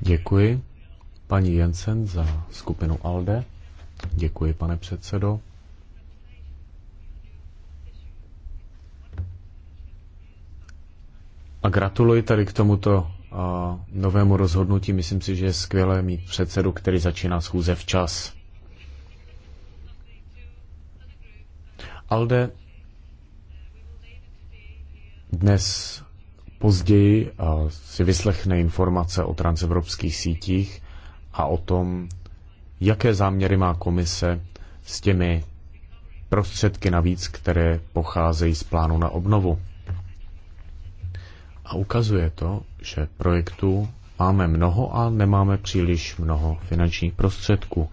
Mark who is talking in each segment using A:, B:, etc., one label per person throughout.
A: Děkuji. Paní Jensen za skupinu ALDE. Děkuji, pane předsedo. A gratuluji tady k tomuto a, novému rozhodnutí. Myslím si, že je skvělé mít předsedu, který začíná schůze včas. Alde dnes Později si vyslechne informace o transevropských sítích a o tom, jaké záměry má komise s těmi prostředky navíc, které pocházejí z plánu na obnovu. A ukazuje to, že projektů máme mnoho a nemáme příliš mnoho finančních prostředků.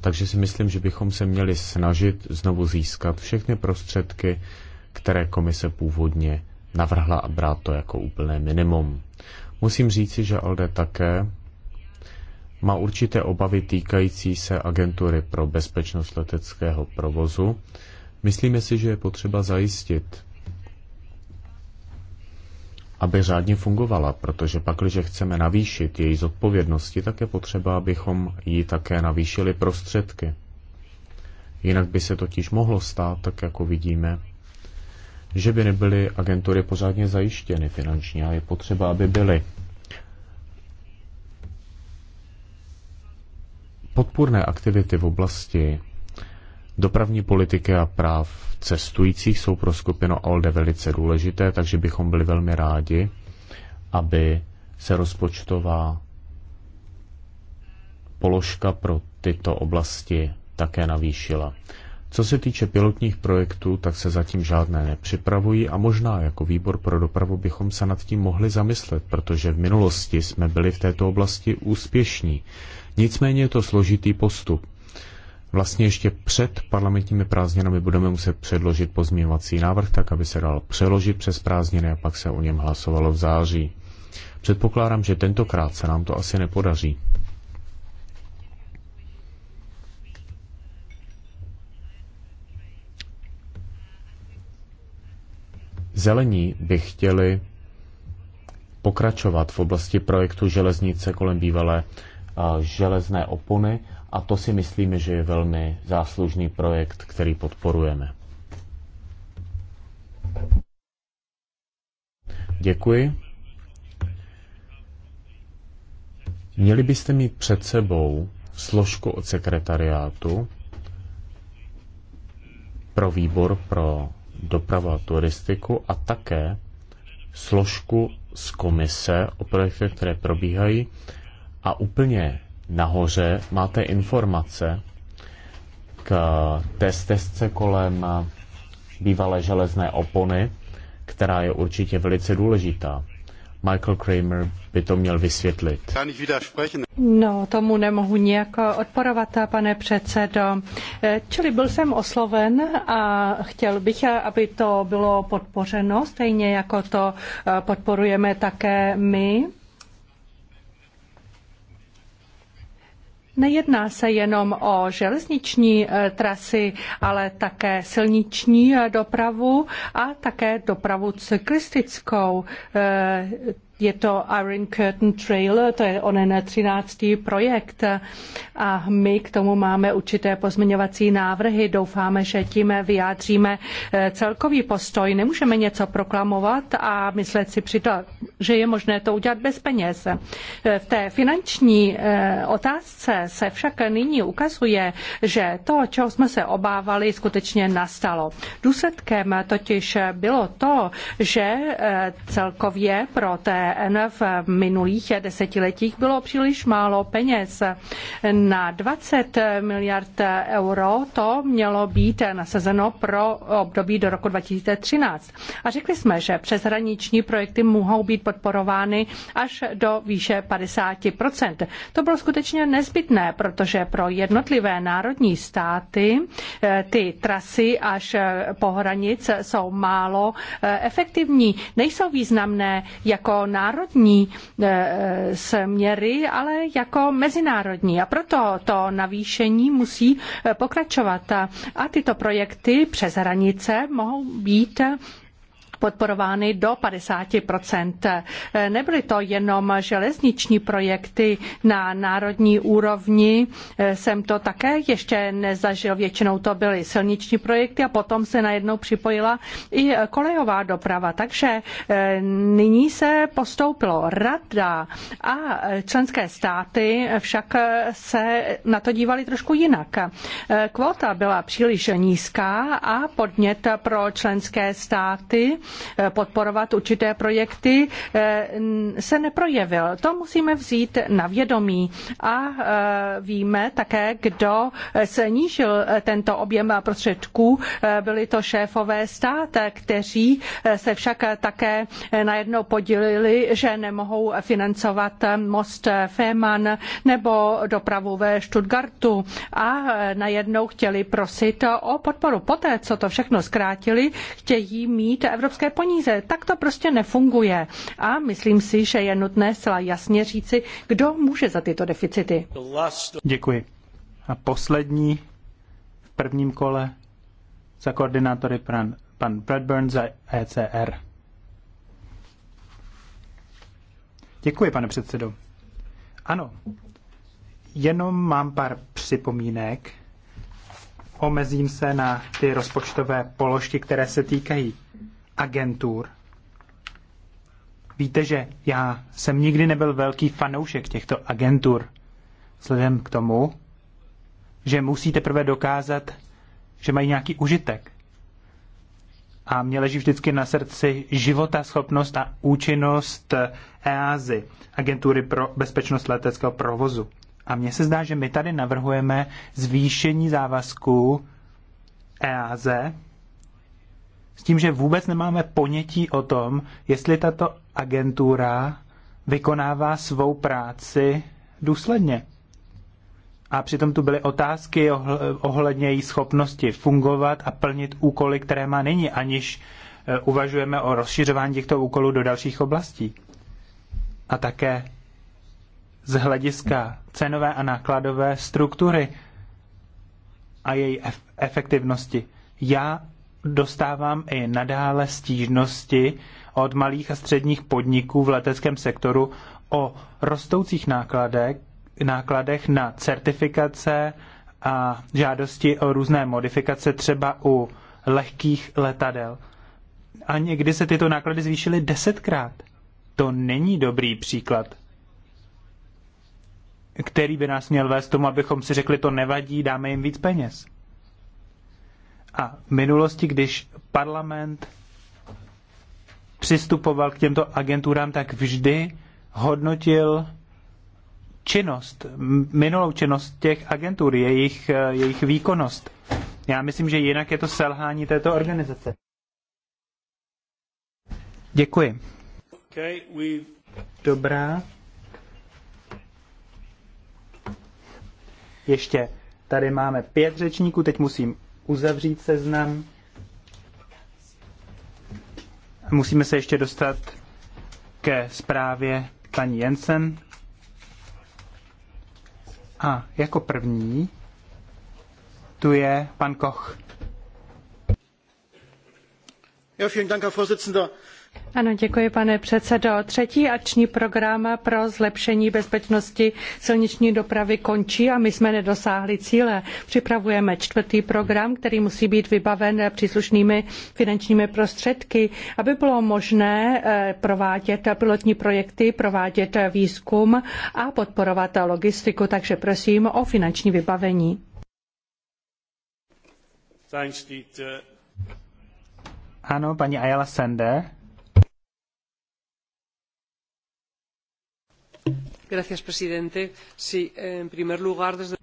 A: Takže si myslím, že bychom se měli snažit znovu získat všechny prostředky, které komise původně navrhla a brát to jako úplné minimum. Musím říci, že Alde také má určité obavy týkající se agentury pro bezpečnost leteckého provozu. Myslíme si, že je potřeba zajistit, aby řádně fungovala, protože pak, když chceme navýšit její zodpovědnosti, tak je potřeba, abychom ji také navýšili prostředky. Jinak by se totiž mohlo stát, tak jako vidíme, že by nebyly agentury pořádně zajištěny finančně a je potřeba, aby byly. Podpůrné aktivity v oblasti dopravní politiky a práv cestujících jsou pro skupinu ALDE velice důležité, takže bychom byli velmi rádi, aby se rozpočtová položka pro tyto oblasti také navýšila. Co se týče pilotních projektů, tak se zatím žádné nepřipravují a možná jako výbor pro dopravu bychom se nad tím mohli zamyslet, protože v minulosti jsme byli v této oblasti úspěšní. Nicméně je to složitý postup. Vlastně ještě před parlamentními prázdninami budeme muset předložit pozměňovací návrh, tak aby se dal přeložit přes prázdniny a pak se o něm hlasovalo v září. Předpokládám, že tentokrát se nám to asi nepodaří. Zelení by chtěli pokračovat v oblasti projektu železnice kolem bývalé železné opony a to si myslíme, že je velmi záslužný projekt, který podporujeme. Děkuji. Měli byste mít před sebou složku od sekretariátu pro výbor pro dopravu a turistiku a také složku z komise o projektech, které probíhají a úplně nahoře máte informace k té stezce kolem bývalé železné opony, která je určitě velice důležitá. Michael Kramer by to měl vysvětlit.
B: No, tomu nemohu nijak odporovat, pane předsedo. Čili byl jsem osloven a chtěl bych, aby to bylo podpořeno, stejně jako to podporujeme také my. Nejedná se jenom o železniční eh, trasy, ale také silniční eh, dopravu a také dopravu cyklistickou. Eh, je to Iron Curtain Trail, to je onen 13. projekt a my k tomu máme určité pozměňovací návrhy. Doufáme, že tím vyjádříme eh, celkový postoj. Nemůžeme něco proklamovat a myslet si přitom, že je možné to udělat bez peněz. Eh, v té finanční eh, otázce se však nyní ukazuje, že to, čeho jsme se obávali, skutečně nastalo. Důsledkem totiž bylo to, že celkově pro té OSN v minulých desetiletích bylo příliš málo peněz. Na 20 miliard euro to mělo být nasazeno pro období do roku 2013. A řekli jsme, že přeshraniční projekty mohou být podporovány až do výše 50 To bylo skutečně nezbytné, protože pro jednotlivé národní státy eh, ty trasy až eh, po hranic jsou málo eh, efektivní. Nejsou významné jako národní eh, eh, směry, ale jako mezinárodní. A proto to navýšení musí eh, pokračovat. A tyto projekty přes hranice mohou být podporovány do 50 Nebyly to jenom železniční projekty na národní úrovni, jsem to také ještě nezažil, většinou to byly silniční projekty a potom se najednou připojila i kolejová doprava. Takže eh, nyní se postoupilo rada a členské státy však se na to dívali trošku jinak. Eh, Kvota byla příliš nízká a podnět pro členské státy Eh, podporovat určité projekty, eh, se neprojevil. To musíme vzít na vědomí. A eh, víme také, kdo snížil tento objem prostředků. Byli to šéfové stát, kteří se však také najednou podělili, že nemohou financovat most Féman nebo dopravu ve Stuttgartu a najednou chtěli prosit o podporu. Poté, co to všechno zkrátili, chtějí mít Evropské evropské peníze. Tak to prostě nefunguje. A myslím si, že je nutné zcela jasně říci, kdo může za tyto deficity.
C: Děkuji. A poslední v prvním kole za koordinátory pan, pan Bradburn za ECR. Děkuji, pane předsedo. Ano, jenom mám pár připomínek. Omezím se na ty rozpočtové položky, které se týkají agentur. Víte, že já jsem nikdy nebyl velký fanoušek těchto agentur, vzhledem k tomu, že musíte prvé dokázat, že mají nějaký užitek. A mě leží vždycky na srdci života, schopnost a účinnost EASY, Agentury pro bezpečnost leteckého provozu. A mně se zdá, že my tady navrhujeme zvýšení závazků EASE s tím, že vůbec nemáme ponětí o tom, jestli tato agentura vykonává svou práci důsledně. A přitom tu byly otázky ohledně její schopnosti fungovat a plnit úkoly, které má nyní, aniž eh, uvažujeme o rozšiřování těchto úkolů do dalších oblastí. A také z hlediska cenové a nákladové struktury a její efektivnosti. Já dostávám i nadále stížnosti od malých a středních podniků v leteckém sektoru o rostoucích nákladech, nákladech na certifikace a žádosti o různé modifikace třeba u lehkých letadel. A někdy se tyto náklady zvýšily desetkrát. To není dobrý příklad, který by nás měl vést tomu, abychom si řekli, to nevadí, dáme jim víc peněz a v minulosti, když parlament přistupoval k těmto agenturám, tak vždy hodnotil činnost, minulou činnost těch agentur, jejich, jejich výkonnost. Já myslím, že jinak je to selhání této organizace. Děkuji. Okay, Dobrá. Ještě tady máme pět řečníků, teď musím uzavřít seznam. Musíme se ještě dostat ke zprávě paní Jensen. A jako první tu je pan Koch. Ja, vielen Dank, Herr Vorsitzender.
B: Ano, děkuji, pane předsedo. Třetí akční program pro zlepšení bezpečnosti silniční dopravy končí a my jsme nedosáhli cíle. Připravujeme čtvrtý program, který musí být vybaven příslušnými finančními prostředky, aby bylo možné eh, provádět pilotní projekty, provádět výzkum a podporovat logistiku. Takže prosím o finanční vybavení. Ano, paní
C: Ayala Sender.
B: Gracias, presidente. Sí, en primer lugar, desde...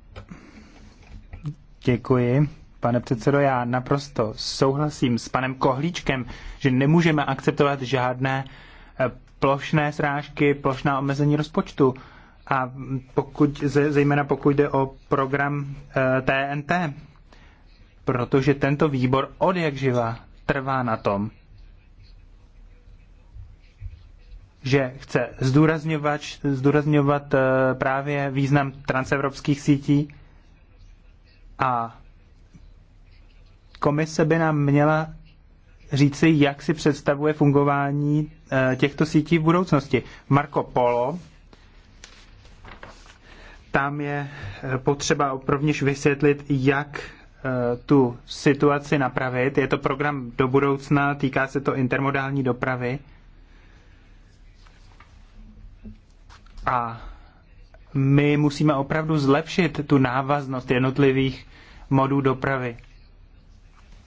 C: Děkuji. Pane předsedo, já naprosto souhlasím s panem Kohlíčkem, že nemůžeme akceptovat žádné eh, plošné srážky, plošná omezení rozpočtu. A pokud, zejména pokud jde o program TNT, eh, protože tento výbor od jak živa trvá na tom, že chce zdůrazňovat, zdůrazňovat eh, právě význam transevropských sítí a komise by nám měla říci, jak si představuje fungování eh, těchto sítí v budoucnosti. Marco Polo, tam je eh, potřeba rovněž vysvětlit, jak tu situaci napravit. Je to program do budoucna, týká se to intermodální dopravy A my musíme opravdu zlepšit tu návaznost jednotlivých modů dopravy.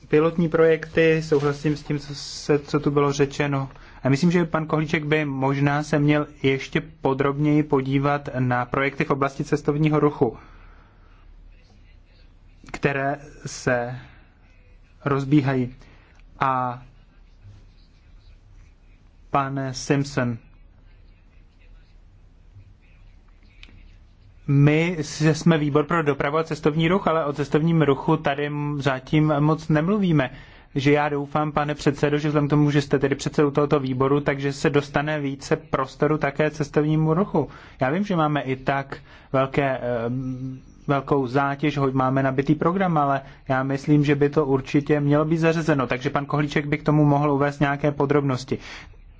C: Pilotní projekty, souhlasím s tím, co, se, co tu bylo řečeno. A myslím, že pan Kohlíček by možná se měl ještě podrobněji podívat na projekty v oblasti cestovního ruchu, které se rozbíhají. A pane Simpson, my jsme výbor pro dopravu a cestovní ruch, ale o cestovním ruchu tady zatím moc nemluvíme. Že já doufám, pane předsedo, že vzhledem k tomu, že jste tedy předsedou tohoto výboru, takže se dostane více prostoru také cestovnímu ruchu. Já vím, že máme i tak velké, eh, velkou zátěž, hoď máme nabitý program, ale já myslím, že by to určitě mělo být zařazeno. Takže pan Kohlíček by k tomu mohl uvést nějaké podrobnosti.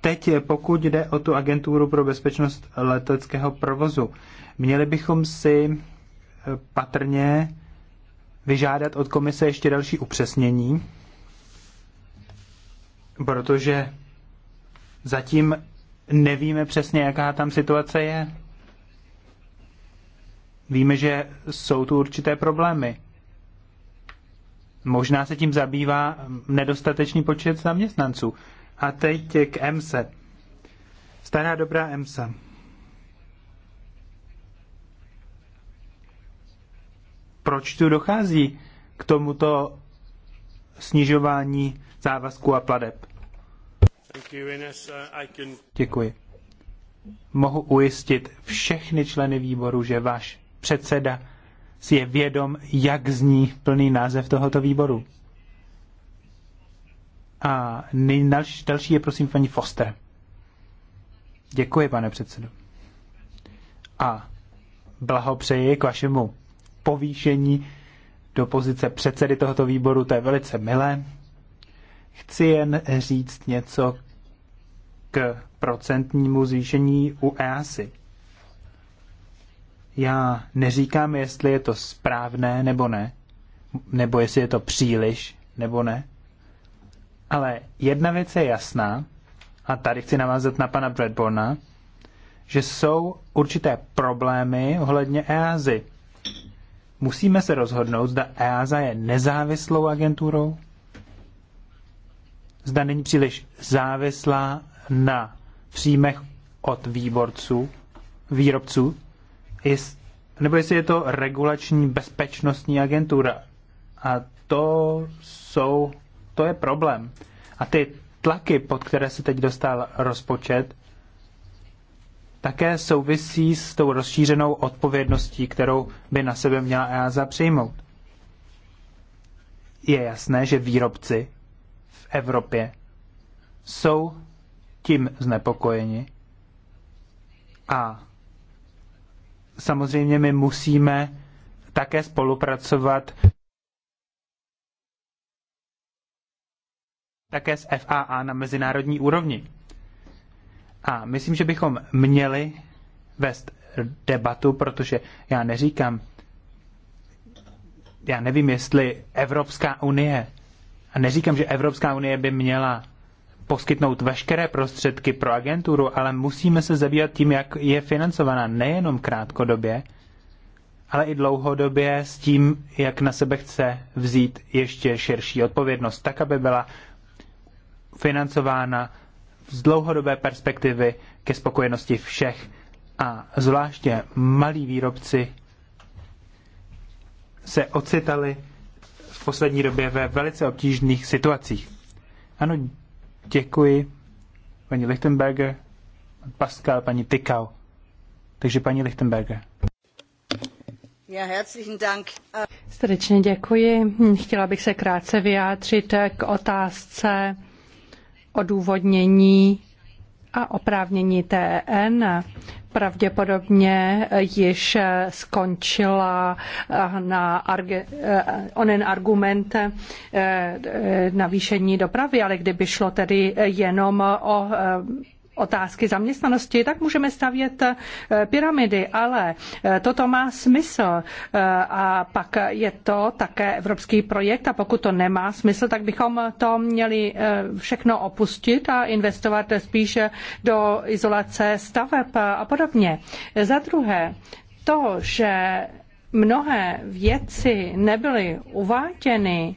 C: Teď, eh, pokud jde o tu agenturu pro bezpečnost leteckého provozu, Měli bychom si eh, patrně vyžádat od komise ještě další upřesnění, protože zatím nevíme přesně, jaká tam situace je. Víme, že jsou tu určité problémy. Možná se tím zabývá mm, nedostatečný počet zaměstnanců. A teď k EMSE. Stará dobrá EMSA. proč tu dochází k tomuto snižování závazků a pladeb? Uh, Děkuji. Mohu ujistit všechny členy výboru, že váš předseda si je vědom, jak zní plný název tohoto výboru. A další je prosím paní Foster. Děkuji, pane předsedo. A blahopřeji k vašemu povýšení do pozice předsedy tohoto výboru, to je velice milé. Chci jen říct něco k procentnímu zvýšení u EASY. Já neříkám, jestli je to správné nebo ne, nebo jestli je to příliš nebo ne. Ale jedna věc je jasná, a tady chci navázat na pana Bradborna, že jsou určité problémy ohledně EASY. Musíme se rozhodnout, zda EASA je nezávislou agenturou, zda není příliš závislá na příjmech od výborců, výrobců, nebo jestli je to regulační bezpečnostní agentura. A to jsou, to je problém. A ty tlaky, pod které se teď dostal rozpočet, také souvisí s tou rozšířenou odpovědností, kterou by na sebe měla EASA přijmout. Je jasné, že výrobci v Evropě jsou tím znepokojeni a samozřejmě my musíme také spolupracovat také s FAA na mezinárodní úrovni. A myslím, že bychom měli vést debatu, protože já neříkám, já nevím, jestli Evropská unie, a neříkám, že Evropská unie by měla poskytnout veškeré prostředky pro agenturu, ale musíme se zabývat tím, jak je financovaná nejenom krátkodobě, ale i dlouhodobě s tím, jak na sebe chce vzít ještě širší odpovědnost, tak, aby byla financována z dlouhodobé perspektivy ke spokojenosti všech a zvláště malí výrobci se ocitali v poslední době ve velice obtížných situacích. Ano, děkuji paní Lichtenberger, pan Pascal, paní Tykau. Takže paní Lichtenberger.
B: Ja, herzlichen Dank. Srdečně děkuji. Chtěla bych se krátce vyjádřit k otázce odůvodnění a oprávnění TN. Pravděpodobně již skončila na arge, eh, onen argument eh, eh, navýšení dopravy, ale kdyby šlo tedy jenom o otázky zaměstnanosti, tak můžeme stavět eh, pyramidy, ale eh, toto má smysl eh, a pak je to také evropský projekt a pokud to nemá smysl, tak bychom to měli všechno opustit a investovat spíše do izolace staveb a podobně. Za druhé, to, že mnohé věci nebyly uváděny,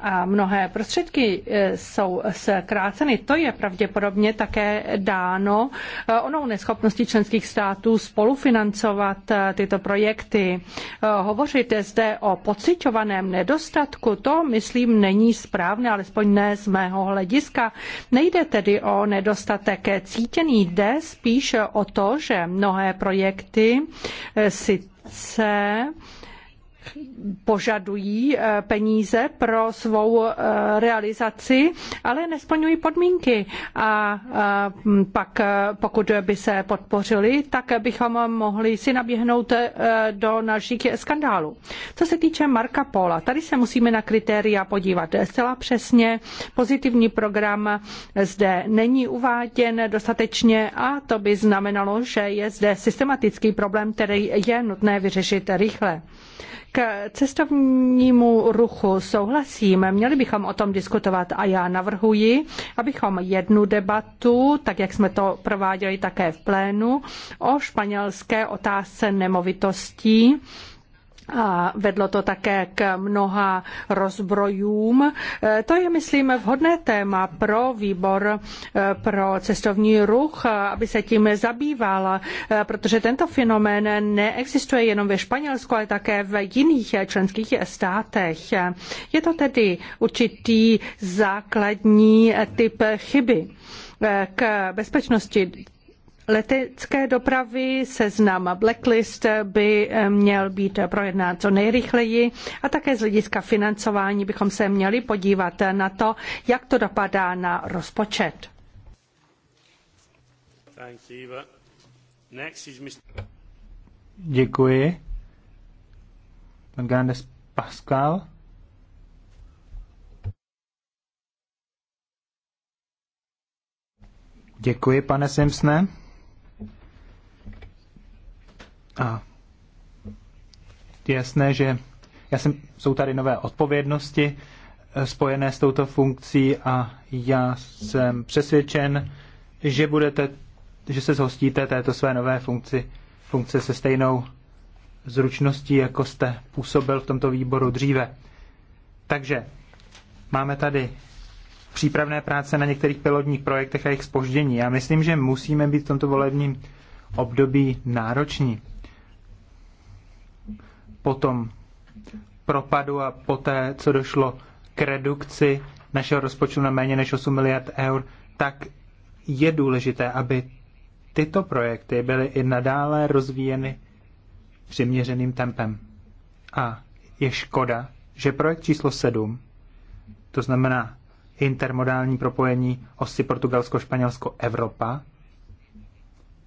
B: a mnohé prostředky eh, jsou zkráceny. Eh, to je pravděpodobně také dáno eh, onou neschopností členských států spolufinancovat tyto projekty. Hovořit zde o pocitovaném nedostatku, to myslím není správné, alespoň ne z mého hlediska. Nejde tedy o nedostatek cítěný, jde spíše o to, že mnohé projekty sice požadují eh, peníze pro svou eh, realizaci, ale nesplňují podmínky. A eh, pak, pokud by se podpořili, tak bychom mohli si naběhnout do našich skandálů. Co se týče Marka Pola, tady se musíme na kritéria podívat zcela přesně. Pozitivní program zde není uváděn dostatečně a to by znamenalo, že je zde systematický problém, který je nutné vyřešit rychle. K cestovnímu ruchu souhlasím, měli bychom o tom diskutovat a já navrhuji, abychom jednu debatu, tak jak jsme to prováděli také v plénu, o španělské otázce nemovitostí a vedlo to také k mnoha rozbrojům. E, to je, myslím, vhodné téma pro výbor e, pro cestovní ruch, aby se tím zabýval, e, protože tento fenomén neexistuje jenom ve Španělsku, ale také v jiných členských státech. Je to tedy určitý základní typ chyby k bezpečnosti letecké dopravy. Seznam blacklist by eh, měl být projednán co nejrychleji a také z hlediska financování bychom se měli podívat na to, jak to dopadá na rozpočet.
C: Děkuji. Pan Grandes Pascal. Děkuji, pane Simpsone. A je jasné, že já jsem, jsou tady nové odpovědnosti eh, spojené s touto funkcí a já jsem přesvědčen, že budete, že se zhostíte této své nové funkci, funkce se stejnou zručností, jako jste působil v tomto výboru dříve. Takže máme tady přípravné práce na některých pilotních projektech a jejich spoždění. Já myslím, že musíme být v tomto volebním období nároční potom propadu a poté, co došlo k redukci našeho rozpočtu na méně než 8 miliard eur, tak je důležité, aby tyto projekty byly i nadále rozvíjeny přiměřeným tempem. A je škoda, že projekt číslo 7, to znamená intermodální propojení osy Portugalsko-Španělsko-Evropa,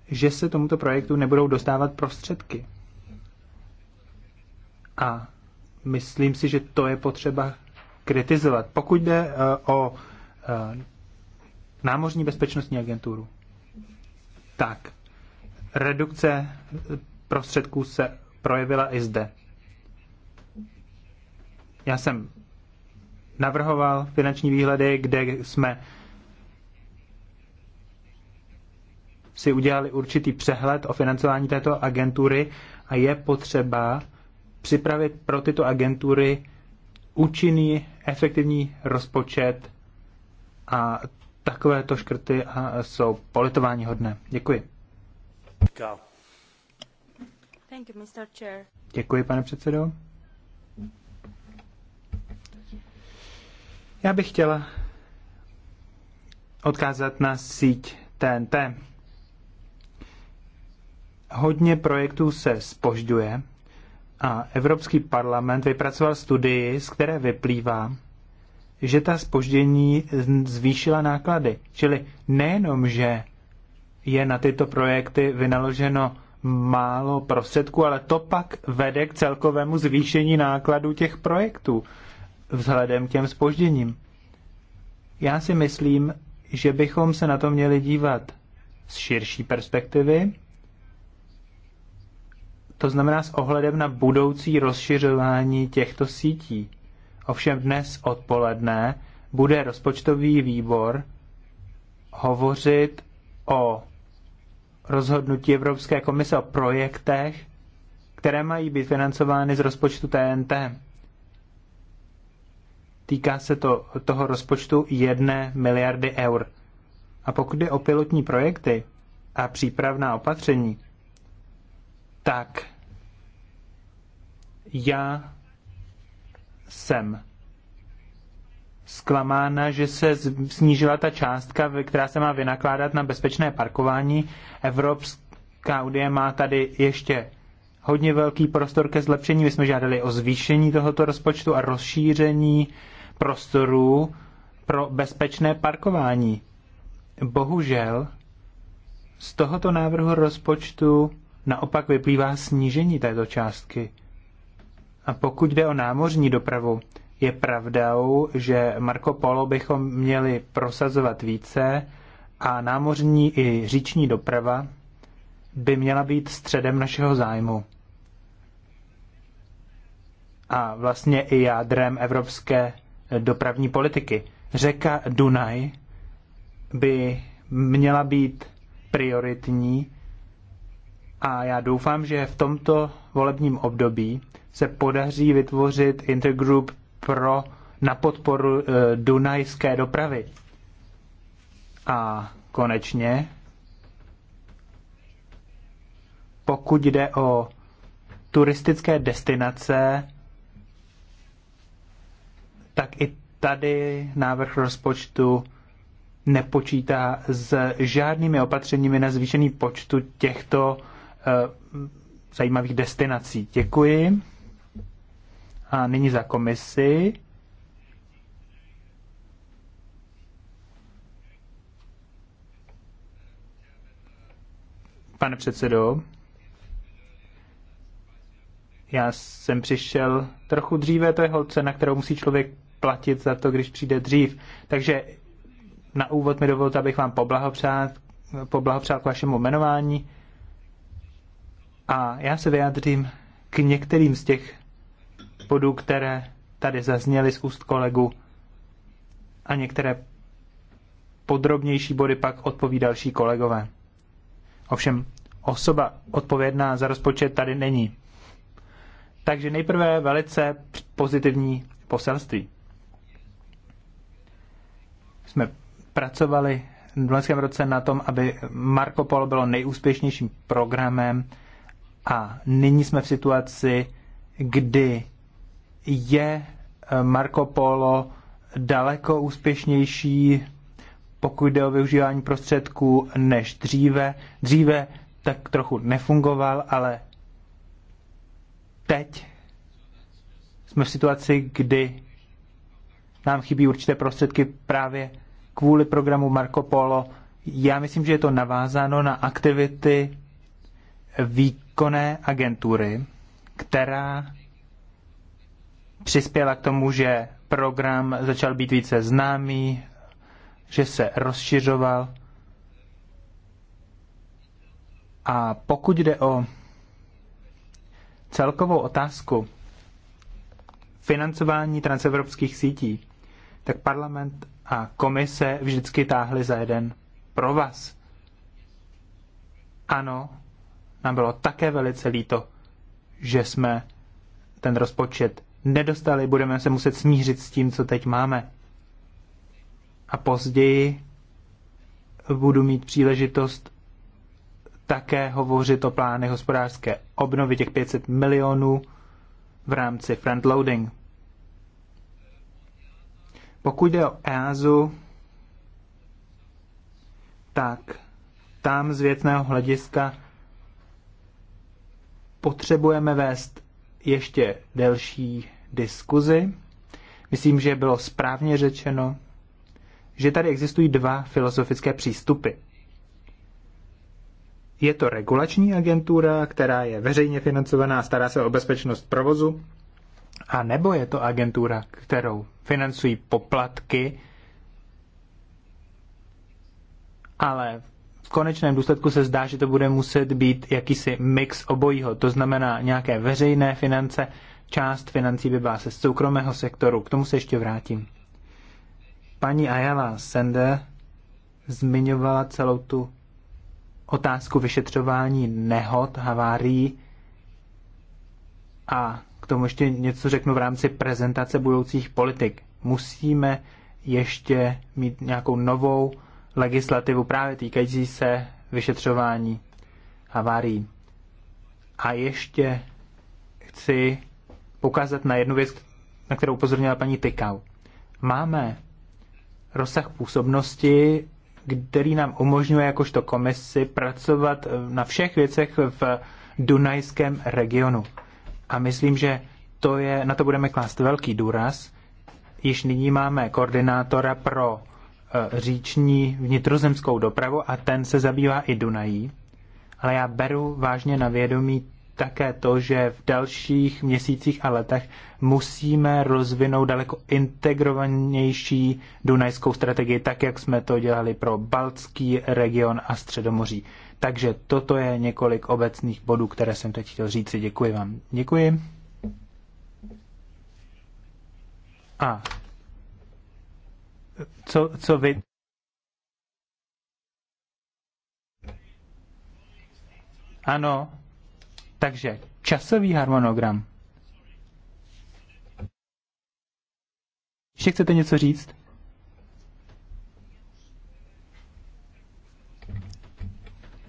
C: že se tomuto projektu nebudou dostávat prostředky. A myslím si, že to je potřeba kritizovat. Pokud jde eh, o eh, námořní bezpečnostní agenturu, tak redukce prostředků se projevila i zde. Já jsem navrhoval finanční výhledy, kde jsme si udělali určitý přehled o financování této agentury a je potřeba připravit pro tyto agentury účinný, efektivní rozpočet a takovéto škrty jsou politování hodné. Děkuji.
B: Thank you, Mr. Chair.
C: Děkuji, pane předsedo. Já bych chtěla odkázat na síť TNT. Hodně projektů se spožďuje a Evropský parlament vypracoval studii, z které vyplývá, že ta spoždění zvýšila náklady. Čili nejenom, že je na tyto projekty vynaloženo málo prostředků, ale to pak vede k celkovému zvýšení nákladů těch projektů vzhledem k těm spožděním. Já si myslím, že bychom se na to měli dívat z širší perspektivy to znamená s ohledem na budoucí rozšiřování těchto sítí. Ovšem dnes odpoledne bude rozpočtový výbor hovořit o rozhodnutí Evropské komise o projektech, které mají být financovány z rozpočtu TNT. Týká se to toho rozpočtu 1 miliardy eur. A pokud je o pilotní projekty a přípravná opatření, tak já jsem zklamána, že se snížila ta částka, která se má vynakládat na bezpečné parkování. Evropská unie má tady ještě hodně velký prostor ke zlepšení. My jsme žádali o zvýšení tohoto rozpočtu a rozšíření prostorů pro bezpečné parkování. Bohužel z tohoto návrhu rozpočtu naopak vyplývá snížení této částky. A pokud jde o námořní dopravu, je pravdou, že Marco Polo bychom měli prosazovat více a námořní i říční doprava by měla být středem našeho zájmu a vlastně i jádrem evropské dopravní politiky. Řeka Dunaj by měla být prioritní a já doufám, že v tomto volebním období se podaří vytvořit intergroup pro na podporu eh, dunajské dopravy. A konečně, pokud jde o turistické destinace, tak i tady návrh rozpočtu nepočítá s žádnými opatřeními na zvýšení počtu těchto eh, zajímavých destinací. Děkuji. A nyní za komisi. Pane předsedo, já jsem přišel trochu dříve, to je holce, na kterou musí člověk platit za to, když přijde dřív. Takže na úvod mi dovolte, abych vám poblahopřál, poblahopřál k vašemu jmenování a já se vyjádřím k některým z těch bodů, které tady zazněly z úst kolegu a některé podrobnější body pak odpoví další kolegové. Ovšem, osoba odpovědná za rozpočet tady není. Takže nejprve velice pozitivní poselství. Jsme pracovali v loňském roce na tom, aby Marco Polo bylo nejúspěšnějším programem a nyní jsme v situaci, kdy je eh, Marco Polo daleko úspěšnější, pokud jde o využívání prostředků, než dříve. Dříve tak trochu nefungoval, ale teď jsme v situaci, kdy nám chybí určité prostředky právě kvůli programu Marco Polo. Já myslím, že je to navázáno na aktivity výkonné agentury, která přispěla k tomu, že program začal být více známý, že se rozšiřoval. A pokud jde o celkovou otázku financování transevropských sítí, tak parlament a komise vždycky táhly za jeden provaz. Ano, nám bylo také velice líto, že jsme ten rozpočet nedostali, budeme se muset smířit s tím, co teď máme. A později budu mít příležitost také hovořit o plánech hospodářské obnovy těch 500 milionů v rámci frontloading. Pokud jde o EASu, tak tam z věcného hlediska potřebujeme vést ještě delší diskuzi. Myslím, že bylo správně řečeno, že tady existují dva filozofické přístupy. Je to regulační agentura, která je veřejně financovaná, stará se o bezpečnost provozu, a nebo je to agentura, kterou financují poplatky, ale konečném důsledku se zdá, že to bude muset být jakýsi mix obojího, to znamená nějaké veřejné finance, část financí by byla ze soukromého sektoru, k tomu se ještě vrátím. Paní Ayala Sende zmiňovala celou tu otázku vyšetřování nehod, havárií a k tomu ještě něco řeknu v rámci prezentace budoucích politik. Musíme ještě mít nějakou novou legislativu právě týkající se vyšetřování havárií. A ještě chci poukázat na jednu věc, na kterou upozornila paní Tykau. Máme rozsah působnosti, který nám umožňuje jakožto komisi pracovat na všech věcech v Dunajském regionu. A myslím, že to je, na to budeme klást velký důraz. Již nyní máme koordinátora pro Eh, říční vnitrozemskou dopravu a ten se zabývá i Dunají. Ale já beru vážně na vědomí také to, že v dalších měsících a letech musíme rozvinout daleko integrovanější dunajskou strategii, tak jak jsme to dělali pro Baltský region a Středomoří. Takže toto je několik obecných bodů, které jsem teď chtěl říci. Děkuji vám. Děkuji. A co, co vy... Ano, takže časový harmonogram. Ještě chcete něco říct?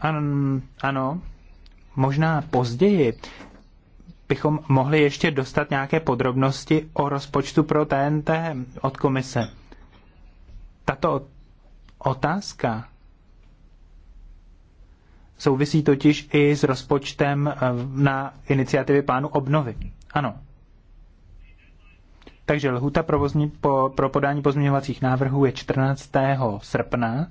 C: Ano, ano, možná později bychom mohli ještě dostat nějaké podrobnosti o rozpočtu pro TNT od komise. Tato otázka souvisí totiž i s rozpočtem eh, na iniciativy plánu obnovy. Ano. Takže lhuta pro, vozní, po, pro podání pozměňovacích návrhů je 14. srpna.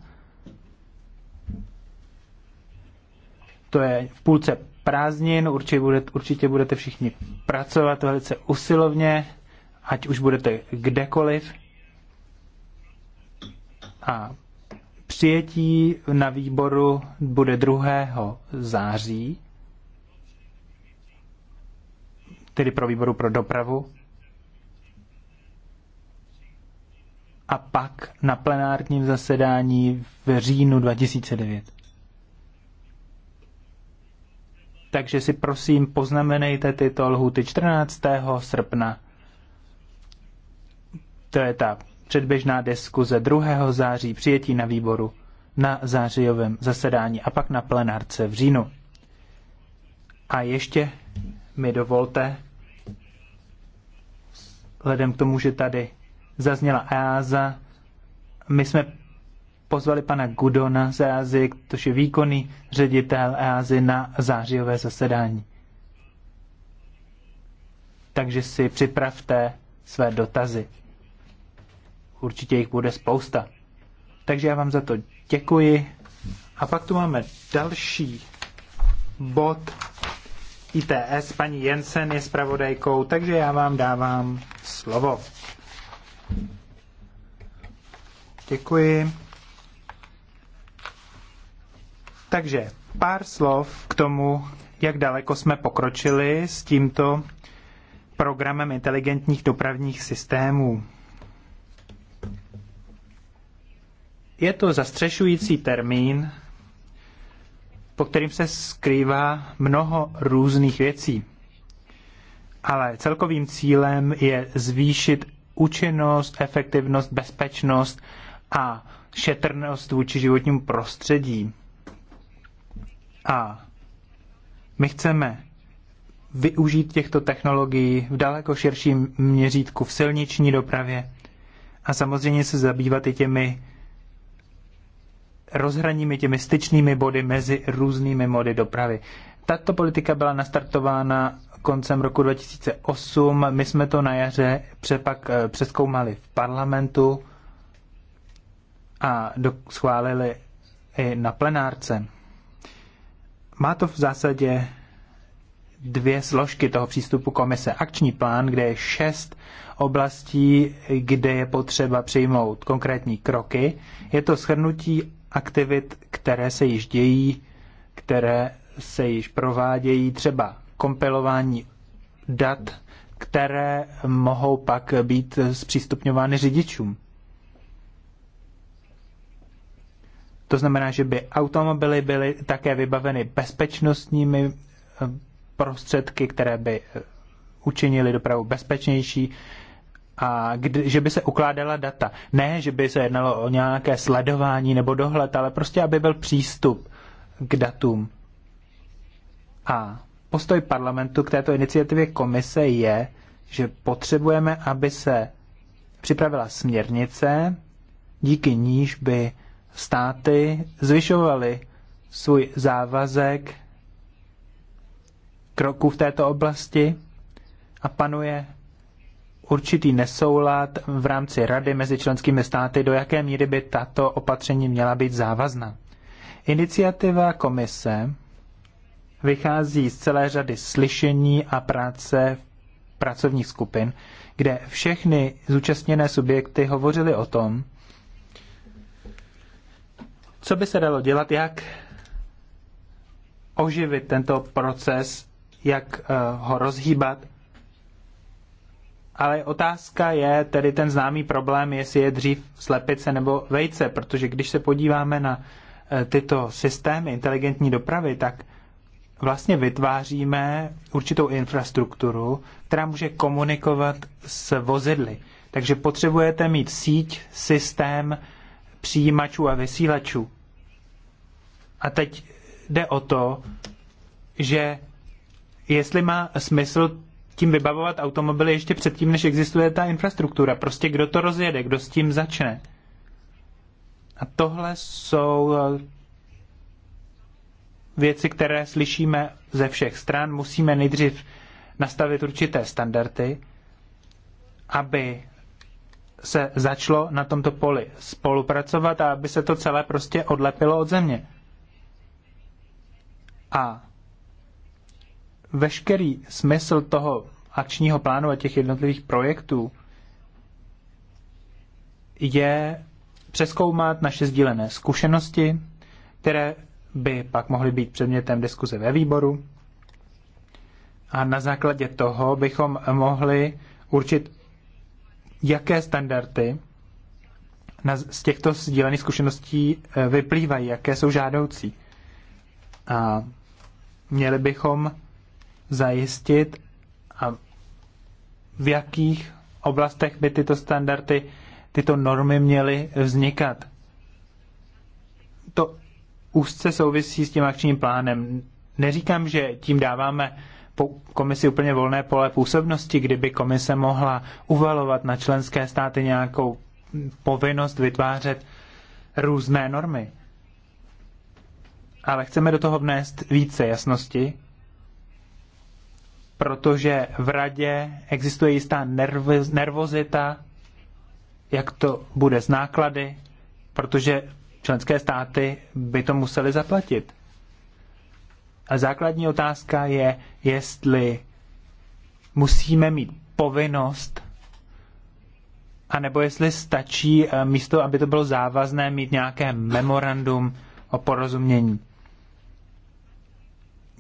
C: To je v půlce prázdnin, určitě, bude, určitě budete všichni pracovat velice usilovně, ať už budete kdekoliv. A přijetí na výboru bude 2. září, tedy pro výboru pro dopravu. A pak na plenárním zasedání v říjnu 2009. Takže si prosím poznamenejte tyto lhuty 14. srpna. To je ta předběžná diskuze 2. září přijetí na výboru na zářijovém zasedání a pak na plenárce v říjnu. A ještě mi dovolte, vzhledem k tomu, že tady zazněla EASA, my jsme pozvali pana Gudona z EASY, což je výkonný ředitel EASY na zářijové zasedání. Takže si připravte své dotazy určitě jich bude spousta. Takže já vám za to děkuji. A pak tu máme další bod ITS. Paní Jensen je zpravodajkou, takže já vám dávám slovo. Děkuji. Takže pár slov k tomu, jak daleko jsme pokročili s tímto programem inteligentních dopravních systémů. Je to zastřešující termín, po kterým se skrývá mnoho různých věcí. Ale celkovým cílem je zvýšit účinnost, efektivnost, bezpečnost a šetrnost vůči životnímu prostředí. A my chceme využít těchto technologií v daleko širším měřítku v silniční dopravě a samozřejmě se zabývat i těmi rozhraními těmi styčnými body mezi různými mody dopravy. Tato politika byla nastartována koncem roku 2008. My jsme to na jaře přepak eh, přeskoumali v parlamentu a schválili i na plenárce. Má to v zásadě dvě složky toho přístupu komise. Akční plán, kde je šest oblastí, kde je potřeba přijmout konkrétní kroky. Je to shrnutí aktivit, které se již dějí, které se již provádějí, třeba kompilování dat, které mohou pak být zpřístupňovány řidičům. To znamená, že by automobily byly také vybaveny bezpečnostními eh, prostředky, které by eh, učinili dopravu bezpečnější, a kdy, že by se ukládala data. Ne, že by se jednalo o nějaké sledování nebo dohled, ale prostě, aby byl přístup k datům. A postoj parlamentu k této iniciativě komise je, že potřebujeme, aby se připravila směrnice, díky níž by státy zvyšovaly svůj závazek kroků v této oblasti a panuje určitý nesoulad v rámci rady mezi členskými státy, do jaké míry by tato opatření měla být závazná. Iniciativa komise vychází z celé řady slyšení a práce pracovních skupin, kde všechny zúčastněné subjekty hovořily o tom, co by se dalo dělat, jak oživit tento proces, jak eh, ho rozhýbat ale otázka je tedy ten známý problém, jestli je dřív slepice nebo vejce, protože když se podíváme na eh, tyto systémy inteligentní dopravy, tak vlastně vytváříme určitou infrastrukturu, která může komunikovat s vozidly. Takže potřebujete mít síť, systém přijímačů a vysílačů. A teď jde o to, že jestli má smysl tím vybavovat automobily ještě předtím, než existuje ta infrastruktura. Prostě kdo to rozjede, kdo s tím začne. A tohle jsou eh, věci, které slyšíme ze všech stran. Musíme nejdřív nastavit určité standardy, aby se začalo na tomto poli spolupracovat a aby se to celé prostě odlepilo od země. A veškerý smysl toho akčního plánu a těch jednotlivých projektů je přeskoumat naše sdílené zkušenosti, které by pak mohly být předmětem diskuze ve výboru. A na základě toho bychom mohli určit, jaké standardy z těchto sdílených zkušeností eh, vyplývají, jaké jsou žádoucí. A měli bychom zajistit a v jakých oblastech by tyto standardy, tyto normy měly vznikat. To úzce souvisí s tím akčním plánem. Neříkám, že tím dáváme komisi úplně volné pole působnosti, kdyby komise mohla uvalovat na členské státy nějakou povinnost vytvářet různé normy. Ale chceme do toho vnést více jasnosti protože v radě existuje jistá nervozita, jak to bude s náklady, protože členské státy by to museli zaplatit. A základní otázka je, jestli musíme mít povinnost, anebo jestli stačí eh, místo, aby to bylo závazné, mít nějaké memorandum o porozumění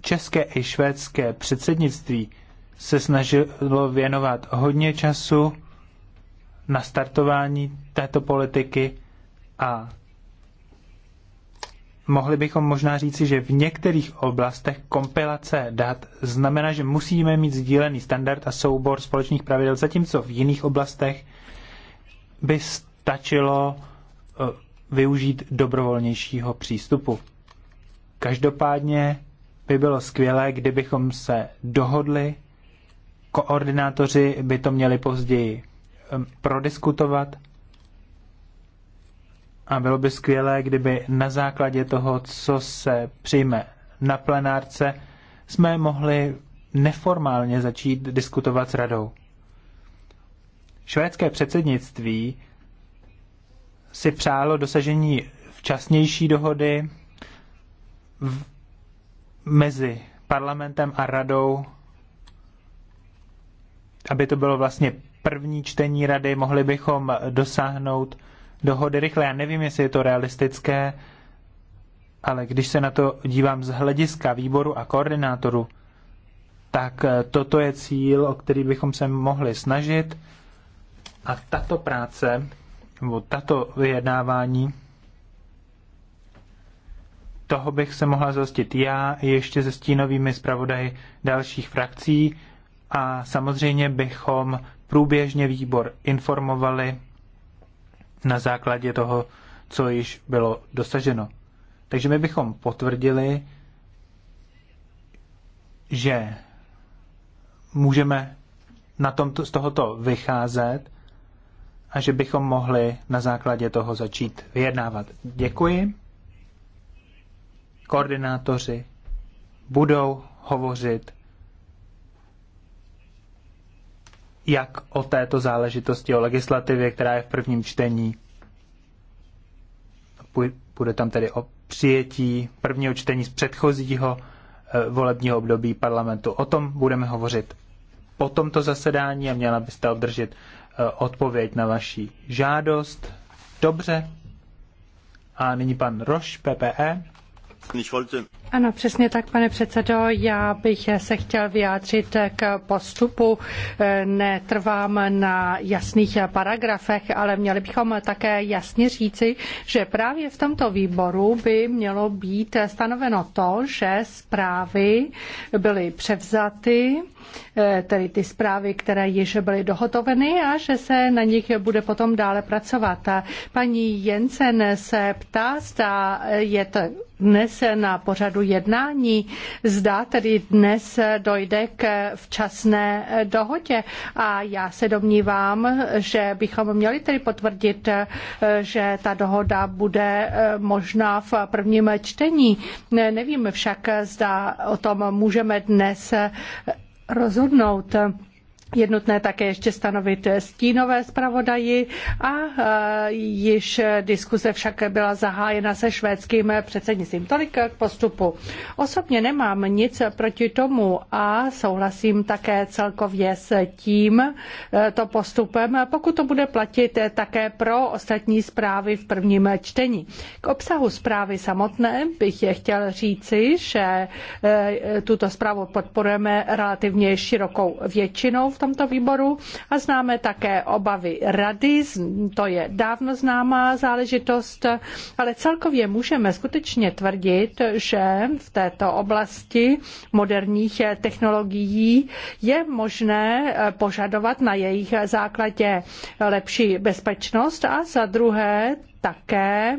C: české i švédské předsednictví se snažilo věnovat hodně času na startování této politiky a mohli bychom možná říci, že v některých oblastech kompilace dat znamená, že musíme mít sdílený standard a soubor společných pravidel, zatímco v jiných oblastech by stačilo eh, využít dobrovolnějšího přístupu. Každopádně by bylo skvělé, kdybychom se dohodli, koordinátoři by to měli později prodiskutovat a bylo by skvělé, kdyby na základě toho, co se přijme na plenárce, jsme mohli neformálně začít diskutovat s radou. Švédské předsednictví si přálo dosažení včasnější dohody, mezi parlamentem a radou, aby to bylo vlastně první čtení rady, mohli bychom dosáhnout dohody rychle. Já nevím, jestli je to realistické, ale když se na to dívám z hlediska výboru a koordinátoru, tak eh, toto je cíl, o který bychom se mohli snažit. A tato práce, nebo tato vyjednávání toho bych se mohla zhostit já ještě se stínovými zpravodaji dalších frakcí a samozřejmě bychom průběžně výbor informovali na základě toho, co již bylo dosaženo. Takže my bychom potvrdili, že můžeme na tomto, z tohoto vycházet a že bychom mohli na základě toho začít vyjednávat. Děkuji koordinátoři budou hovořit jak o této záležitosti, o legislativě, která je v prvním čtení. Bude tam tedy o přijetí prvního čtení z předchozího eh, volebního období parlamentu. O tom budeme hovořit po tomto zasedání a měla byste obdržet eh, odpověď na vaši žádost. Dobře. A nyní pan Roš, PPE. Ich wollte
B: ano, přesně tak, pane předsedo. Já bych se chtěl vyjádřit k postupu. Eh, netrvám na jasných paragrafech, ale měli bychom také jasně říci, že právě v tomto výboru by mělo být stanoveno to, že zprávy byly převzaty, eh, tedy ty zprávy, které již byly dohotoveny a že se na nich bude potom dále pracovat. Paní Jensen se ptá, zda je to dnes na pořadu pořadu jednání. Zda tedy dnes dojde k včasné dohodě a já se domnívám, že bychom měli tedy potvrdit, že ta dohoda bude možná v prvním čtení. Nevím však, zda o tom můžeme dnes rozhodnout. Je nutné také ještě stanovit stínové zpravodaji a e, již diskuse však byla zahájena se švédským předsednictvím. Tolik k postupu. Osobně nemám nic proti tomu a souhlasím také celkově s tím e, to postupem, pokud to bude platit také pro ostatní zprávy v prvním čtení. K obsahu zprávy samotné bych je chtěl říci, že e, tuto zprávu podporujeme relativně širokou většinou v tomto výboru a známe také obavy rady, to je dávno známá záležitost, ale celkově můžeme skutečně tvrdit, že v této oblasti moderních technologií je možné eh, požadovat na jejich základě lepší bezpečnost a za druhé také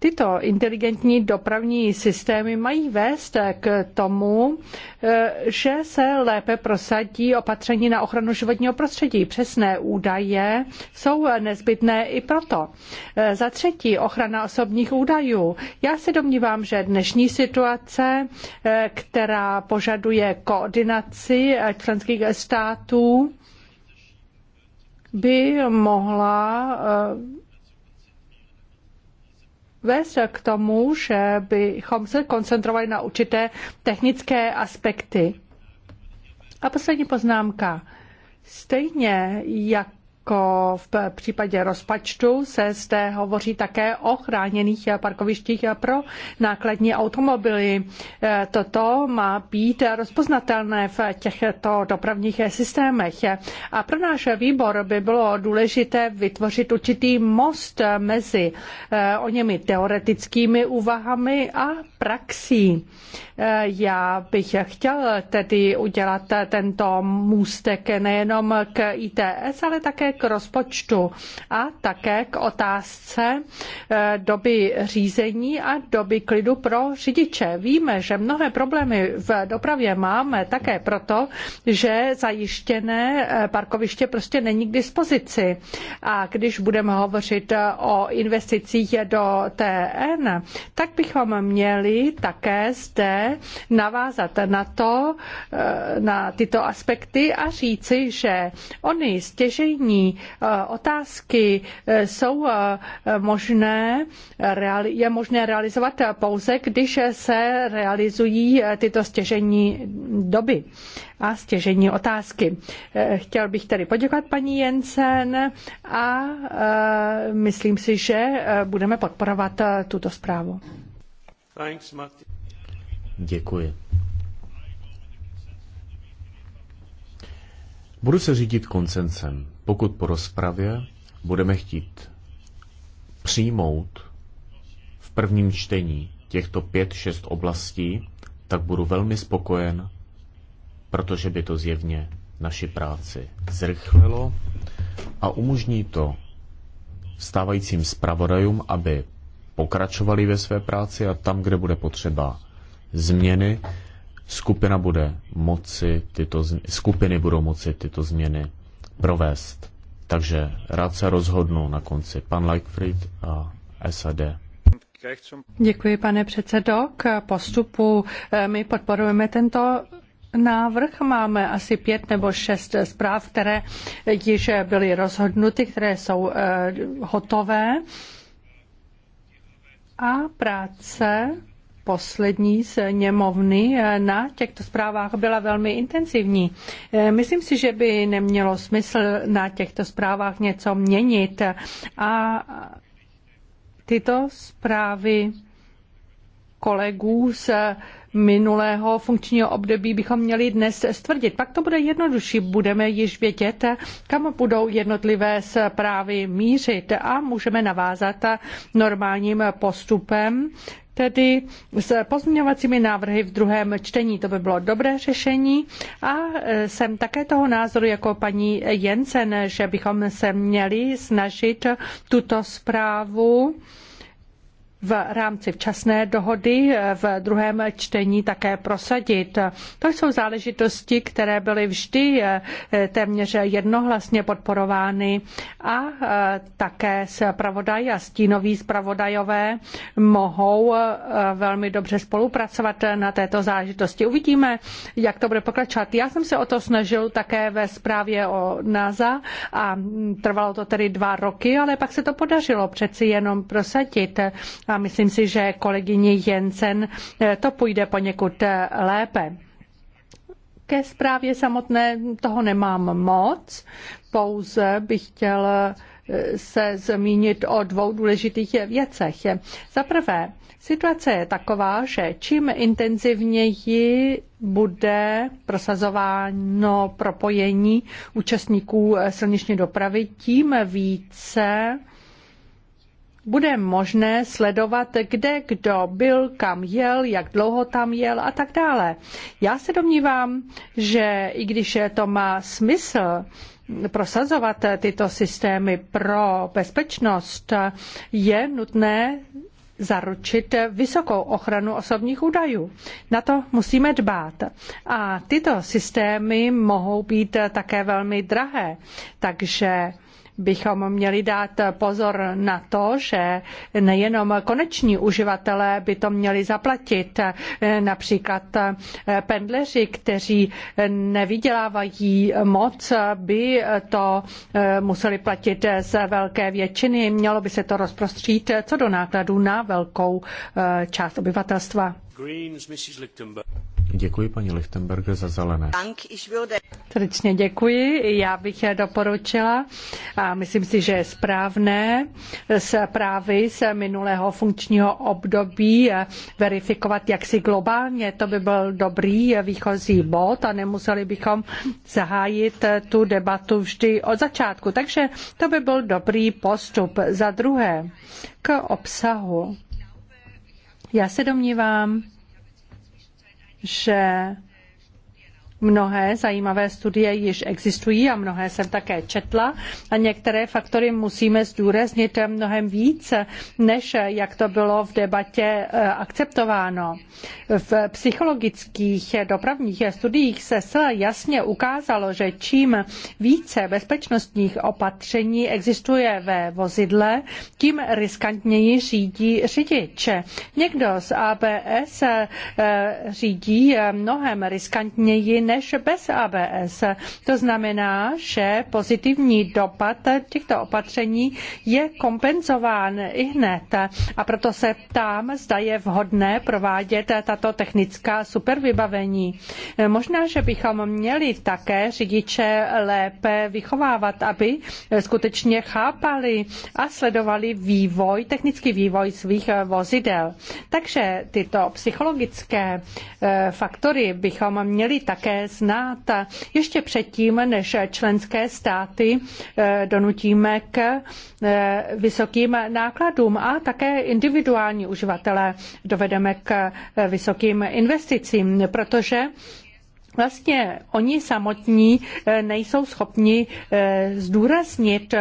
B: Tyto inteligentní dopravní systémy mají vést k tomu, eh, že se lépe prosadí opatření na ochranu životního prostředí. Přesné údaje jsou nezbytné i proto. Eh, za třetí, ochrana osobních údajů. Já se domnívám, že dnešní situace, eh, která požaduje koordinaci členských států, by mohla vést k tomu, že bychom se koncentrovali na určité technické aspekty. A poslední poznámka. Stejně jako jako v případě rozpačtu se zde hovoří také o chráněných parkovištích pro nákladní automobily. E, toto má být rozpoznatelné v těchto dopravních systémech. A pro náš výbor by bylo důležité vytvořit určitý most mezi e, o němi teoretickými úvahami a praxí. Já bych chtěl tedy udělat tento můstek nejenom k ITS, ale také k rozpočtu a také k otázce eh, doby řízení a doby klidu pro řidiče. Víme, že mnohé problémy v dopravě máme také proto, že zajištěné eh, parkoviště prostě není k dispozici. A když budeme hovořit eh, o investicích do TN, tak bychom měli také zde navázat na to, eh, na tyto aspekty a říci, že ony stěžejní eh, otázky eh, jsou možné, je možné realizovat pouze, když se realizují tyto stěžejní doby a stěžejní otázky. Chtěl bych tedy poděkovat paní Jensen a myslím si, že budeme podporovat tuto zprávu.
A: Thanks, Děkuji. Budu se řídit koncensem. Pokud po rozpravě budeme chtít přijmout v prvním čtení těchto pět, šest oblastí, tak budu velmi spokojen, protože by to zjevně naši práci zrychlilo a umožní to stávajícím zpravodajům, aby pokračovali ve své práci a tam, kde bude potřeba změny. Skupina bude moci tyto, skupiny budou moci tyto změny provést. Takže rád se rozhodnu na konci pan Leichfried a SAD.
B: Děkuji, pane předsedo. K postupu eh, my podporujeme tento návrh. Máme asi pět nebo šest zpráv, které již byly rozhodnuty, které jsou eh, hotové. A práce poslední z němovny eh, na těchto zprávách byla velmi intenzivní. Eh, myslím si, že by nemělo smysl na těchto zprávách něco měnit a tyto zprávy kolegů z minulého funkčního období bychom měli dnes stvrdit. Pak to bude jednodušší, budeme již vědět, kam budou jednotlivé zprávy mířit a můžeme navázat normálním postupem tedy s pozměňovacími návrhy v druhém čtení. To by bylo dobré řešení a e, jsem také toho názoru jako paní Jensen, že bychom se měli snažit tuto zprávu v rámci včasné dohody v druhém čtení také prosadit. To jsou záležitosti, které byly vždy eh, téměř jednohlasně podporovány a eh, také zpravodaj a stínoví zpravodajové mohou eh, velmi dobře spolupracovat na této záležitosti. Uvidíme, jak to bude pokračovat. Já jsem se o to snažil také ve zprávě o NASA a trvalo to tedy dva roky, ale pak se to podařilo přeci jenom prosadit a myslím si, že kolegyni Jensen eh, to půjde poněkud eh, lépe. Ke zprávě samotné toho nemám moc, pouze bych chtěl eh, se zmínit o dvou důležitých věcech. Za prvé, situace je taková, že čím intenzivněji bude prosazováno propojení účastníků silniční dopravy, tím více bude možné sledovat, kde kdo byl, kam jel, jak dlouho tam jel a tak dále. Já se domnívám, že i když to má smysl, prosazovat tyto systémy pro bezpečnost, je nutné zaručit vysokou ochranu osobních údajů. Na to musíme dbát. A tyto systémy mohou být také velmi drahé, takže bychom měli dát pozor na to, že nejenom koneční uživatelé by to měli zaplatit, například pendleři, kteří nevydělávají moc, by to museli platit z velké většiny. Mělo by se to rozprostřít co do nákladů na velkou část obyvatelstva.
A: Greens, Děkuji paní Lichtenberger za zelené.
B: Srdečně děkuji. Já bych je doporučila a myslím si, že je správné zprávy z minulého funkčního období verifikovat jaksi globálně. To by byl dobrý výchozí bod a nemuseli bychom zahájit tu debatu vždy od začátku. Takže to by byl dobrý postup. Za druhé, k obsahu. Já se domnívám, že Mnohé zajímavé studie již existují a mnohé jsem také četla a některé faktory musíme zdůraznit mnohem více, než jak to bylo v debatě eh, akceptováno. V psychologických dopravních studiích se zcela jasně ukázalo, že čím více bezpečnostních opatření existuje ve vozidle, tím riskantněji řídí řidič. Někdo z ABS eh, řídí eh, mnohem riskantněji než bez ABS. To znamená, že pozitivní dopad těchto opatření je kompenzován i hned. A proto se ptám, zda je vhodné provádět tato technická supervybavení. Možná, že bychom měli také řidiče lépe vychovávat, aby skutečně chápali a sledovali vývoj, technický vývoj svých vozidel. Takže tyto psychologické eh, faktory bychom měli také znát. Ještě předtím, než členské státy eh, donutíme k eh, vysokým nákladům a také individuální uživatele dovedeme k eh, vysokým investicím, protože vlastně oni samotní nejsou schopni zdůraznit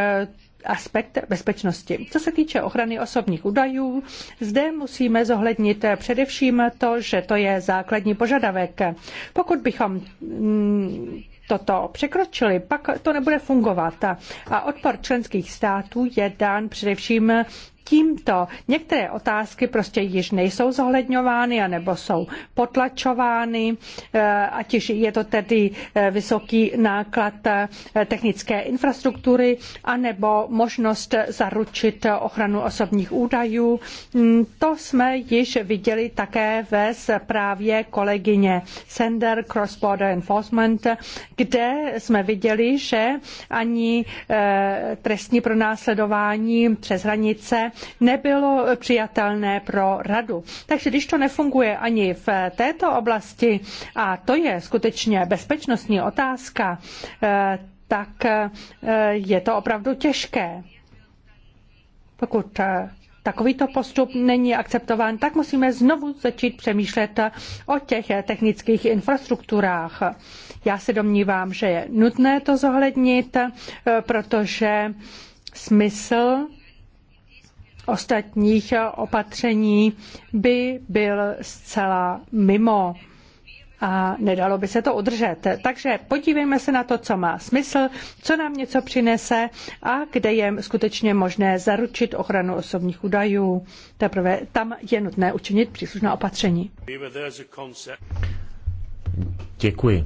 B: aspekt bezpečnosti. Co se týče ochrany osobních údajů, zde musíme zohlednit především to, že to je základní požadavek. Pokud bychom mm, toto překročili, pak to nebude fungovat. A odpor členských států je dán především tímto. Některé otázky prostě již nejsou zohledňovány anebo jsou potlačovány, eh, ať už je to tedy eh, vysoký náklad eh, technické infrastruktury anebo možnost zaručit ochranu osobních údajů. Mm, to jsme již viděli také ve zprávě kolegyně Sender Cross Border Enforcement, kde jsme viděli, že ani trestní pronásledování přes hranice nebylo přijatelné pro radu. Takže když to nefunguje ani v této oblasti, a to je skutečně bezpečnostní otázka, eh, tak eh, je to opravdu těžké. Pokud eh, takovýto postup není akceptován, tak musíme znovu začít přemýšlet o těch technických infrastrukturách. Já se domnívám, že je nutné to zohlednit, protože smysl ostatních opatření by byl zcela mimo a nedalo by se to udržet. Takže podívejme se na to, co má smysl, co nám něco přinese a kde je skutečně možné zaručit ochranu osobních údajů. Teprve tam je nutné učinit příslušná opatření.
A: Děkuji.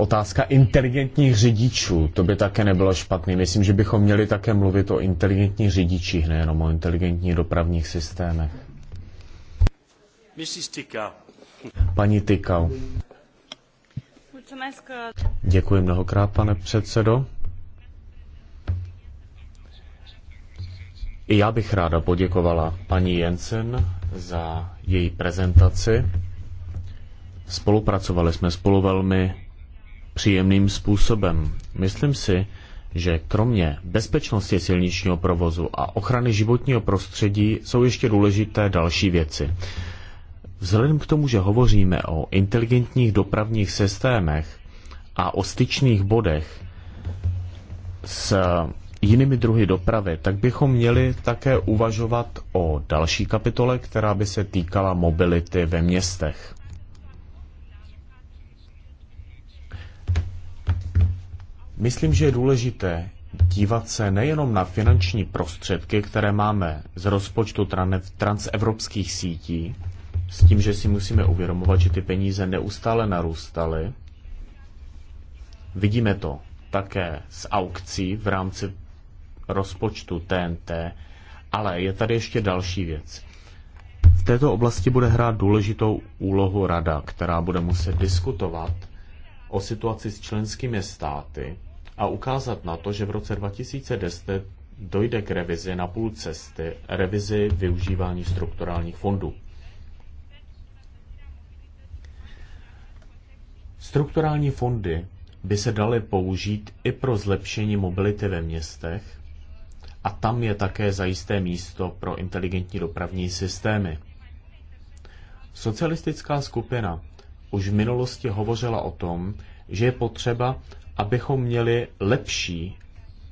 A: Otázka inteligentních řidičů, to by také nebylo špatný. Myslím, že bychom měli také mluvit o inteligentních řidičích, nejenom o inteligentních dopravních systémech. Paní Tykal. Děkuji mnohokrát, pane předsedo. I já bych ráda poděkovala paní Jensen za její prezentaci. Spolupracovali jsme spolu velmi příjemným způsobem. Myslím si, že kromě bezpečnosti silničního provozu a ochrany životního prostředí jsou ještě důležité další věci. Vzhledem k tomu, že hovoříme o inteligentních dopravních systémech a o styčných bodech s jinými druhy dopravy, tak bychom měli také uvažovat o další kapitole, která by se týkala mobility ve městech. Myslím, že je důležité dívat se nejenom na finanční prostředky, které máme z rozpočtu transevropských sítí, s tím, že si musíme uvědomovat, že ty peníze neustále narůstaly. Vidíme to také z aukcí v rámci rozpočtu TNT, ale je tady ještě další věc. V této oblasti bude hrát důležitou úlohu rada, která bude muset diskutovat o situaci s členskými státy a ukázat na to, že v roce 2010 dojde k revizi na půl cesty, revizi využívání strukturálních fondů. Strukturální fondy by se daly použít i pro zlepšení mobility ve městech a tam je také zajisté místo pro inteligentní dopravní systémy. Socialistická skupina už v minulosti hovořila o tom, že je potřeba abychom měli lepší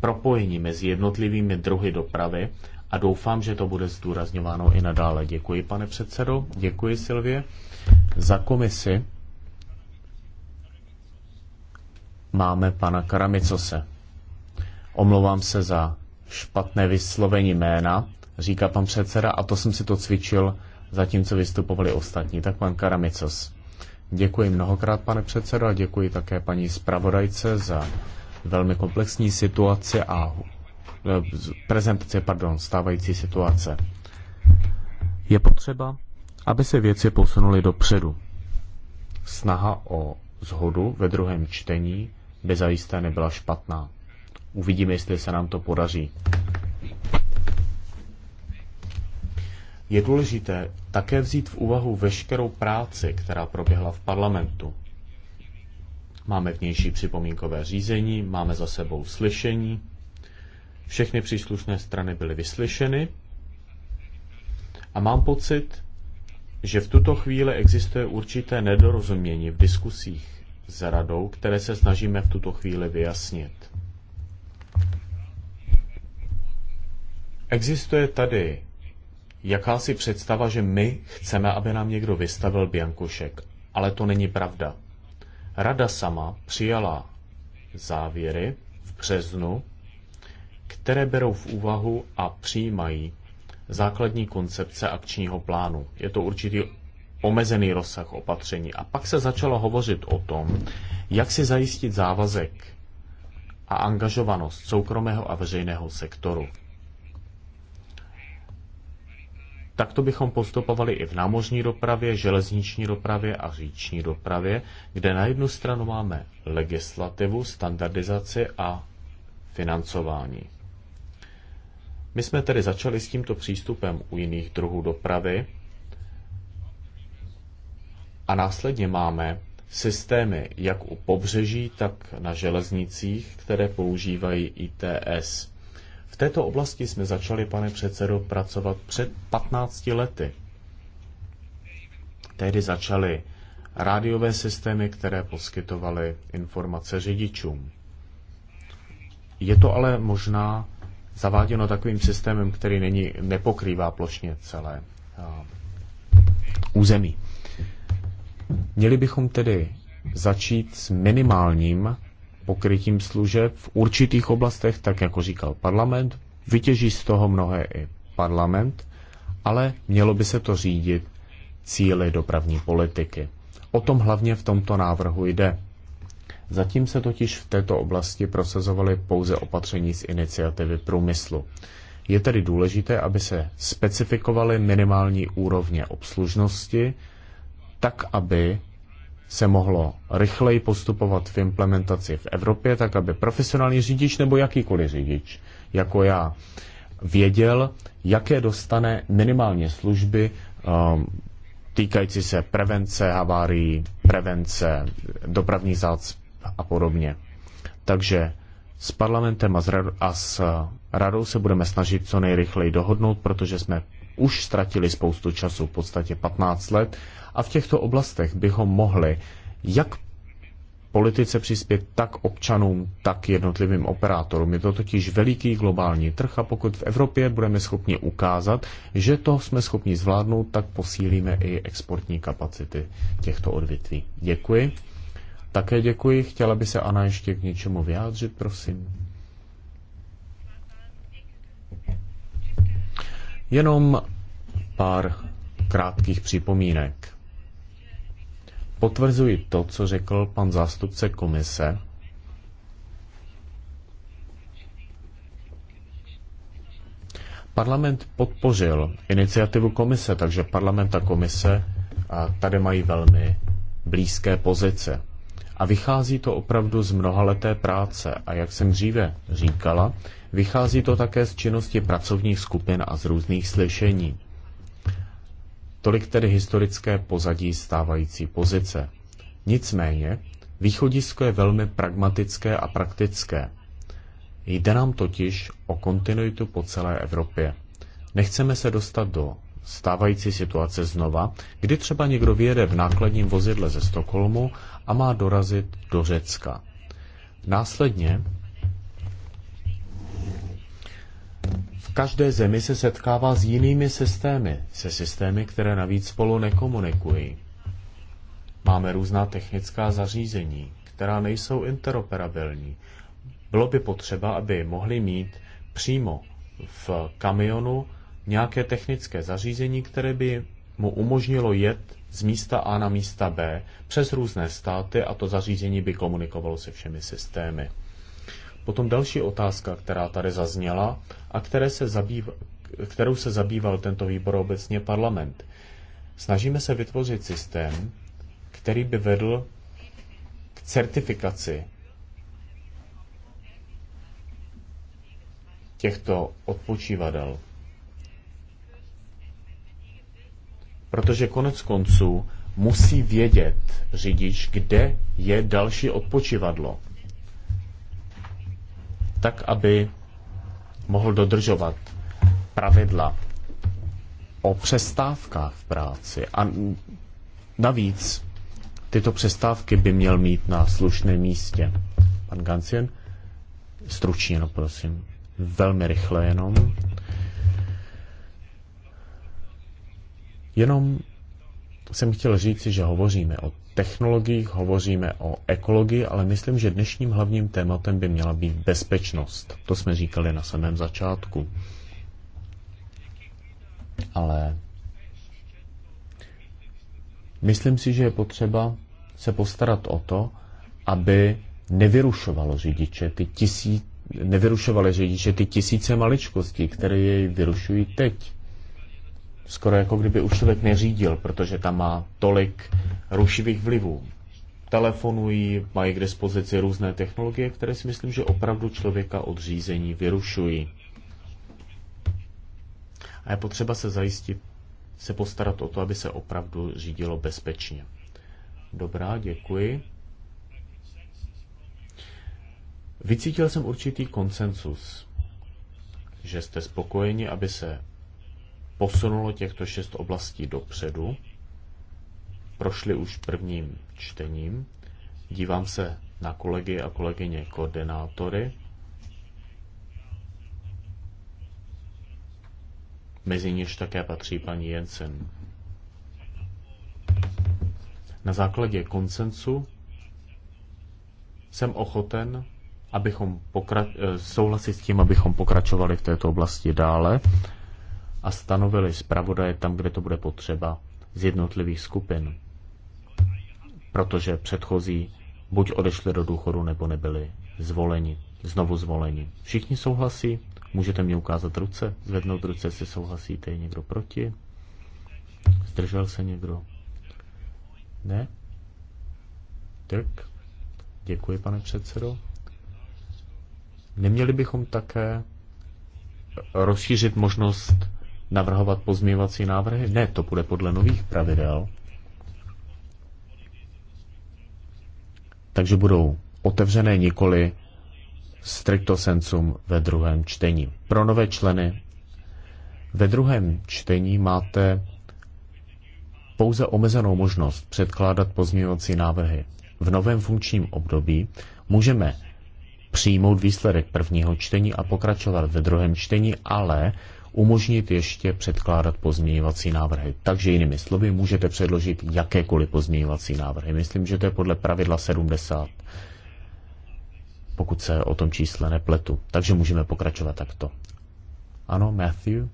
A: propojení mezi jednotlivými druhy dopravy a doufám, že to bude zdůrazňováno i nadále. Děkuji, pane předsedo, děkuji, Silvě. Za komisi máme pana Karamicose. Omlouvám se za špatné vyslovení jména, říká pan předseda, a to jsem si to cvičil, zatímco vystupovali ostatní. Tak pan Karamicos. Děkuji mnohokrát, pane předsedo, a děkuji také paní zpravodajce za velmi komplexní situaci a e, prezentaci, pardon, stávající situace. Je potřeba, aby se věci posunuly dopředu. Snaha o zhodu ve druhém čtení by zajisté nebyla špatná. Uvidíme, jestli se nám to podaří je důležité také vzít v úvahu veškerou práci, která proběhla v parlamentu. Máme vnější připomínkové řízení, máme za sebou slyšení, všechny příslušné strany byly vyslyšeny a mám pocit, že v tuto chvíli existuje určité nedorozumění v diskusích s radou, které se snažíme v tuto chvíli vyjasnit. Existuje tady jakási představa, že my chceme, aby nám někdo vystavil biankušek. Ale to není pravda. Rada sama přijala závěry v březnu, které berou v úvahu a přijímají základní koncepce akčního plánu. Je to určitý omezený rozsah opatření. A pak se začalo hovořit o tom, jak si zajistit závazek a angažovanost soukromého a veřejného sektoru. Takto bychom postupovali i v námořní dopravě, železniční dopravě a říční dopravě, kde na jednu stranu máme legislativu, standardizaci a financování. My jsme tedy začali s tímto přístupem u jiných druhů dopravy a následně máme systémy jak u pobřeží, tak na železnicích, které používají ITS. V této oblasti jsme začali, pane předsedo, pracovat před 15 lety. Tehdy začaly rádiové systémy, které poskytovaly informace řidičům. Je to ale možná zaváděno takovým systémem, který není, nepokrývá plošně celé území. Měli bychom tedy začít s minimálním pokrytím služeb v určitých oblastech, tak jako říkal parlament. Vytěží z toho mnohé i parlament, ale mělo by se to řídit cíly dopravní politiky. O tom hlavně v tomto návrhu jde. Zatím se totiž v této oblasti prosazovaly pouze opatření z iniciativy průmyslu. Je tedy důležité, aby se specifikovaly minimální úrovně obslužnosti, tak aby se mohlo rychleji postupovat v implementaci v Evropě, tak aby profesionální řidič nebo jakýkoliv řidič, jako já, věděl, jaké dostane minimálně služby um, týkající se prevence havárií, prevence dopravních zácp a podobně. Takže s parlamentem a s, a s radou se budeme snažit co nejrychleji dohodnout, protože jsme už ztratili spoustu času, v podstatě 15 let, a v těchto oblastech bychom mohli jak politice přispět tak občanům, tak jednotlivým operátorům. Je to totiž veliký globální trh a pokud v Evropě budeme schopni ukázat, že to jsme schopni zvládnout, tak posílíme i exportní kapacity těchto odvětví. Děkuji. Také děkuji. Chtěla by se Ana ještě k něčemu vyjádřit, prosím. Jenom pár krátkých připomínek potvrzuji to, co řekl pan zástupce komise. Parlament podpořil iniciativu komise, takže parlament a komise a tady mají velmi blízké pozice. A vychází to opravdu z mnohaleté práce. A jak jsem dříve říkala, vychází to také z činnosti pracovních skupin a z různých slyšení. Tolik tedy historické pozadí stávající pozice. Nicméně, východisko je velmi pragmatické a praktické. Jde nám totiž o kontinuitu po celé Evropě. Nechceme se dostat do stávající situace znova, kdy třeba někdo vyjede v nákladním vozidle ze Stokholmu a má dorazit do Řecka. Následně každé zemi se setkává s jinými systémy, se systémy, které navíc spolu nekomunikují. Máme různá technická zařízení, která nejsou interoperabilní. Bylo by potřeba, aby mohli mít přímo v kamionu nějaké technické zařízení, které by mu umožnilo jet z místa A na místa B přes různé státy a to zařízení by komunikovalo se všemi systémy. Potom další otázka, která tady zazněla a které se zabýv, kterou se zabýval tento výbor obecně parlament. Snažíme se vytvořit systém, který by vedl k certifikaci těchto odpočívadel. Protože konec konců musí vědět řidič, kde je další odpočívadlo tak aby mohl dodržovat pravidla o přestávkách v práci. A navíc tyto přestávky by měl mít na slušném místě. Pan Gancien, stručně, no prosím, velmi rychle jenom. Jenom jsem chtěl říct, že hovoříme o technologiích, hovoříme o ekologii, ale myslím, že dnešním hlavním tématem by měla být bezpečnost. To jsme říkali na samém začátku. Ale myslím si, že je potřeba se postarat o to, aby nevyrušovalo řidiče ty tisíce, nevyrušovali řidiče ty tisíce maličkostí, které jej vyrušují teď skoro jako kdyby už člověk neřídil, protože tam má tolik rušivých vlivů. Telefonují, mají k dispozici různé technologie, které si myslím, že opravdu člověka od řízení vyrušují. A je potřeba se zajistit, se postarat o to, aby se opravdu řídilo bezpečně. Dobrá, děkuji. Vycítil jsem určitý konsensus, že jste spokojeni, aby se posunulo těchto šest oblastí dopředu. Prošli už prvním čtením. Dívám se na kolegy a kolegyně koordinátory. Mezi něž také patří paní Jensen. Na základě koncensu jsem ochoten abychom pokra- eh, souhlasit s tím, abychom pokračovali v této oblasti dále a stanovili zpravodaje tam, kde to bude potřeba z jednotlivých skupin, protože předchozí buď odešli do důchodu, nebo nebyli zvoleni, znovu zvoleni. Všichni souhlasí? Můžete mě ukázat ruce? Zvednout ruce, jestli souhlasíte. Je někdo proti? Zdržel se někdo? Ne? Tak, děkuji, pane předsedo. Neměli bychom také rozšířit možnost navrhovat pozměňovací návrhy? Ne, to bude podle nových pravidel. Takže budou otevřené nikoli stricto sensum ve druhém čtení. Pro nové členy ve druhém čtení máte pouze omezenou možnost předkládat pozměňovací návrhy. V novém funkčním období můžeme přijmout výsledek prvního čtení a pokračovat ve druhém čtení, ale umožnit ještě předkládat pozměňovací návrhy. Takže jinými slovy, můžete předložit jakékoliv pozměňovací návrhy. Myslím, že to je podle pravidla 70, pokud se o tom čísle nepletu. Takže můžeme pokračovat takto. Ano, Matthew?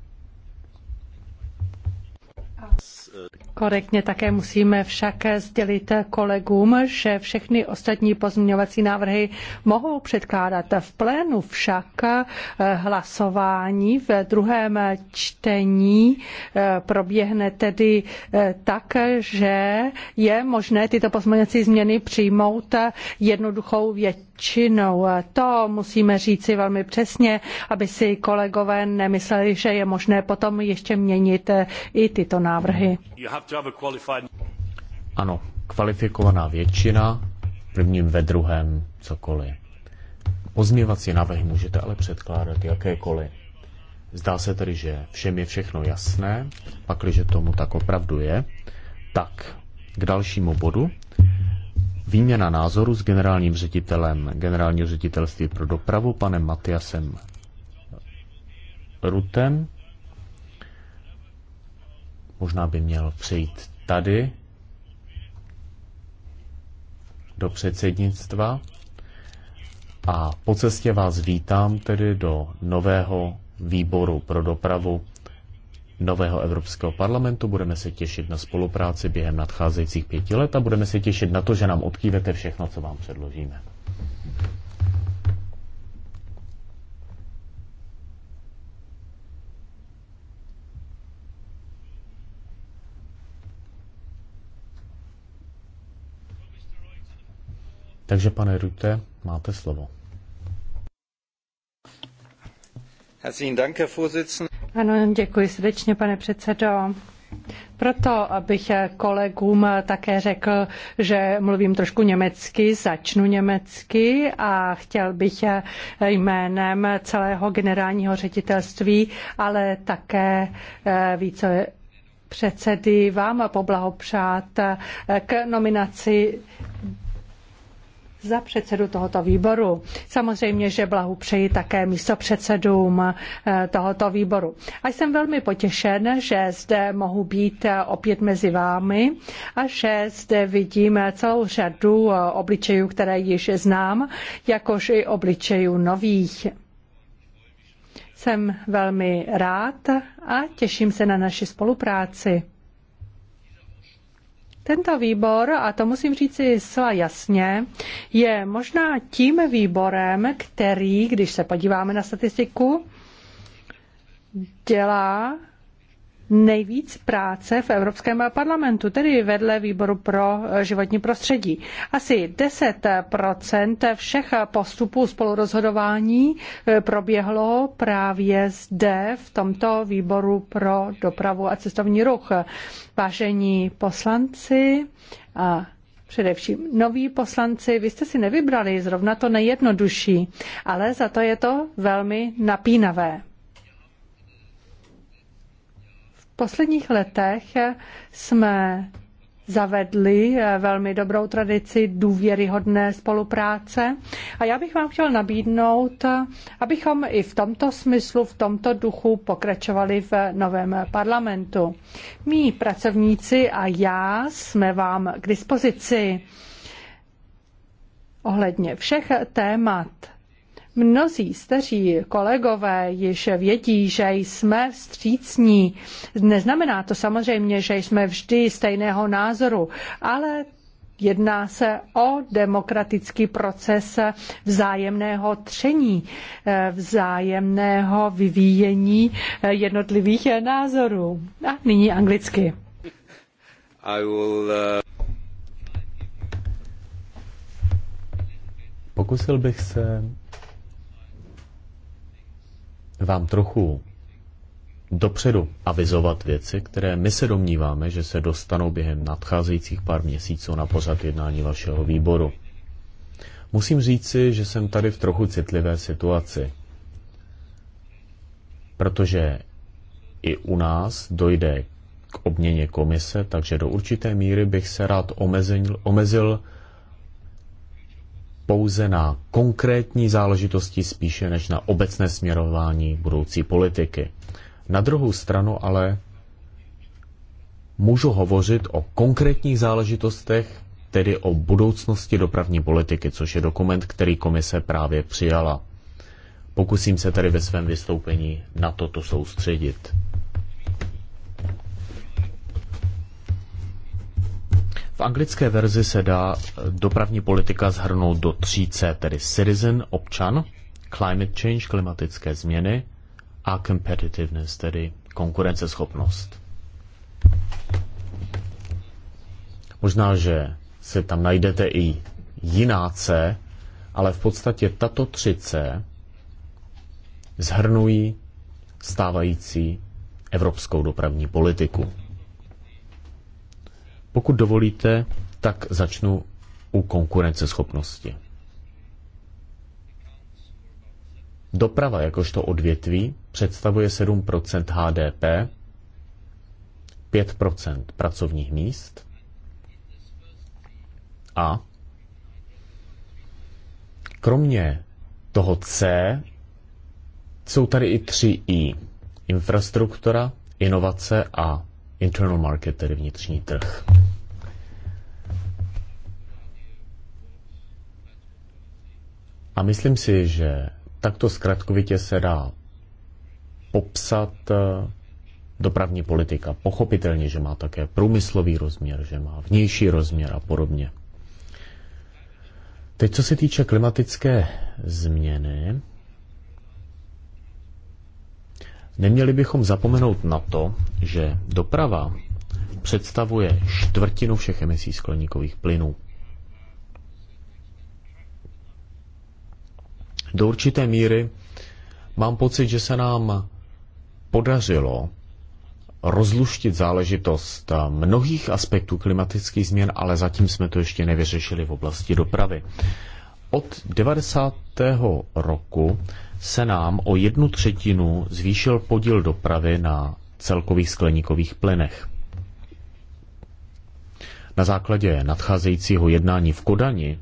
B: korektně. Také musíme však sdělit kolegům, že všechny ostatní pozměňovací návrhy mohou předkládat v plénu, však eh, hlasování v druhém čtení eh, proběhne tedy eh, tak, že je možné tyto pozměňovací změny přijmout jednoduchou většinou. To musíme říci velmi přesně, aby si kolegové nemysleli, že je možné potom ještě měnit i tyto návrhy.
A: Ano, kvalifikovaná většina, prvním ve druhém, cokoliv. Pozměvací návrhy můžete ale předkládat jakékoliv. Zdá se tedy, že všem je všechno jasné, pakliže tomu tak opravdu je. Tak, k dalšímu bodu. Výměna názoru s generálním ředitelem generálního ředitelství pro dopravu, panem Matiasem Rutem. Možná by měl přejít tady do předsednictva. A po cestě vás vítám tedy do nového výboru pro dopravu nového Evropského parlamentu. Budeme se těšit na spolupráci během nadcházejících pěti let a budeme se těšit na to, že nám odkývete všechno, co vám předložíme. Takže, pane Rute, máte slovo.
B: Ano, děkuji srdečně, pane předsedo. Proto, abych kolegům také řekl, že mluvím trošku německy, začnu německy a chtěl bych jménem celého generálního ředitelství, ale také eh, více předsedy vám poblahopřát k nominaci za předsedu tohoto výboru. Samozřejmě, že blahu přeji také místo eh, tohoto výboru. A jsem velmi potěšen, že zde mohu být eh, opět mezi vámi a že zde vidím eh, celou řadu obličejů, které již znám, jakož i obličejů nových. Jsem velmi rád a těším se na naši spolupráci. Tento výbor, a to musím říci zcela jasně, je možná tím výborem, který, když se podíváme na statistiku, dělá nejvíc práce v Evropském parlamentu, tedy vedle výboru pro životní prostředí. Asi 10 všech postupů spolurozhodování eh, proběhlo právě zde v tomto výboru pro dopravu a cestovní ruch. Vážení poslanci a především noví poslanci, vy jste si nevybrali zrovna to nejjednodušší, ale za to je to velmi napínavé. V posledních letech jsme zavedli eh, velmi dobrou tradici důvěryhodné spolupráce. A já bych vám chtěl nabídnout, eh, abychom i v tomto smyslu, v tomto duchu pokračovali v eh, novém parlamentu. Mí pracovníci a já jsme vám k dispozici ohledně všech témat Mnozí staří kolegové již vědí, že jsme vstřícní. Neznamená to samozřejmě, že jsme vždy stejného názoru, ale Jedná se o demokratický proces vzájemného tření, vzájemného vyvíjení jednotlivých názorů. A nyní anglicky.
C: I will, uh...
A: Pokusil bych se vám trochu dopředu avizovat věci, které my se domníváme, že se dostanou během nadcházejících pár měsíců na pořad jednání vašeho výboru. Musím říci, že jsem tady v trochu citlivé situaci, protože i u nás dojde k obměně komise, takže do určité míry bych se rád omezil, omezil pouze na konkrétní záležitosti spíše než na obecné směrování budoucí politiky. Na druhou stranu ale můžu hovořit o konkrétních záležitostech, tedy o budoucnosti dopravní politiky, což je dokument, který komise právě přijala. Pokusím se tedy ve svém vystoupení na toto soustředit. anglické verzi se dá eh, dopravní politika zhrnout do tří c tedy citizen, občan, climate change, klimatické změny a competitiveness, tedy konkurenceschopnost. Možná, že si tam najdete i jiná C, ale v podstatě tato tři c zhrnují stávající evropskou dopravní politiku. Pokud dovolíte, tak začnu u konkurenceschopnosti. Doprava jakožto odvětví představuje 7 HDP, 5 pracovních míst a kromě toho C jsou tady i tři I. Infrastruktura, inovace a internal market, tedy vnitřní trh. A myslím si, že takto zkratkovitě se dá popsat eh, dopravní politika. Pochopitelně, že má také průmyslový rozměr, že má vnější rozměr a podobně. Teď, co se týče klimatické změny, neměli bychom zapomenout na to, že doprava představuje čtvrtinu všech emisí skleníkových plynů. Do určité míry mám pocit, že se nám podařilo rozluštit záležitost mnohých aspektů klimatických změn, ale zatím jsme to ještě nevyřešili v oblasti dopravy. Od 90. roku se nám o jednu třetinu zvýšil podíl dopravy na celkových skleníkových plynech. Na základě nadcházejícího jednání v Kodani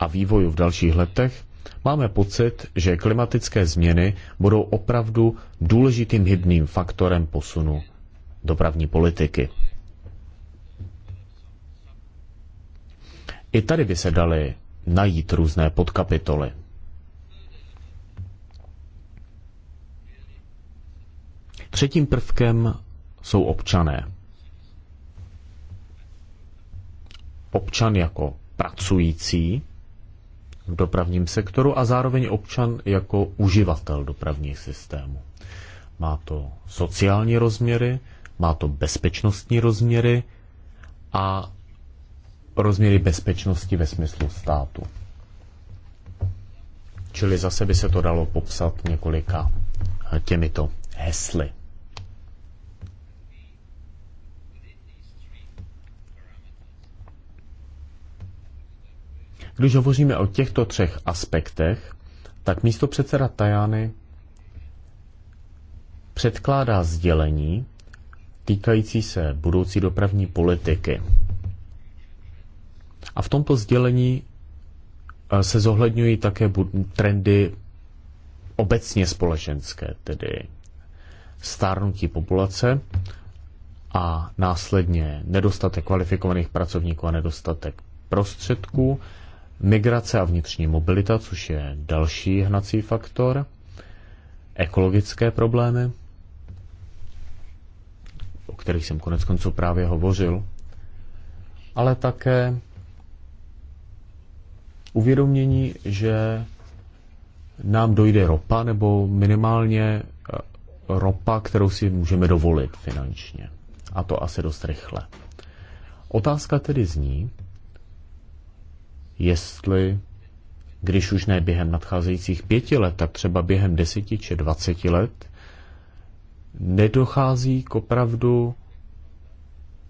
A: a vývoju v dalších letech Máme pocit, že klimatické změny budou opravdu důležitým hybným faktorem posunu dopravní politiky. I tady by se daly najít různé podkapitoly. Třetím prvkem jsou občané. Občan jako pracující, v dopravním sektoru a zároveň občan jako uživatel dopravních systémů. Má to sociální rozměry, má to bezpečnostní rozměry a rozměry bezpečnosti ve smyslu státu. Čili zase by se to dalo popsat několika těmito hesly. Když hovoříme o těchto třech aspektech, tak místo předseda Tajány předkládá sdělení týkající se budoucí dopravní politiky. A v tomto sdělení eh, se zohledňují také trendy obecně společenské, tedy stárnutí populace a následně nedostatek kvalifikovaných pracovníků a nedostatek prostředků, Migrace a vnitřní mobilita, což je další hnací faktor. Ekologické problémy, o kterých jsem konec konců právě hovořil, ale také uvědomění, že nám dojde ropa, nebo minimálně eh, ropa, kterou si můžeme dovolit finančně. A to asi dost rychle. Otázka tedy zní, jestli, když už ne během nadcházejících pěti let, tak třeba během deseti či dvaceti let, nedochází k opravdu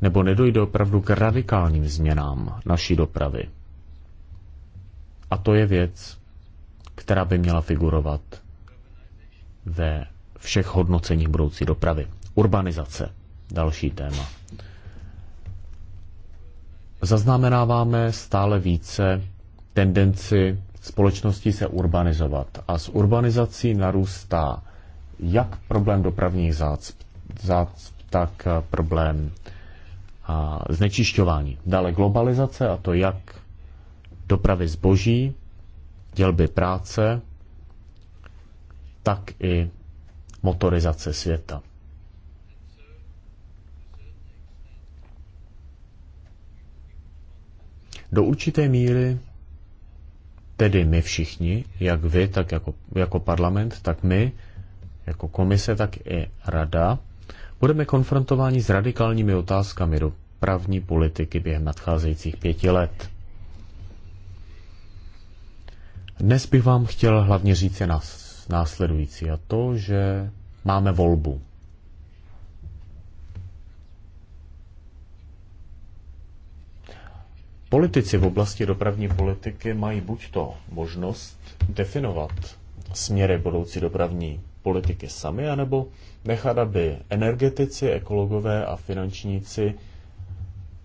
A: nebo nedojde opravdu k radikálním změnám naší dopravy. A to je věc, která by měla figurovat ve všech hodnoceních budoucí dopravy. Urbanizace, další téma zaznamenáváme stále více tendenci společnosti se urbanizovat. A s urbanizací narůstá jak problém dopravních zácp, zácp tak eh, problém a znečišťování. Dále globalizace a to jak dopravy zboží, dělby práce, tak i motorizace světa. Do určité míry tedy my všichni, jak vy, tak jako, jako parlament, tak my, jako komise, tak i rada, budeme konfrontováni s radikálními otázkami do právní politiky během nadcházejících pěti let. Dnes bych vám chtěl hlavně říct nás, následující a to, že máme volbu. Politici v oblasti dopravní politiky mají buď to možnost definovat směry budoucí dopravní politiky sami, anebo nechat, aby energetici, ekologové a finančníci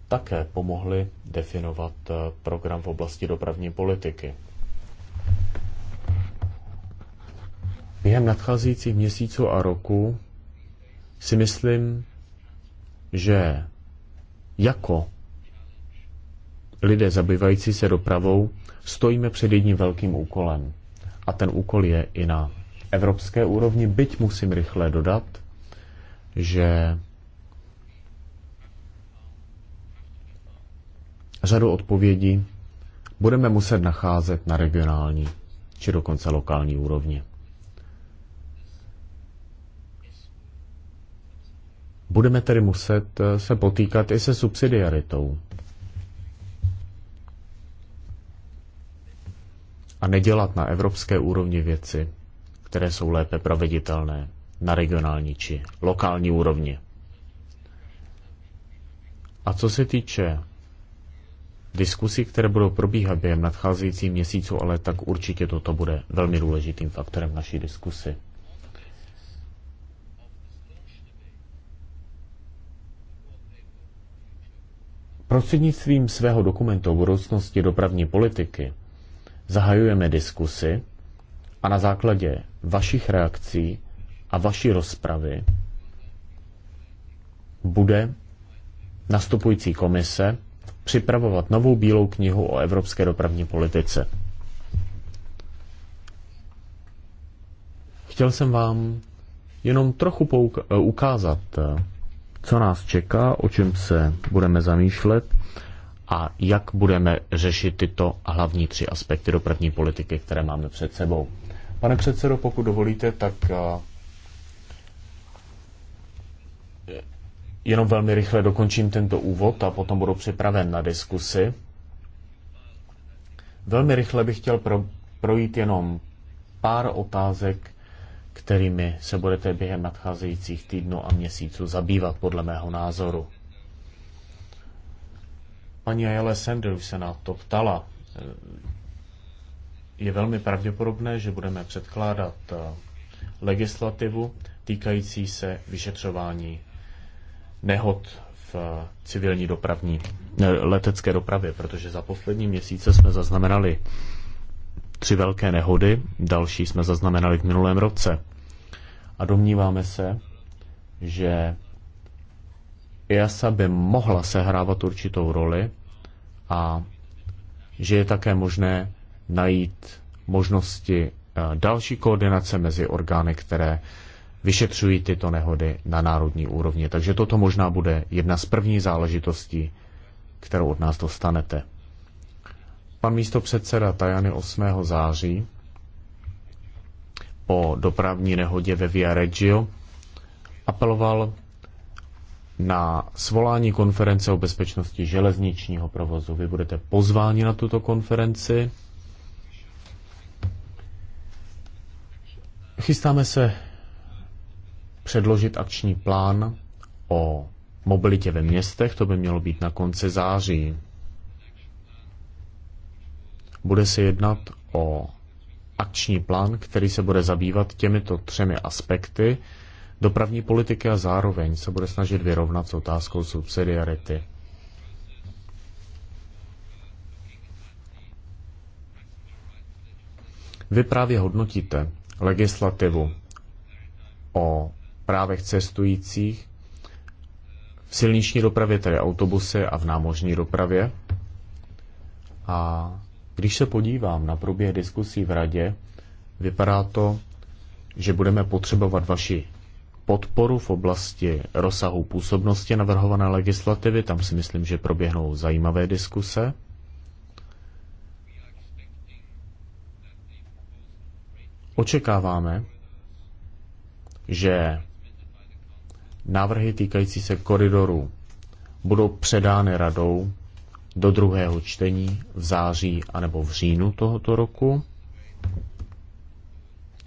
A: také pomohli definovat eh, program v oblasti dopravní politiky. Během nadcházejících měsíců a roku si myslím, že jako lidé zabývající se dopravou, stojíme před jedním velkým úkolem. A ten úkol je i na evropské úrovni, byť musím rychle dodat, že řadu odpovědí budeme muset nacházet na regionální či dokonce lokální úrovni. Budeme tedy muset se potýkat i se subsidiaritou, a nedělat na evropské úrovni věci, které jsou lépe proveditelné na regionální či lokální úrovni. A co se týče diskusí, které budou probíhat během nadcházejícího měsíců, ale tak určitě toto bude velmi důležitým faktorem naší diskusy. Prostřednictvím svého dokumentu o budoucnosti dopravní politiky Zahajujeme diskusy a na základě vašich reakcí a vaší rozpravy bude nastupující komise připravovat novou bílou knihu o evropské dopravní politice. Chtěl jsem vám jenom trochu pouk- eh, ukázat, eh, co nás čeká, o čem se budeme zamýšlet a jak budeme řešit tyto hlavní tři aspekty dopravní politiky, které máme před sebou. Pane předsedo, pokud dovolíte, tak eh, jenom velmi rychle dokončím tento úvod a potom budu připraven na diskusi. Velmi rychle bych chtěl pro, projít jenom pár otázek, kterými se budete během nadcházejících týdnů a měsíců zabývat, podle mého názoru. Paní Ayala Sanders se na to ptala. Je velmi pravděpodobné, že budeme předkládat eh, legislativu týkající se vyšetřování nehod v eh, civilní dopravní eh, letecké dopravě, protože za poslední měsíce jsme zaznamenali tři velké nehody, další jsme zaznamenali v minulém roce. A domníváme se, že EASA by mohla sehrávat určitou roli a že je také možné najít možnosti eh, další koordinace mezi orgány, které vyšetřují tyto nehody na národní úrovni. Takže toto možná bude jedna z prvních záležitostí, kterou od nás dostanete. Pan místo předseda Tajany 8. září po dopravní nehodě ve Via Reggio apeloval na svolání konference o bezpečnosti železničního provozu. Vy budete pozváni na tuto konferenci. Chystáme se předložit akční plán o mobilitě ve městech, to by mělo být na konci září. Bude se jednat o akční plán, který se bude zabývat těmito třemi aspekty, dopravní politiky a zároveň se bude snažit vyrovnat s otázkou subsidiarity. Vy právě hodnotíte legislativu o právech cestujících v silniční dopravě, tedy autobusy a v námořní dopravě. A když se podívám na průběh diskusí v radě, vypadá to, že budeme potřebovat vaši podporu v oblasti rozsahu působnosti navrhované legislativy. Tam si myslím, že proběhnou zajímavé diskuse. Očekáváme, že návrhy týkající se koridoru budou předány radou do druhého čtení v září anebo v říjnu tohoto roku.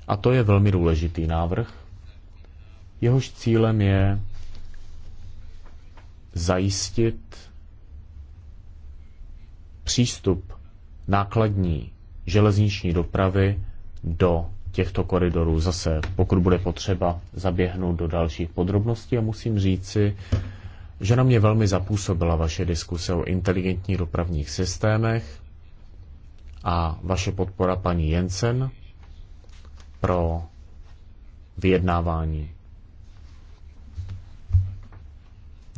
A: A to je velmi důležitý návrh, Jehož cílem je zajistit přístup nákladní železniční dopravy do těchto koridorů. Zase, pokud bude potřeba, zaběhnout do dalších podrobností a musím říci, že na mě velmi zapůsobila vaše diskuse o inteligentních dopravních systémech a vaše podpora paní Jensen pro vyjednávání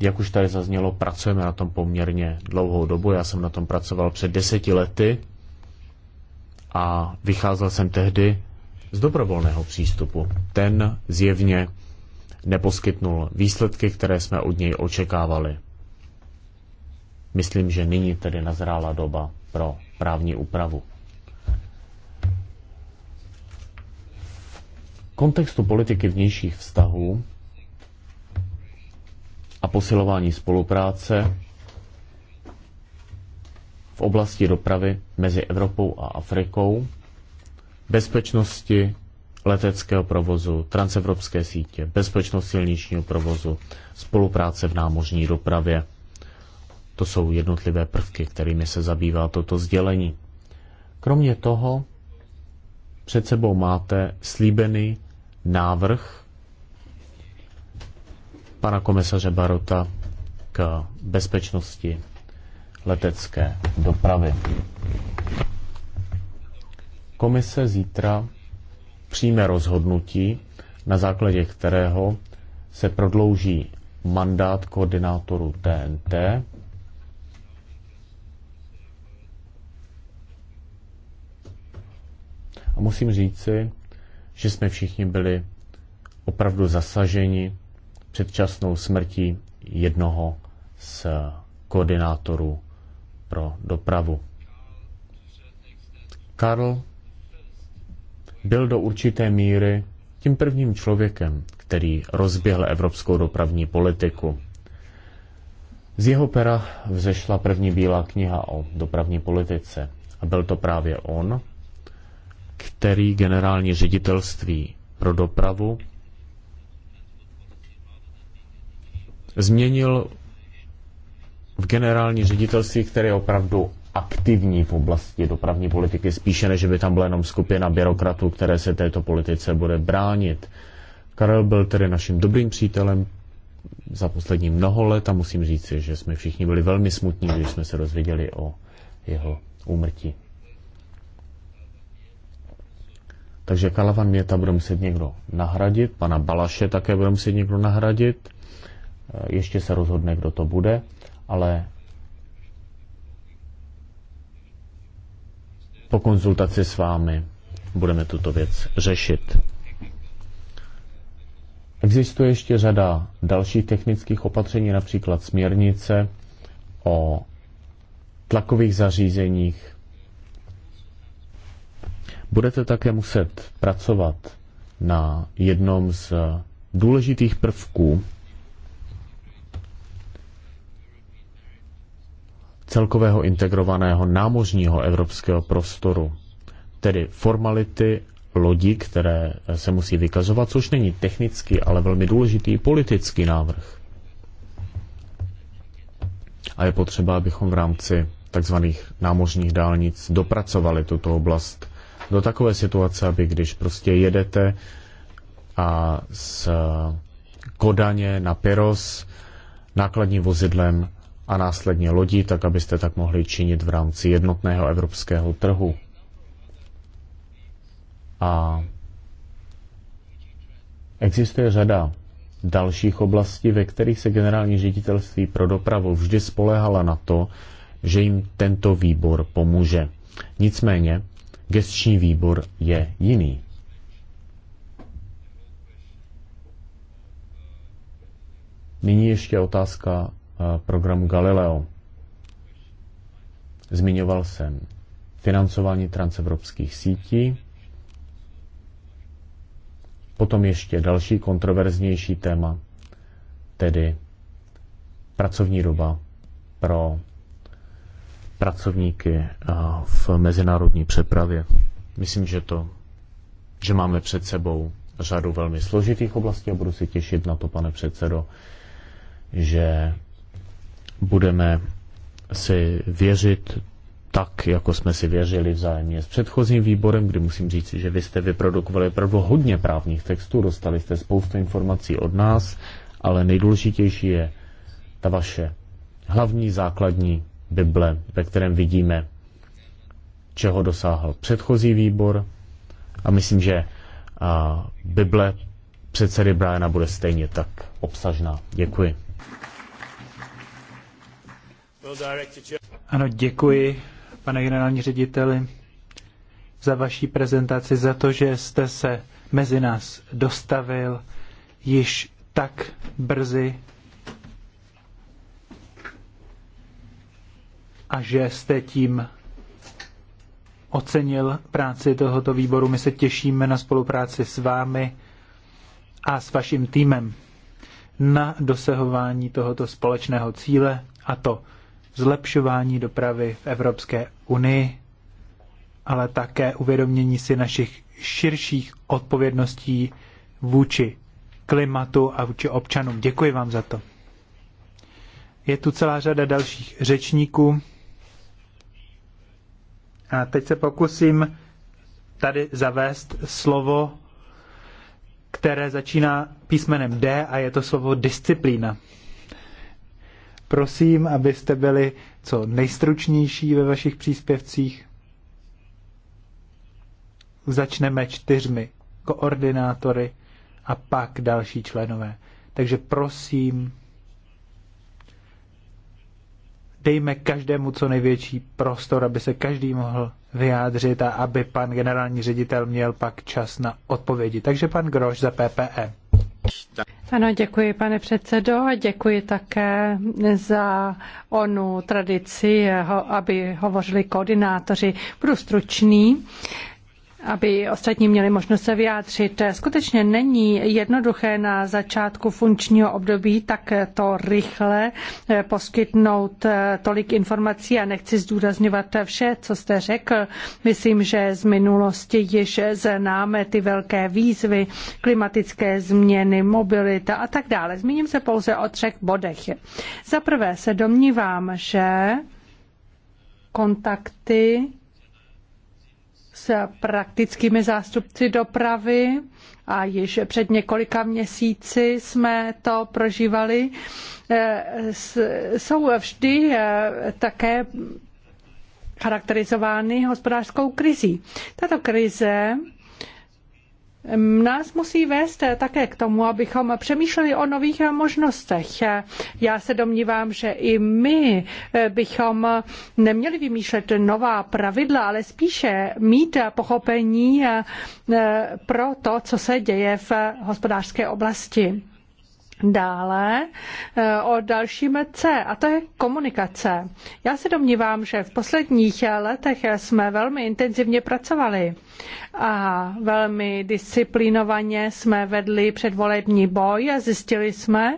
A: Jak už tady zaznělo, pracujeme na tom poměrně dlouhou dobu. Já jsem na tom pracoval před deseti lety a vycházel jsem tehdy z dobrovolného přístupu. Ten zjevně neposkytnul výsledky, které jsme od něj očekávali. Myslím, že nyní tedy nazrála doba pro právní úpravu. V kontextu politiky vnějších vztahů a posilování spolupráce v oblasti dopravy mezi Evropou a Afrikou, bezpečnosti leteckého provozu, transevropské sítě, bezpečnost silničního provozu, spolupráce v námořní dopravě. To jsou jednotlivé prvky, kterými se zabývá toto sdělení. Kromě toho před sebou máte slíbený návrh pana komisaře Barota k bezpečnosti letecké dopravy. Komise zítra přijme rozhodnutí, na základě kterého se prodlouží mandát koordinátoru TNT A musím říci, že jsme všichni byli opravdu zasaženi předčasnou smrtí jednoho z koordinátorů pro dopravu. Karl byl do určité míry tím prvním člověkem, který rozběhl evropskou dopravní politiku. Z jeho pera vzešla první bílá kniha o dopravní politice a byl to právě on, který generální ředitelství pro dopravu změnil v generální ředitelství, které je opravdu aktivní v oblasti dopravní politiky, spíše než by tam byla jenom skupina byrokratů, které se této politice bude bránit. Karel byl tedy naším dobrým přítelem za poslední mnoho let a musím říci, že jsme všichni byli velmi smutní, když jsme se dozvěděli o jeho úmrtí. Takže Kalavan Měta bude muset někdo nahradit, pana Balaše také bude muset někdo nahradit. Eh, ještě se rozhodne, kdo to bude, ale po konzultaci s vámi budeme tuto věc řešit. Existuje ještě řada dalších technických opatření, například směrnice o tlakových zařízeních. Budete také muset pracovat na jednom z důležitých prvků celkového integrovaného námořního evropského prostoru, tedy formality lodi, které se musí vykazovat, což není technicky, ale velmi důležitý politický návrh. A je potřeba, abychom v rámci tzv. námořních dálnic dopracovali tuto oblast do takové situace, aby když prostě jedete a z Kodaně na Peros nákladním vozidlem a následně lodí, tak abyste tak mohli činit v rámci jednotného evropského trhu. A existuje řada dalších oblastí, ve kterých se generální ředitelství pro dopravu vždy spolehala na to, že jim tento výbor pomůže. Nicméně, gestční výbor je jiný. Nyní ještě otázka Eh, programu Galileo. Zmiňoval jsem financování transevropských sítí, potom ještě další kontroverznější téma, tedy pracovní doba pro pracovníky eh, v mezinárodní přepravě. Myslím, že to, že máme před sebou řadu velmi složitých oblastí a budu si těšit na to, pane předsedo, že budeme si věřit tak, jako jsme si věřili vzájemně s předchozím výborem, kdy musím říct, že vy jste vyprodukovali opravdu hodně právních textů, dostali jste spoustu informací od nás, ale nejdůležitější je ta vaše hlavní základní Bible, ve kterém vidíme, čeho dosáhl předchozí výbor. A myslím, že a, Bible předsedy Briana bude stejně tak obsažná. Děkuji.
C: Ano, děkuji, pane generální řediteli, za vaší prezentaci, za to, že jste se mezi nás dostavil již tak brzy a že jste tím ocenil práci tohoto výboru. My se těšíme na spolupráci s vámi a s vaším týmem na dosahování tohoto společného cíle a to zlepšování dopravy v Evropské unii, ale také uvědomění si našich širších odpovědností vůči klimatu a vůči občanům. Děkuji vám za to. Je tu celá řada dalších řečníků. A teď se pokusím tady zavést slovo, které začíná písmenem D a je to slovo disciplína. Prosím, abyste byli co nejstručnější ve vašich příspěvcích. Začneme čtyřmi koordinátory a pak další členové. Takže prosím, dejme každému co největší prostor, aby se každý mohl vyjádřit a aby pan generální ředitel měl pak čas na odpovědi. Takže pan Groš za PPM. E.
B: Ano, děkuji, pane předsedo, a děkuji také za onu tradici, aby hovořili koordinátoři. Budu stručný aby ostatní měli možnost se vyjádřit. Skutečně není jednoduché na začátku funkčního období tak to rychle eh, poskytnout eh, tolik informací a nechci zdůrazňovat vše, co jste řekl. Myslím, že z minulosti již známe ty velké výzvy, klimatické změny, mobilita a tak dále. Zmíním se pouze o třech bodech. Za prvé se domnívám, že kontakty s praktickými zástupci dopravy a již před několika měsíci jsme to prožívali. Eh, jsou vždy eh, také charakterizovány hospodářskou krizí. Tato krize nás musí vést eh, také k tomu, abychom přemýšleli o nových eh, možnostech. Eh, já se domnívám, že i my bychom neměli vymýšlet nová pravidla, ale spíše mít pochopení pro to, co se děje v hospodářské oblasti. Dále eh, o další metce, a to je komunikace. Já se domnívám, že v posledních letech jsme velmi intenzivně pracovali a velmi disciplinovaně jsme vedli předvolební boj a zjistili jsme,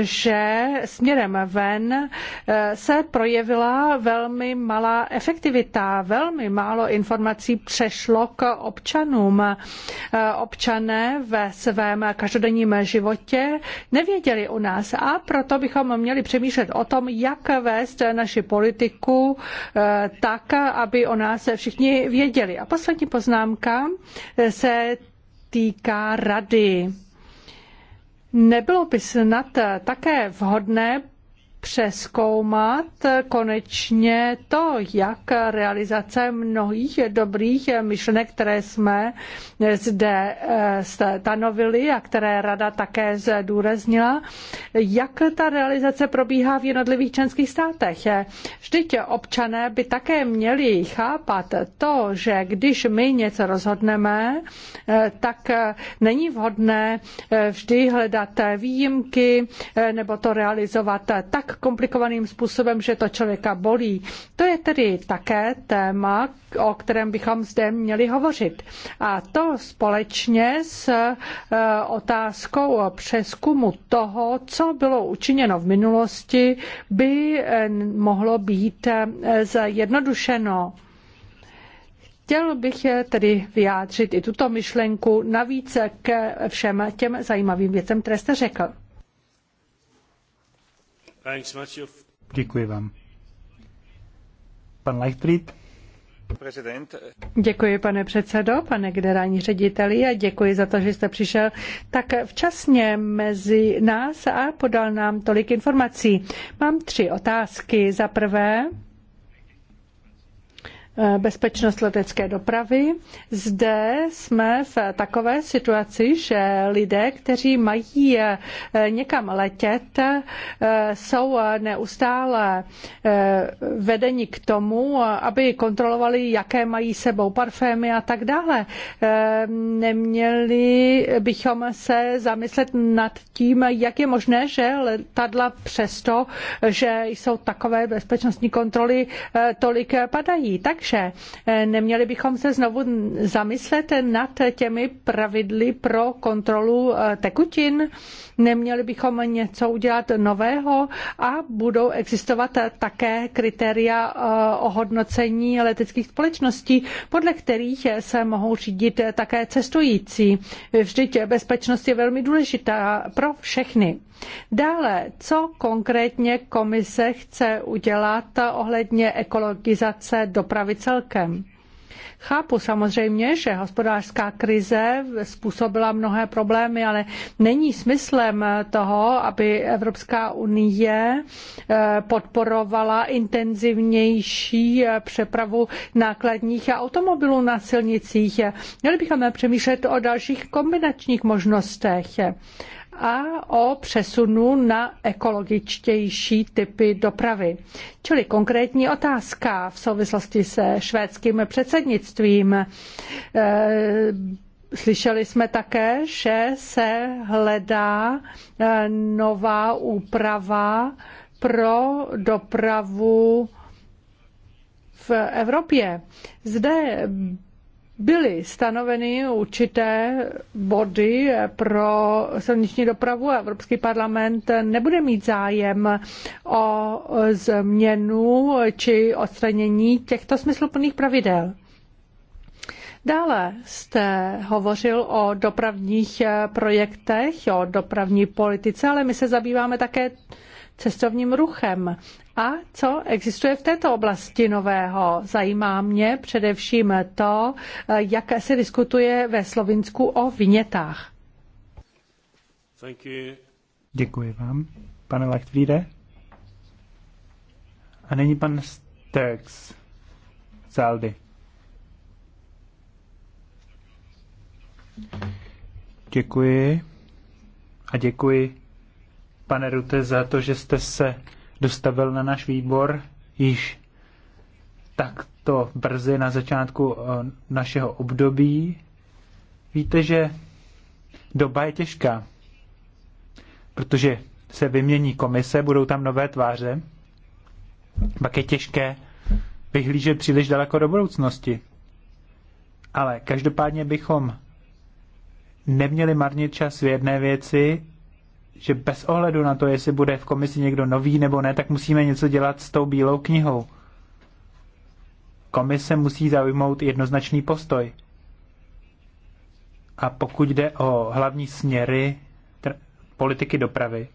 B: že směrem ven eh, se projevila velmi malá efektivita, velmi málo informací přešlo k občanům. Eh, občané ve svém každodenním životě nevěděli o nás a proto bychom měli přemýšlet o tom, jak vést naši politiku eh, tak, aby o nás všichni věděli. A poslední poznámka eh, se týká rady. Nebylo by snad také vhodné přeskoumat konečně to, jak realizace mnohých dobrých myšlenek, které jsme zde eh, stanovili a které rada také zdůraznila, jak ta realizace probíhá v jednotlivých členských státech. Vždyť občané by také měli chápat to, že když my něco rozhodneme, eh, tak eh, není vhodné vždy hledat výjimky nebo to realizovat tak komplikovaným způsobem, že to člověka bolí. To je tedy také téma, o kterém bychom zde měli hovořit. A to společně s e, otázkou přeskumu toho, co bylo učiněno v minulosti, by e, mohlo být e, zjednodušeno. Chtěl bych tedy vyjádřit i tuto myšlenku navíc k všem těm zajímavým věcem, které jste řekl.
C: Děkuji vám. Pan Leichtfried.
B: Děkuji, pane předsedo, pane generální řediteli a děkuji za to, že jste přišel tak včasně mezi nás a podal nám tolik informací. Mám tři otázky. Za prvé, Eh, bezpečnost letecké dopravy. Zde jsme v takové situaci, že lidé, kteří mají eh, někam letět, eh, jsou neustále vedeni k tomu, aby kontrolovali, jaké mají sebou parfémy a tak dále. Neměli bychom se zamyslet nad tím, jak je možné, že letadla přesto, že jsou takové bezpečnostní kontroly, tolik padají. Takže takže eh, neměli bychom se znovu zamyslet nad těmi pravidly pro kontrolu eh, tekutin. Neměli bychom něco udělat nového a budou existovat také kritéria eh, ohodnocení leteckých společností, podle kterých se mohou řídit také cestující. Vždyť bezpečnost je velmi důležitá pro všechny. Dále, co konkrétně komise chce udělat ohledně ekologizace dopravy celkem? Chápu samozřejmě, že hospodářská krize způsobila mnohé problémy, ale není smyslem toho, aby Evropská unie eh, podporovala intenzivnější eh, přepravu nákladních automobilů na silnicích. Měli bychom přemýšlet o dalších kombinačních možnostech a o přesunu na ekologičtější typy dopravy. Čili konkrétní otázka v souvislosti se švédským předsednictvím. E, slyšeli jsme také, že se hledá e, nová úprava pro dopravu v Evropě. Zde byly stanoveny určité body pro silniční dopravu a Evropský parlament nebude mít zájem o změnu či odstranění těchto smysluplných pravidel. Dále jste hovořil o dopravních projektech, o dopravní politice, ale my se zabýváme také cestovním ruchem. A co existuje v této oblasti nového? Zajímá mě především to, jak se diskutuje ve Slovinsku o vinětách.
C: Děkuji vám, pane Lachtvíde. A není pan Stex z Aldi. Děkuji. A děkuji pane Rute, za to, že jste se dostavil na náš výbor již takto brzy na začátku eh, našeho období. Víte, že doba je těžká, protože se vymění komise, budou tam nové tváře, pak je těžké vyhlížet příliš daleko do budoucnosti. Ale každopádně bychom neměli marnit čas v jedné věci že bez ohledu na to, jestli bude v komisi někdo nový nebo ne, tak musíme něco dělat s tou bílou knihou. Komise musí zaujmout jednoznačný postoj. A pokud jde o hlavní směry politiky dopravy,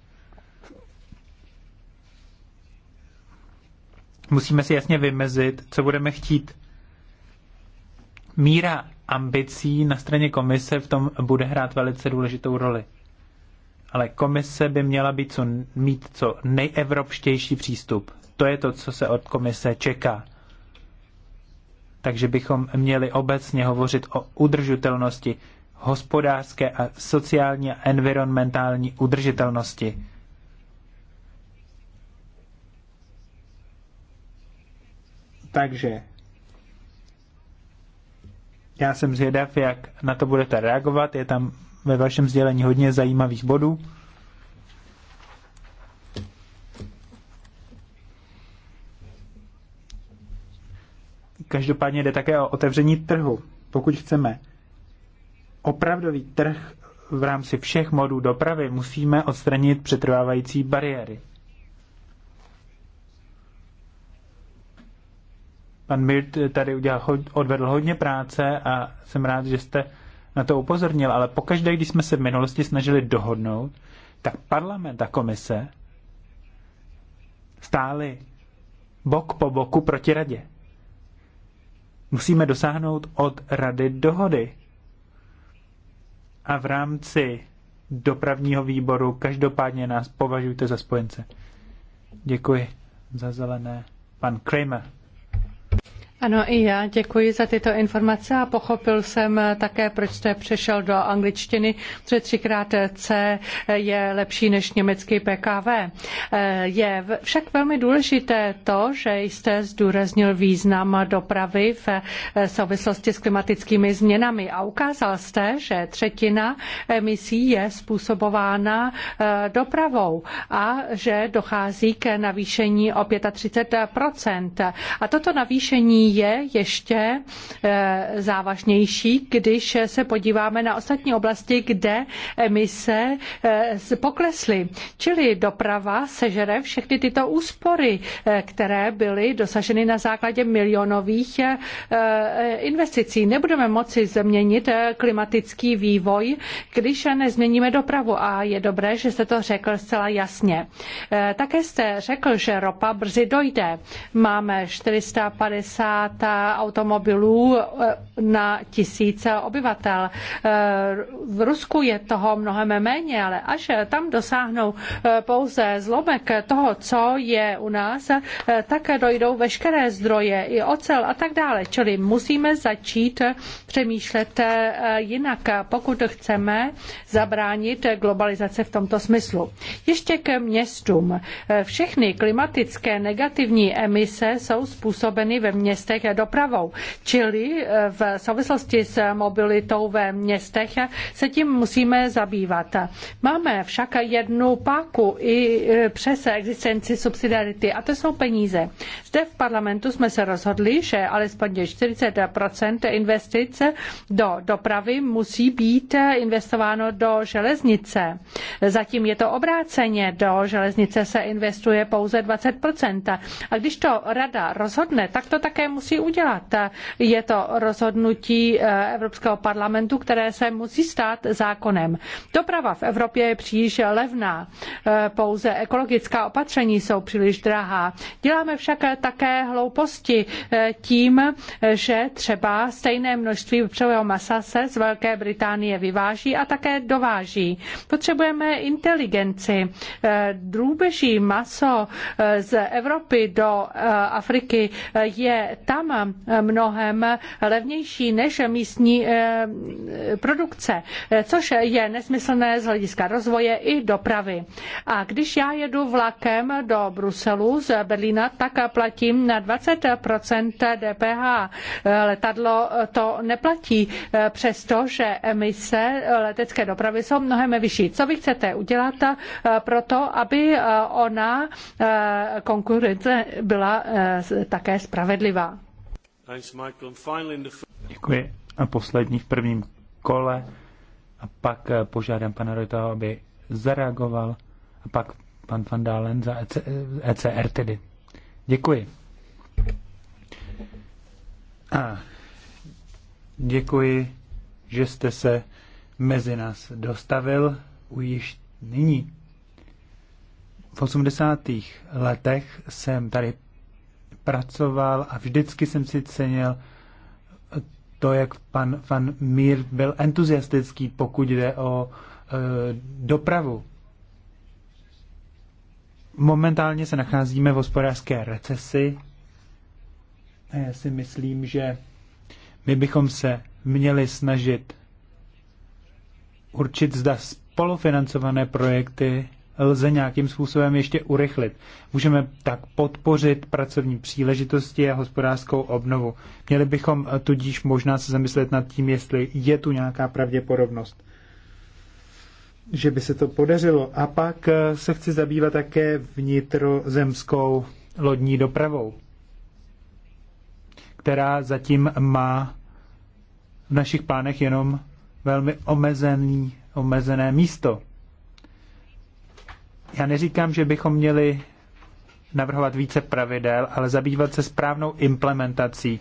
C: musíme si jasně vymezit, co budeme chtít. Míra ambicí na straně komise v tom bude hrát velice důležitou roli ale komise by měla být co, mít co nejevropštější přístup. To je to, co se od komise čeká. Takže bychom měli obecně hovořit o udržitelnosti, hospodářské a sociální a environmentální udržitelnosti. Takže já jsem zvědav, jak na to budete reagovat. Je tam ve vašem sdělení hodně zajímavých bodů. Každopádně jde také o otevření trhu. Pokud chceme opravdový trh v rámci všech modů dopravy, musíme odstranit přetrvávající bariéry. Pan Mirt tady udělal, odvedl hodně práce a jsem rád, že jste na to upozornil, ale pokaždé, když jsme se v minulosti snažili dohodnout, tak parlament a komise stály bok po boku proti radě. Musíme dosáhnout od rady dohody. A v rámci dopravního výboru každopádně nás považujte za spojence. Děkuji za zelené. Pan Kramer.
B: Ano, i já děkuji za tyto informace a pochopil jsem také, proč jste přešel do angličtiny, protože třikrát C je lepší než německý PKV. Je však velmi důležité to, že jste zdůraznil význam dopravy v souvislosti s klimatickými změnami a ukázal jste, že třetina emisí je způsobována eh, dopravou a že dochází k navýšení o 35 A toto navýšení je ještě eh, závažnější, když se podíváme na ostatní oblasti, kde emise eh, poklesly. Čili doprava sežere všechny tyto úspory, eh, které byly dosaženy na základě milionových investicí. Nebudeme moci změnit klimatický vývoj, když nezměníme dopravu. A je dobré, že jste to řekl zcela jasně. Také jste řekl, že ropa brzy dojde. Máme 450 50 automobilů eh, na tisíce obyvatel. Eh, v Rusku je toho mnohem méně, ale až tam dosáhnou eh, pouze zlomek toho, co je u nás, tak dojdou veškeré zdroje, i ocel a tak dále. Čili musíme začít přemýšlet jinak, pokud chceme zabránit globalizace v tomto smyslu. Ještě k městům. Všechny klimatické negativní emise jsou způsobeny ve městech městech dopravou. Čili eh, v souvislosti s mobilitou ve městech se tím musíme zabývat. Máme však jednu páku i eh, přes existenci subsidiarity a to jsou peníze. Zde v parlamentu jsme se rozhodli, že alespoň 40 investic do dopravy musí být investováno do železnice. Zatím je to obráceně, do železnice se investuje pouze 20 A když to rada rozhodne, tak to také musí musí udělat. Je to rozhodnutí eh, Evropského parlamentu, které se musí stát zákonem. Doprava v Evropě je příliš levná, eh, pouze ekologická opatření jsou příliš drahá. Děláme však také hlouposti eh, tím, že třeba stejné množství vepřového masa se z Velké Británie vyváží a také dováží. Potřebujeme inteligenci. Drůbeží maso z Evropy do Afriky je tam mnohem levnější než místní eh, produkce, eh, což je nesmyslné z hlediska rozvoje i dopravy. A když já jedu vlakem do Bruselu z Berlína, tak platím na 20 DPH. Eh, letadlo to neplatí, přestože emise letecké dopravy jsou mnohem vyšší. Co vy chcete udělat pro to, aby ona konkurence byla také spravedlivá?
C: Děkuji. A poslední v prvním kole. A pak eh, požádám pana Rojtaho, aby zareagoval. A pak pan Van Dalen za ECR eh, e tedy. Děkuji. A děkuji, že jste se mezi nás dostavil již nyní. V 80. letech jsem tady pracoval a vždycky jsem si cenil to, jak pan Van Mír byl entuziastický, pokud jde o e, dopravu. Momentálně se nacházíme v hospodářské recesi a já si myslím, že my bychom se měli snažit určit, zda spolufinancované projekty lze nějakým způsobem ještě urychlit. Můžeme tak podpořit pracovní příležitosti a hospodářskou obnovu. Měli bychom eh, tudíž možná se zamyslet nad tím, jestli je tu nějaká pravděpodobnost že by se to podařilo. A pak eh, se chci zabývat také vnitrozemskou lodní dopravou, která zatím má v našich plánech jenom velmi omezený, omezené místo. Já neříkám, že bychom měli navrhovat více pravidel, ale zabývat se správnou implementací.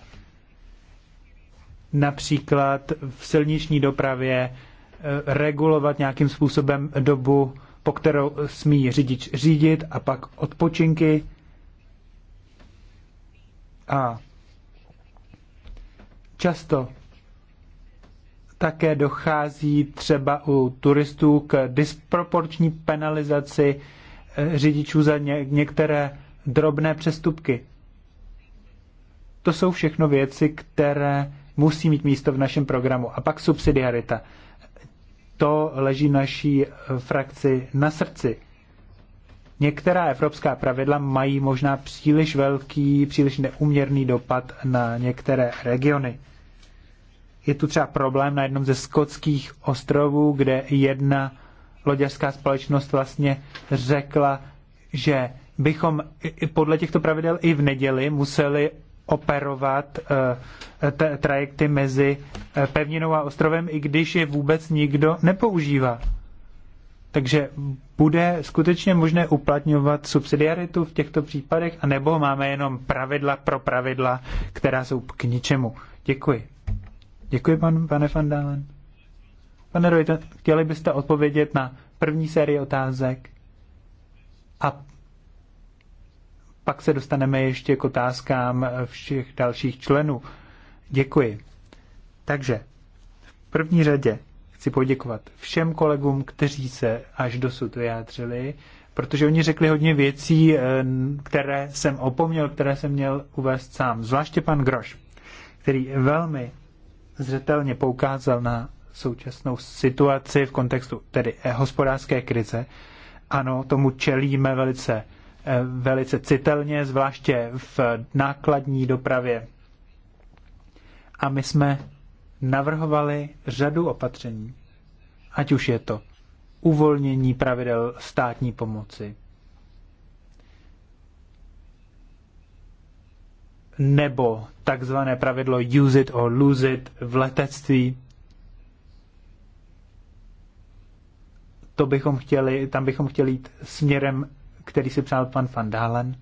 C: Například v silniční dopravě eh, regulovat nějakým způsobem dobu, po kterou smí řidič řídit a pak odpočinky. A často také dochází třeba u turistů k disproporční penalizaci eh, řidičů za ně, některé drobné přestupky. To jsou všechno věci, které musí mít místo v našem programu. A pak subsidiarita. To leží naší eh, frakci na srdci. Některá evropská pravidla mají možná příliš velký, příliš neuměrný dopad na některé regiony. Je tu třeba problém na jednom ze skotských ostrovů, kde jedna loďařská společnost vlastně řekla, že bychom podle těchto pravidel i v neděli museli operovat eh, trajekty mezi eh, pevninou a ostrovem, i když je vůbec nikdo nepoužívá. Takže bude skutečně možné uplatňovat subsidiaritu v těchto případech, anebo máme jenom pravidla pro pravidla, která jsou k ničemu. Děkuji. Děkuji, pan, pane Van Dalen. Pane Rojte, chtěli byste odpovědět na první sérii otázek a pak se dostaneme ještě k otázkám všech dalších členů. Děkuji. Takže v první řadě chci poděkovat všem kolegům, kteří se až dosud vyjádřili, protože oni řekli hodně věcí, eh, které jsem opomněl, které jsem měl uvést sám, zvláště pan Groš, který velmi zřetelně poukázal na současnou situaci v kontextu tedy eh, hospodářské krize. Ano, tomu čelíme velice, eh, velice citelně, zvláště v nákladní dopravě. A my jsme navrhovali řadu opatření, ať už je to uvolnění pravidel státní pomoci, nebo takzvané pravidlo use it or lose it v letectví. To bychom chtěli, tam bychom chtěli jít směrem, který si přál pan Van Dalen.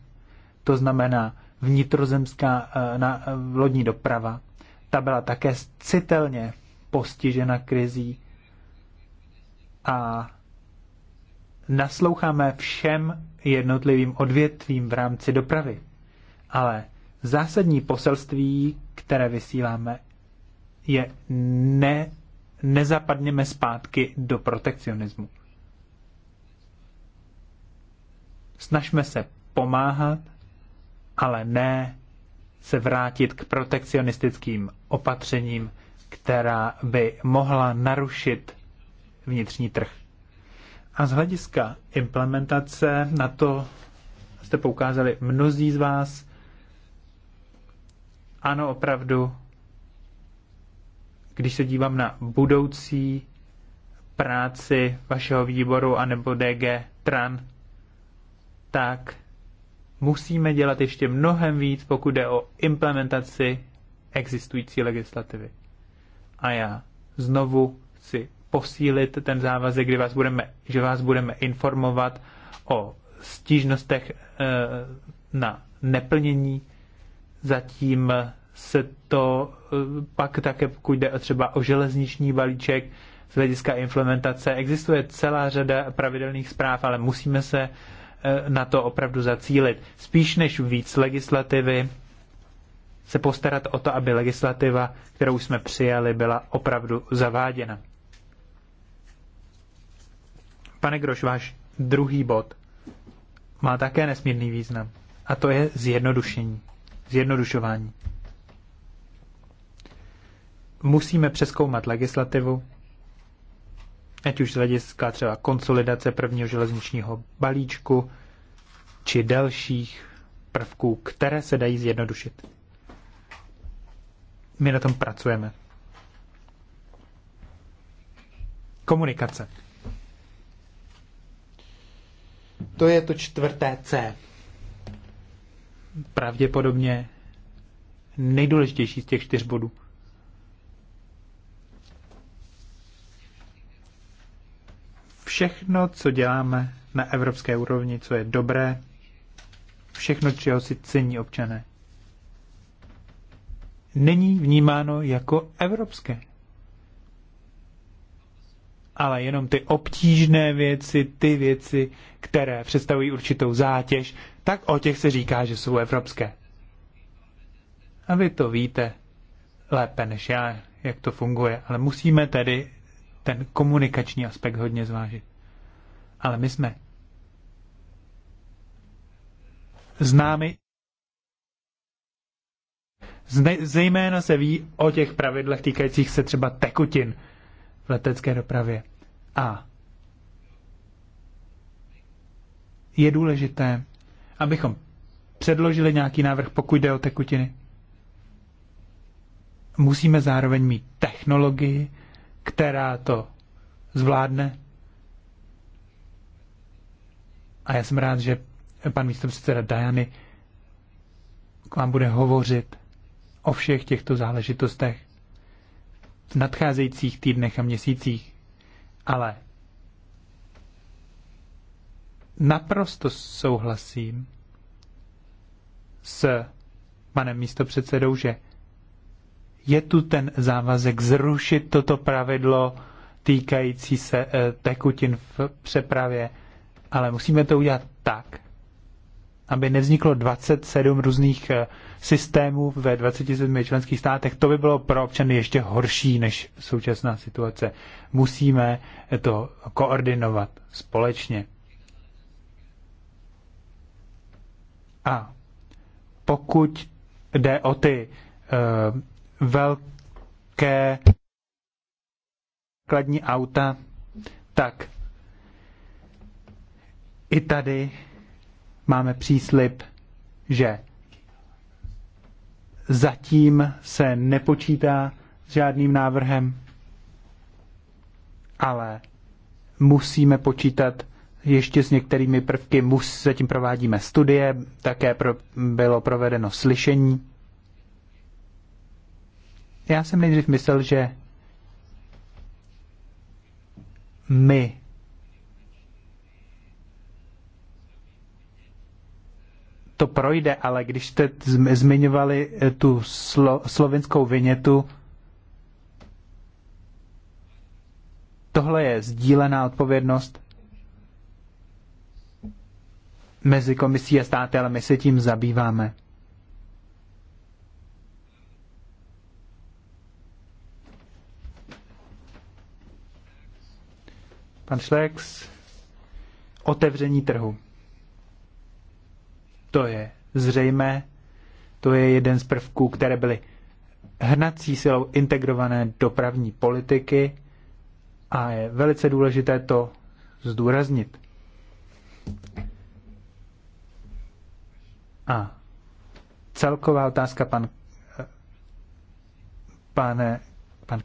C: To znamená vnitrozemská eh, na, eh, lodní doprava. Ta byla také citelně postižena krizí a nasloucháme všem jednotlivým odvětvím v rámci dopravy. Ale Zásadní poselství, které vysíláme, je ne, nezapadněme zpátky do protekcionismu. Snažme se pomáhat, ale ne se vrátit k protekcionistickým opatřením, která by mohla narušit vnitřní trh. A z hlediska implementace na to jste poukázali mnozí z vás ano, opravdu, když se dívám na budoucí práci vašeho výboru anebo DG TRAN, tak musíme dělat ještě mnohem víc, pokud jde o implementaci existující legislativy. A já znovu chci posílit ten závazek, kdy vás budeme, že vás budeme informovat o stížnostech eh, na neplnění Zatím se to eh, pak také, pokud jde třeba o železniční balíček, z hlediska implementace existuje celá řada pravidelných zpráv, ale musíme se eh, na to opravdu zacílit. Spíš než víc legislativy, se postarat o to, aby legislativa, kterou jsme přijali, byla opravdu zaváděna. Pane Groš, váš druhý bod má také nesmírný význam, a to je zjednodušení zjednodušování. Musíme přeskoumat legislativu, ať už z hlediska třeba konsolidace prvního železničního balíčku či dalších prvků, které se dají zjednodušit. My na tom pracujeme. Komunikace. To je to čtvrté C pravděpodobně nejdůležitější z těch čtyř bodů. Všechno, co děláme na evropské úrovni, co je dobré, všechno, čeho si cení občané, není vnímáno jako evropské. Ale jenom ty obtížné věci, ty věci, které představují určitou zátěž, tak o těch se říká, že jsou evropské. A vy to víte lépe než já, jak to funguje, ale musíme tedy ten komunikační aspekt hodně zvážit. Ale my jsme známi zejména se ví o těch pravidlech týkajících se třeba tekutin v letecké dopravě. A je důležité abychom předložili nějaký návrh, pokud jde o tekutiny. Musíme zároveň mít technologii, která to zvládne. A já jsem rád, že pan předseda Dajany k vám bude hovořit o všech těchto záležitostech v nadcházejících týdnech a měsících. Ale Naprosto souhlasím s panem místopředsedou, že je tu ten závazek zrušit toto pravidlo týkající se eh, tekutin v přepravě, ale musíme to udělat tak, aby nevzniklo 27 různých eh, systémů ve 27 členských státech. To by bylo pro občany ještě horší než současná situace. Musíme to koordinovat společně. A pokud jde o ty uh, velké kladní auta, tak i tady máme příslip, že zatím se nepočítá s žádným návrhem, ale musíme počítat ještě s některými prvky mus, zatím provádíme studie, také pro, bylo provedeno slyšení. Já jsem nejdřív myslel, že my to projde, ale když jste zmiňovali eh, tu slo, slovinskou vinětu, tohle je sdílená odpovědnost mezi komisí a státy, ale my se tím zabýváme. Pan Šlex, otevření trhu. To je zřejmé, to je jeden z prvků, které byly hnací silou integrované dopravní politiky a je velice důležité to zdůraznit. A celková otázka, pan, pane, pan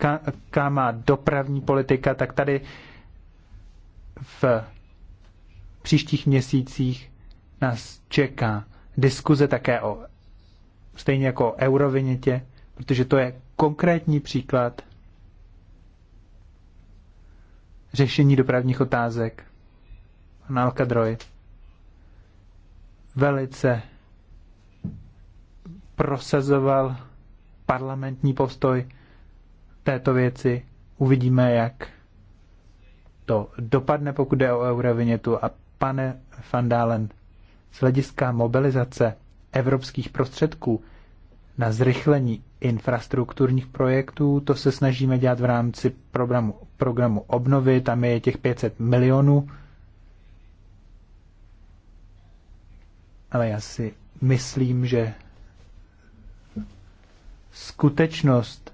C: Káma, dopravní politika, tak tady v příštích měsících nás čeká diskuze také o, stejně jako o eurovinětě, protože to je konkrétní příklad řešení dopravních otázek. Pan Alkadroj velice prosazoval parlamentní postoj této věci. Uvidíme, jak to dopadne, pokud jde o eurovinětu. A pane Van Dalen, z hlediska mobilizace evropských prostředků na zrychlení infrastrukturních projektů, to se snažíme dělat v rámci programu, programu obnovy, tam je těch 500 milionů. Ale já si myslím, že skutečnost,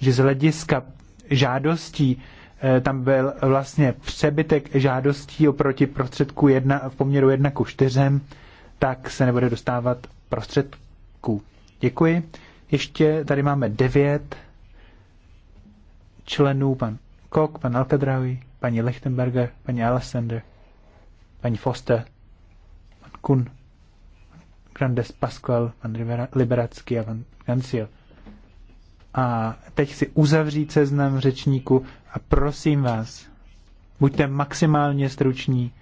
C: že z hlediska žádostí eh, tam byl vlastně přebytek žádostí oproti prostředku jedna, v poměru 1 ku 4, tak se nebude dostávat prostředků. Děkuji. Ještě tady máme devět členů, pan Kok, pan Alkadrawi, paní Lechtenberger, paní Alessander, paní Foster, pan Kun, pan Grandes Pasqual, pan Liberacký a pan Gansil. A teď si uzavřít seznam řečníku a prosím vás, buďte maximálně struční,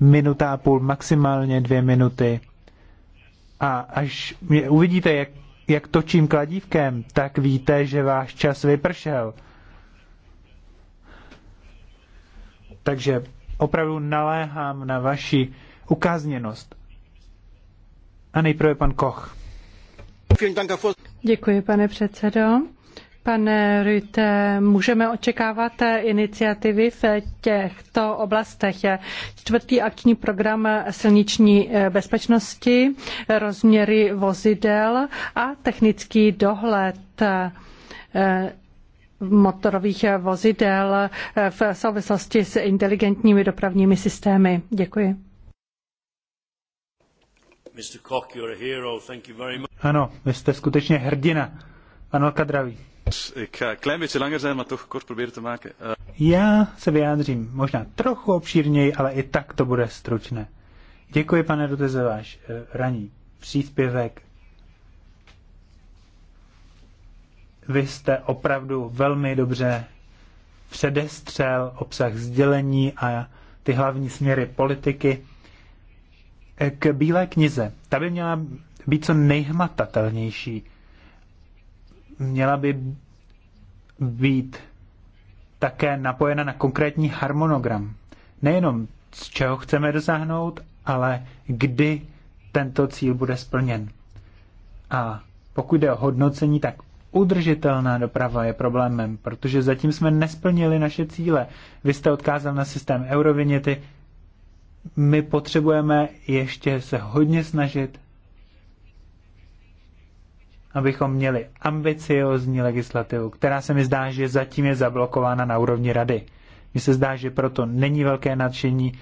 C: minuta a půl, maximálně dvě minuty. A až uvidíte, jak, jak točím kladívkem, tak víte, že váš čas vypršel. Takže opravdu naléhám na vaši ukázněnost. A nejprve pan Koch.
B: Děkuji, pane předsedo. Pane Rüte, můžeme očekávat iniciativy v těchto oblastech. Čtvrtý akční program silniční eh, bezpečnosti, rozměry vozidel a technický dohled eh, motorových vozidel eh, v souvislosti s inteligentními dopravními systémy. Děkuji.
A: Mr. Koch, you're a
C: hero. Thank you very much. Ano, vy jste skutečně hrdina. Ano, kadraví. Eh, Já se vyjádřím možná trochu obšírněji, ale i tak to bude stručné. Děkuji, pane Rute, za váš eh, raní příspěvek. Vy jste opravdu velmi dobře předestřel obsah sdělení a ty hlavní směry politiky k Bílé knize. Ta by měla být co nejhmatatelnější. Měla by být také napojena na konkrétní harmonogram. Nejenom z čeho chceme dosáhnout, ale kdy tento cíl bude splněn. A pokud jde o hodnocení, tak udržitelná doprava je problémem, protože zatím jsme nesplnili naše cíle. Vy jste odkázal na systém eurovinety, my potřebujeme ještě se hodně snažit, abychom měli ambiciozní legislativu, která se mi zdá, že zatím je zablokována na úrovni rady. Mně se zdá, že proto není velké nadšení,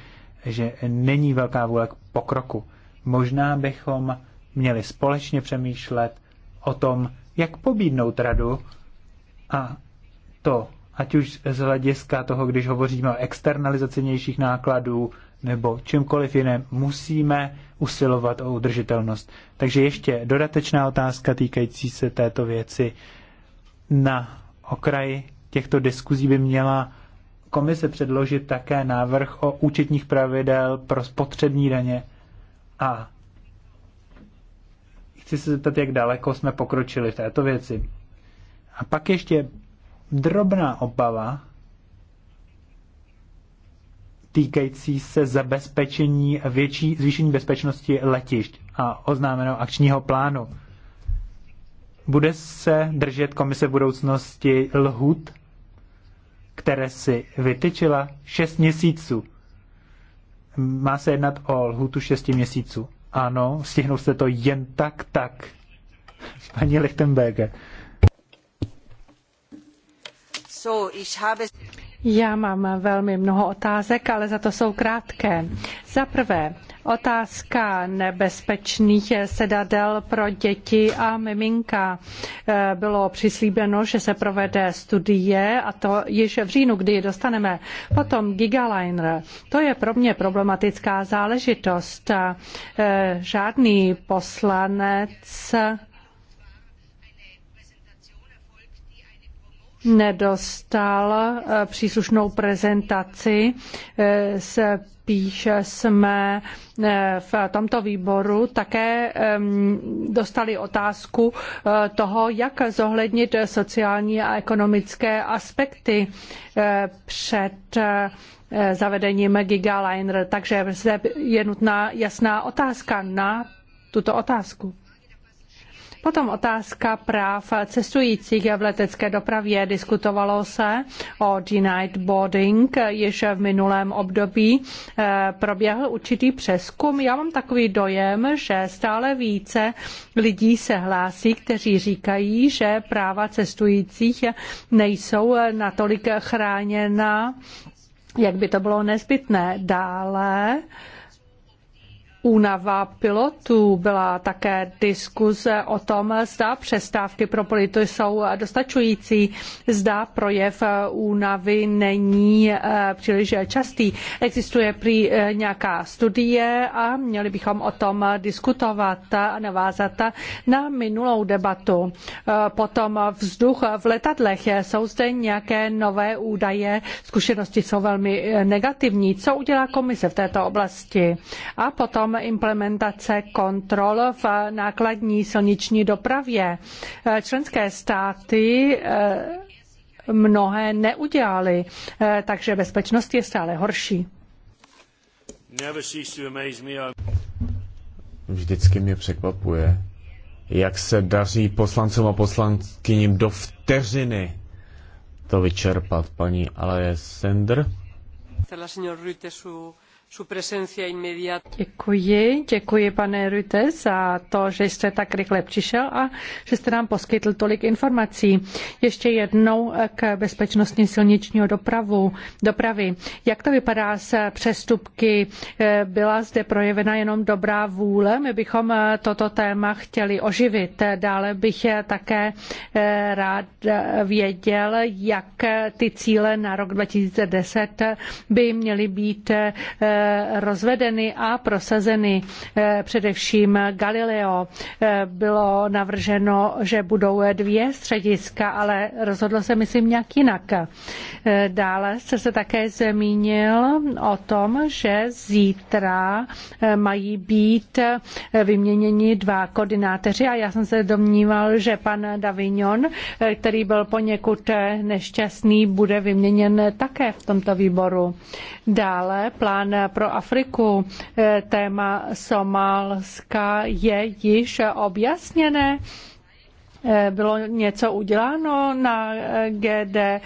C: že není velká vůle k pokroku. Možná bychom měli společně přemýšlet o tom, jak pobídnout radu a to, ať už z hlediska toho, když hovoříme o externalizaci nějších nákladů, nebo čímkoliv jiném, musíme usilovat o udržitelnost. Takže ještě dodatečná otázka týkající se této věci. Na okraji těchto diskuzí by měla komise předložit také návrh o účetních pravidel pro spotřební daně a chci se zeptat, jak daleko jsme pokročili v této věci. A pak ještě drobná obava, týkající se zabezpečení větší, zvýšení bezpečnosti letišť a oznámeného akčního plánu. Bude se držet komise budoucnosti lhut, které si vytyčila 6 měsíců. Má se jednat o lhutu 6 měsíců. Ano, stihnou se to jen tak, tak. Paní Lichtenberger.
B: So, ich habe... Já mám velmi mnoho otázek, ale za to jsou krátké. Za prvé, otázka nebezpečných sedadel pro děti a miminka. Eh, bylo přislíbeno, že se provede studie a to již v říjnu, kdy ji dostaneme. Potom Gigaliner. To je pro mě problematická záležitost. Eh, žádný poslanec nedostal eh, příslušnou prezentaci. Eh, píše jsme eh, v tomto výboru také dostali otázku toho, jak zohlednit sociální a ekonomické aspekty před zavedením Gigaliner. Takže je nutná jasná otázka na tuto otázku. Potom otázka práv cestujících v letecké dopravě. Diskutovalo se o denied boarding již v minulém období. Eh, proběhl určitý přeskum. Já mám takový dojem, že stále více lidí se hlásí, kteří říkají, že práva cestujících nejsou natolik chráněna, jak by to bylo nezbytné. Dále únava pilotů. Byla také diskuze o tom, zda přestávky pro piloty jsou dostačující, zda projev únavy není eh, příliš častý. Existuje prý eh, nějaká studie a měli bychom o tom diskutovat a navázat na minulou debatu. Eh, potom vzduch v letadlech. Jsou zde nějaké nové údaje? Zkušenosti jsou velmi negativní. Co udělá komise v této oblasti? A potom implementace kontrol v nákladní silniční dopravě. Členské státy eh, mnohé neudělali, eh, takže bezpečnost je stále horší.
A: Vždycky mě překvapuje, jak se daří poslancům a poslankyním do vteřiny to vyčerpat, paní Ale Sender.
B: Děkuji, děkuji pane Rutte za to, že jste tak rychle přišel a že jste nám poskytl tolik informací. Ještě jednou k bezpečnosti silničního dopravu, dopravy. Jak to vypadá s přestupky? Eh, byla zde projevena jenom dobrá vůle? My bychom eh, toto téma chtěli oživit. Dále bych eh, také rád věděl, jak ty cíle na rok 2010 by měly být rozvedeny a prosazeny. Eh, především Galileo eh, bylo navrženo, že budou dvě střediska, ale rozhodlo se, myslím, nějak jinak. Eh, dále jste se také zmínil o tom, že zítra mají být vyměněni dva koordinátoři a já jsem se domníval, že pan Davignon, který byl poněkud nešťastný, bude vyměněn také v tomto výboru. Dále plán pro Afriku. Eh, téma Somálska je již objasněné. Bylo něco uděláno na eh, GD eh,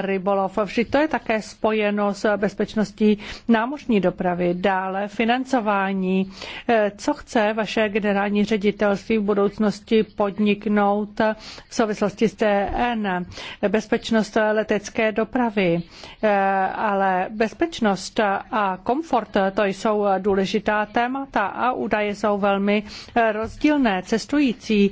B: Rybolov? Vždyť to je také spojeno s bezpečností námořní dopravy. Dále financování. Eh, co chce vaše generální ředitelství v budoucnosti podniknout v souvislosti s TN? Bezpečnost letecké dopravy. Ale bezpečnost a komfort, to jsou důležitá témata a údaje jsou velmi rozdílné. Cestující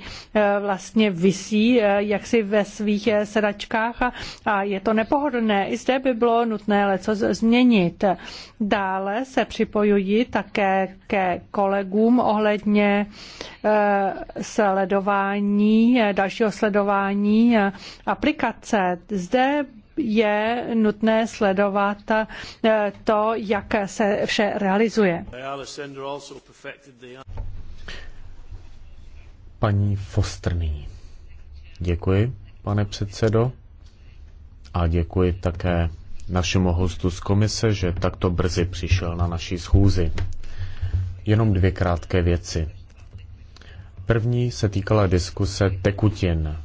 B: vlastně vlastně visí eh, jaksi ve svých eh, sedačkách a, a je to nepohodlné. I zde by bylo nutné leco změnit. Dále se připojuji také ke kolegům ohledně eh, sledování, dalšího sledování aplikace. Zde je nutné sledovat to, jak se vše realizuje.
A: Paní Fostrný. Děkuji, pane předsedo, a děkuji také našemu hostu z komise, že takto brzy přišel na naší schůzi. Jenom dvě krátké věci. První se týkala diskuse tekutin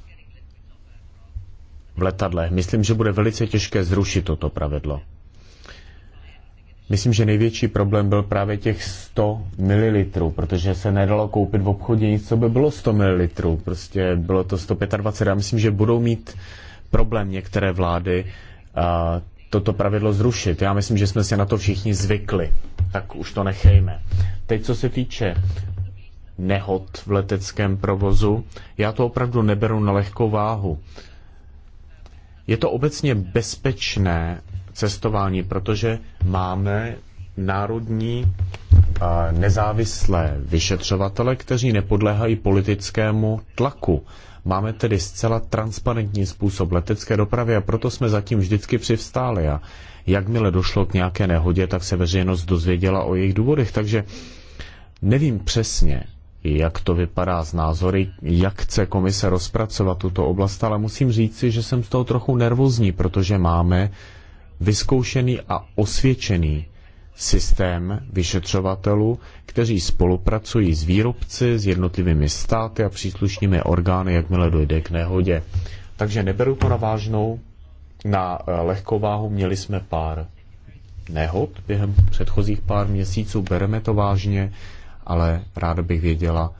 A: v letadlech. Myslím, že bude velice těžké zrušit toto pravidlo. Myslím, že největší problém byl právě těch 100 ml, protože se nedalo koupit v obchodě nic, co by bylo 100 ml. Prostě bylo to 125. Já myslím, že budou mít problém některé vlády a, toto pravidlo zrušit. Já myslím, že jsme si na to všichni zvykli, tak už to nechejme. Teď, co se týče nehod v leteckém provozu, já to opravdu neberu na lehkou váhu. Je to obecně bezpečné cestování, protože máme národní nezávislé vyšetřovatele, kteří nepodléhají politickému tlaku. Máme tedy zcela transparentní způsob letecké dopravy a proto jsme zatím vždycky přivstáli. A jakmile došlo k nějaké nehodě, tak se veřejnost dozvěděla o jejich důvodech. Takže nevím přesně, jak to vypadá z názory, jak chce komise rozpracovat tuto oblast, ale musím říci, že jsem z toho trochu nervózní, protože máme vyzkoušený a osvědčený systém vyšetřovatelů, kteří spolupracují s výrobci, s jednotlivými státy a příslušnými orgány, jakmile dojde k nehodě. Takže neberu to na vážnou, na eh, lehkou váhu měli jsme pár nehod během předchozích pár měsíců, bereme to vážně, ale rád bych věděla,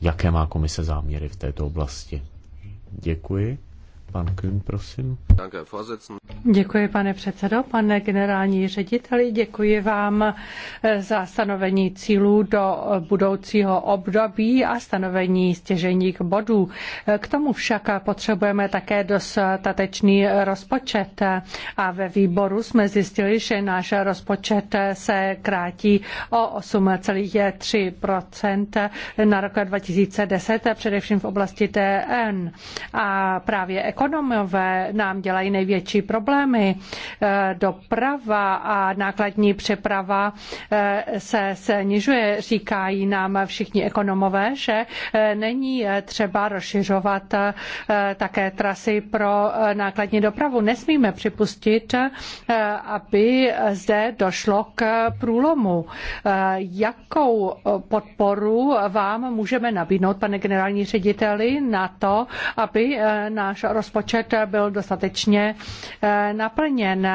A: jaké má komise záměry v této oblasti. Děkuji. Pan prosím.
B: Děkuji, pane předsedo, pane generální řediteli, děkuji vám eh, za stanovení cílů do budoucího období a stanovení stěžejních bodů. Eh, k tomu však potřebujeme také dostatečný rozpočet a ve výboru jsme zjistili, že náš rozpočet eh, se krátí o 8,3 na rok 2010, především v oblasti TN. A právě ekonomické ekonomové nám dělají největší problémy. Eh, doprava a nákladní přeprava eh, se snižuje, říkají nám všichni ekonomové, že eh, není třeba rozšiřovat také trasy pro nákladní dopravu. Nesmíme připustit, aby zde došlo k průlomu. Jakou podporu vám můžeme nabídnout, pane generální řediteli, na to, aby náš rozpočet rozpočet byl dostatečně eh, naplněn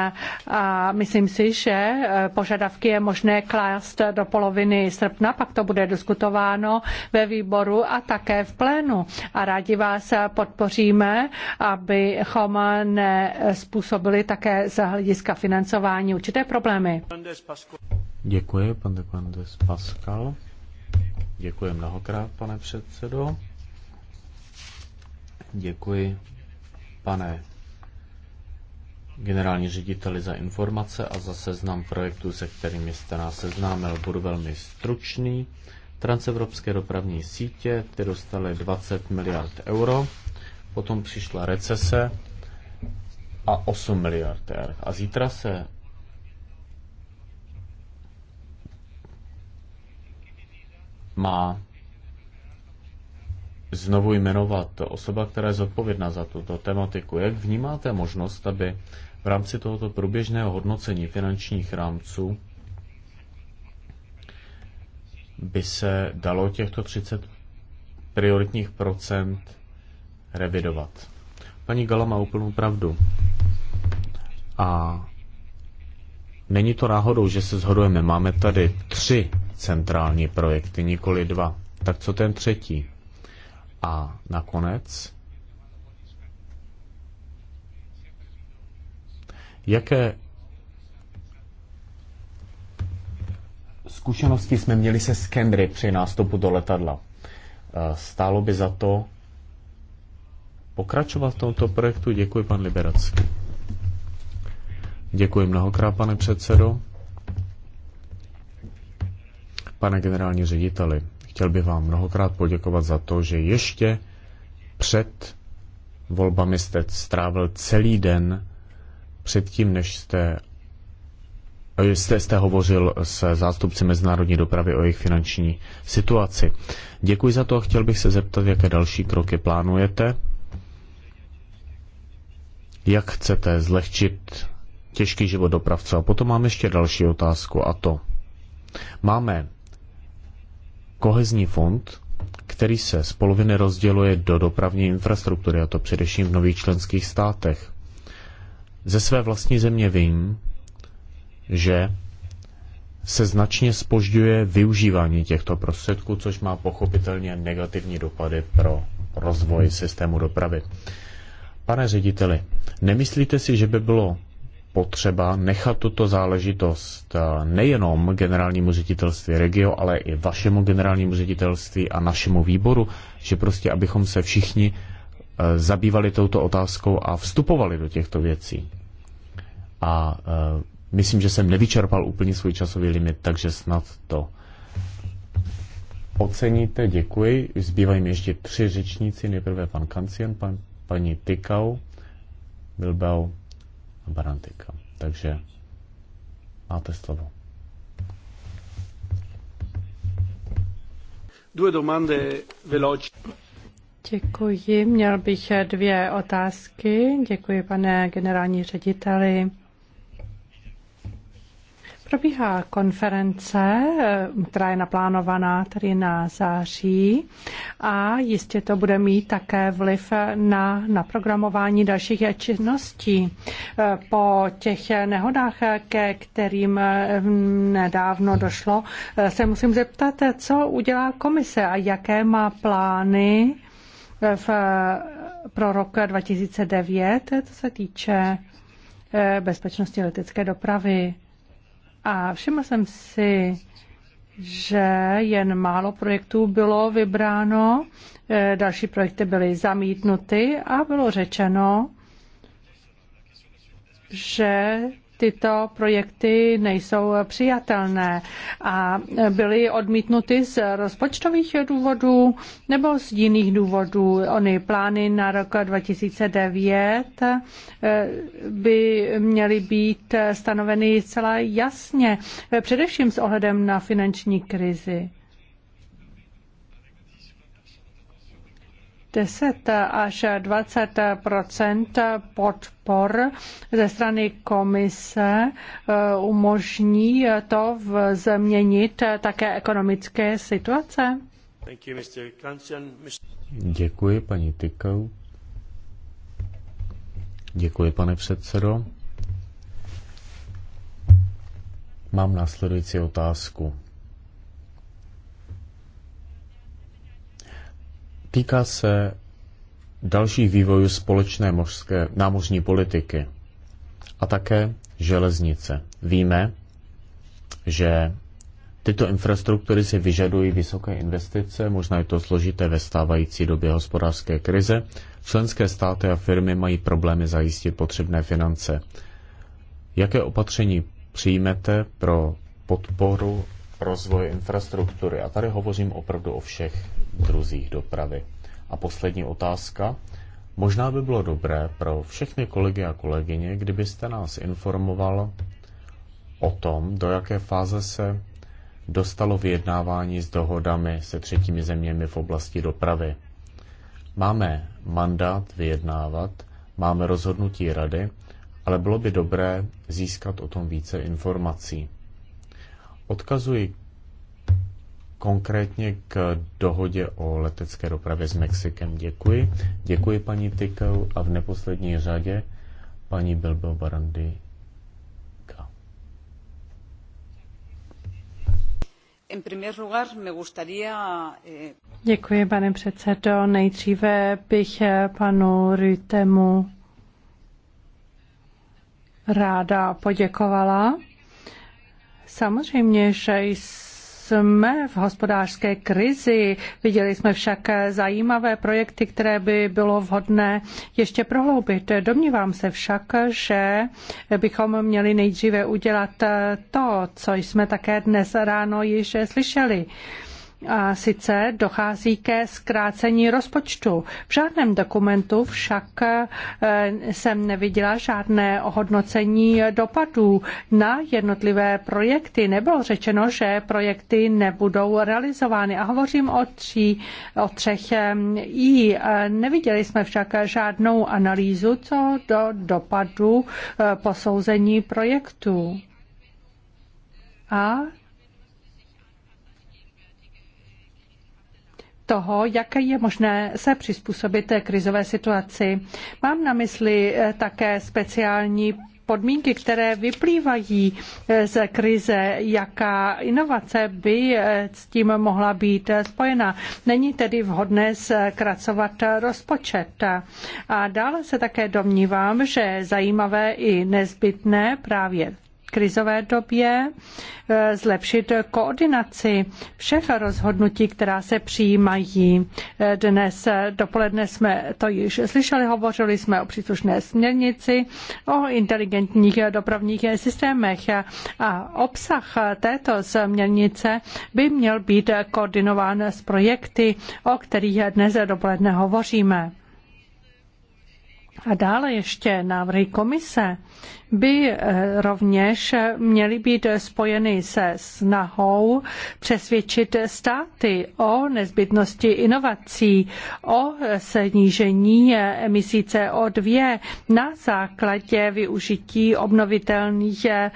B: a myslím si, že eh, požadavky je možné klást do poloviny srpna, pak to bude diskutováno ve výboru a také v plénu. A rádi vás podpoříme, abychom nespůsobili také z hlediska financování určité problémy.
A: Děkuji, pane, Pandes Pascal. Děkuji mnohokrát, pane předsedo. Děkuji pane generální řediteli za informace a za seznam projektů, se kterými jste nás seznámil. Budu velmi stručný. Transevropské dopravní sítě, ty dostaly 20 miliard euro, potom přišla recese a 8 miliard eur. A zítra se má znovu jmenovat osoba, která je zodpovědná za tuto tematiku. Jak vnímáte možnost, aby v rámci tohoto průběžného hodnocení finančních rámců by se dalo těchto 30 prioritních procent revidovat? Paní Gala má úplnou pravdu. A není to náhodou, že se shodujeme. Máme tady tři centrální projekty, nikoli dva. Tak co ten třetí? A nakonec, jaké zkušenosti jsme měli se skendry při nástupu do letadla. Eh, stálo by za to pokračovat v tomto projektu. Děkuji, pan Liberacký. Děkuji mnohokrát, pane předsedo. Pane generální řediteli, Chtěl bych vám mnohokrát poděkovat za to, že ještě před volbami jste strávil celý den předtím, než jste eh, Jste, jste hovořil s zástupci mezinárodní dopravy o jejich finanční situaci. Děkuji za to a chtěl bych se zeptat, jaké další kroky plánujete. Jak chcete zlehčit těžký život dopravců? A potom mám ještě další otázku a to. Máme kohezní fond, který se z poloviny rozděluje do dopravní infrastruktury, a to především v nových členských státech. Ze své vlastní země vím, že se značně spožďuje využívání těchto prostředků, což má pochopitelně negativní dopady pro rozvoj systému dopravy. Pane řediteli, nemyslíte si, že by bylo potřeba nechat tuto záležitost eh, nejenom generálnímu ředitelství regio, ale i vašemu generálnímu ředitelství a našemu výboru, že prostě abychom se všichni eh, zabývali touto otázkou a vstupovali do těchto věcí. A eh, myslím, že jsem nevyčerpal úplně svůj časový limit, takže snad to oceníte. Děkuji. Zbývají mi ještě tři řečníci. Nejprve pan Kancien, pan, paní Tykau, Bilbao Barantika. Takže máte slovo. Dvě domande veloci.
B: Děkuji. Měl bych dvě otázky. Děkuji, pane generální řediteli. Probíhá konference, eh, která je naplánovaná tady na září a jistě to bude mít také vliv na, na programování dalších činností. Eh, po těch nehodách, ke kterým eh, nedávno došlo, se musím zeptat, co udělá komise a jaké má plány v, pro rok 2009, co se týče bezpečnosti letecké dopravy. A všiml jsem si, že jen málo projektů bylo vybráno, eh, další projekty byly zamítnuty a bylo řečeno, že tyto projekty nejsou přijatelné a byly odmítnuty z rozpočtových důvodů nebo z jiných důvodů. Ony plány na rok 2009 eh, by měly být stanoveny celá jasně, eh, především s ohledem na finanční krizi. 10 až 20 podpor ze strany komise eh, umožní to změnit také ekonomické situace?
A: Děkuji, paní Tykou. Děkuji, pane předsedo. Mám následující otázku. Týká se dalších vývojů společné mořské, námořní politiky a také železnice. Víme, že tyto infrastruktury si vyžadují vysoké investice, možná je to složité ve stávající době hospodářské krize. Členské státy a firmy mají problémy zajistit potřebné finance. Jaké opatření přijmete pro podporu rozvoje infrastruktury. A tady hovořím opravdu o všech druzích dopravy. A poslední otázka. Možná by bylo dobré pro všechny kolegy a kolegyně, kdybyste nás informoval o tom, do jaké fáze se dostalo vyjednávání s dohodami se třetími zeměmi v oblasti dopravy. Máme mandát vyjednávat, máme rozhodnutí rady, ale bylo by dobré získat o tom více informací. Odkazuji konkrétně k dohodě o letecké dopravě s Mexikem. Děkuji. Děkuji paní Tykel a v neposlední řadě paní Bilbo Barandy.
B: Eh, Děkuji, pane předsedo. Nejdříve bych eh, panu Rytemu ráda poděkovala Samozřejmě, že jsme v hospodářské krizi. Viděli jsme však zajímavé projekty, které by bylo vhodné ještě prohloubit. Domnívám se však, že bychom měli nejdříve udělat to, co jsme také dnes ráno již slyšeli a sice dochází ke zkrácení rozpočtu. V žádném dokumentu však eh, jsem neviděla žádné ohodnocení dopadů na jednotlivé projekty. Nebylo řečeno, že projekty nebudou realizovány. A hovořím o, tří, o třech eh, I. Neviděli jsme však žádnou analýzu co do dopadu eh, posouzení projektů. A toho, jak je možné se přizpůsobit krizové situaci. Mám na mysli eh, také speciální podmínky, které vyplývají eh, z krize, jaká inovace by eh, s tím mohla být spojena. Není tedy vhodné zkracovat rozpočet. A dále se také domnívám, že zajímavé i nezbytné právě krizové době eh, zlepšit koordinaci všech rozhodnutí, která se přijímají. Eh, dnes dopoledne jsme to již slyšeli, hovořili jsme o příslušné směrnici, o inteligentních dopravních systémech a obsah této směrnice by měl být koordinován s projekty, o kterých dnes dopoledne hovoříme. A dále ještě návrhy komise by eh, rovněž měly být spojeny se snahou přesvědčit státy o nezbytnosti inovací, o snížení emisí CO2 na základě využití obnovitelných eh,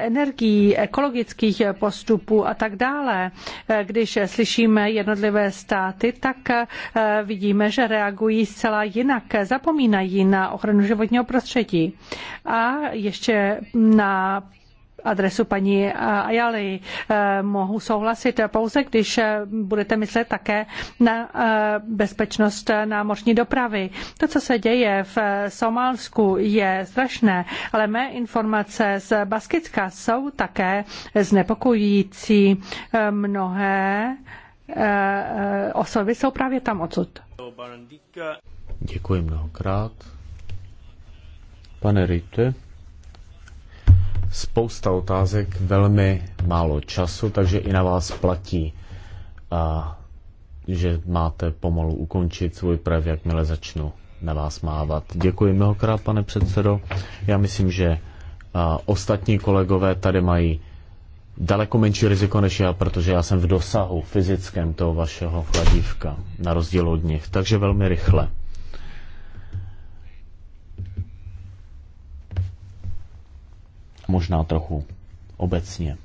B: energií, ekologických postupů a tak dále. Eh, když slyšíme jednotlivé státy, tak vidíme, že reagují zcela jinak, zapomínají na ochranu životního prostředí. A ještě na adresu paní Ajaly. Eh, mohu souhlasit pouze, když eh, budete myslet také na eh, bezpečnost námořní dopravy. To, co se děje v Somálsku, je strašné, ale mé informace z Baskicka jsou také znepokojící. Mnohé osoby jsou právě tam odsud.
A: Děkuji mnohokrát. Pane Rite, spousta otázek, velmi málo času, takže i na vás platí, a, že máte pomalu ukončit svůj prav, jakmile začnu na vás mávat. Děkuji mnohokrát, pane předsedo. Já myslím, že a, ostatní kolegové tady mají daleko menší riziko než já, protože já jsem v dosahu fyzickém toho vašeho chladívka, na rozdíl od nich. Takže velmi rychle. možná trochu obecně.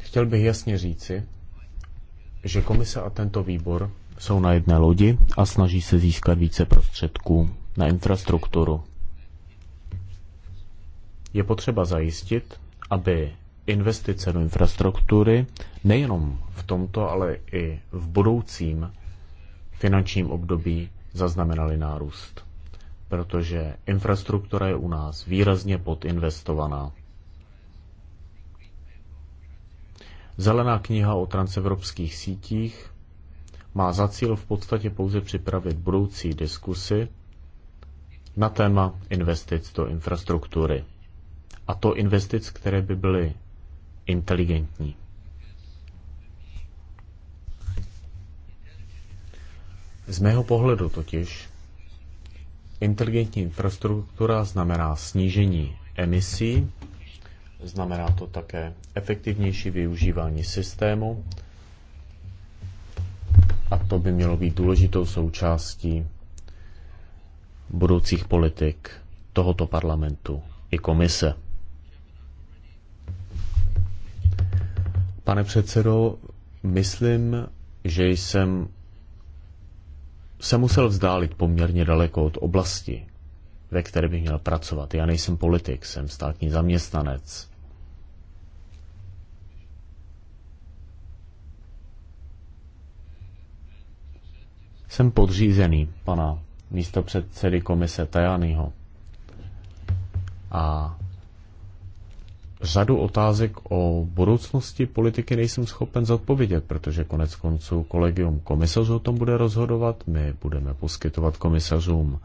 A: Chtěl bych jasně říci, že komise a tento výbor jsou na jedné lodi a snaží se získat více prostředků na infrastrukturu. Je potřeba zajistit, aby investice do infrastruktury nejenom v tomto, ale i v budoucím finančním období zaznamenaly nárůst protože infrastruktura je u nás výrazně podinvestovaná. Zelená kniha o transevropských sítích má za cíl v podstatě pouze připravit budoucí diskusy na téma investic do infrastruktury. A to investic, které by byly inteligentní. Z mého pohledu totiž Inteligentní infrastruktura znamená snížení emisí, znamená to také efektivnější využívání systému a to by mělo být důležitou součástí budoucích politik tohoto parlamentu i komise. Pane předsedo, myslím, že jsem se musel vzdálit poměrně daleko od oblasti, ve které bych měl pracovat. Já nejsem politik, jsem státní zaměstnanec. Jsem podřízený pana místo předsedy komise Tajányho. A řadu otázek o budoucnosti politiky nejsem schopen zodpovědět, protože konec konců kolegium komisařů o tom bude rozhodovat. My budeme poskytovat komisařům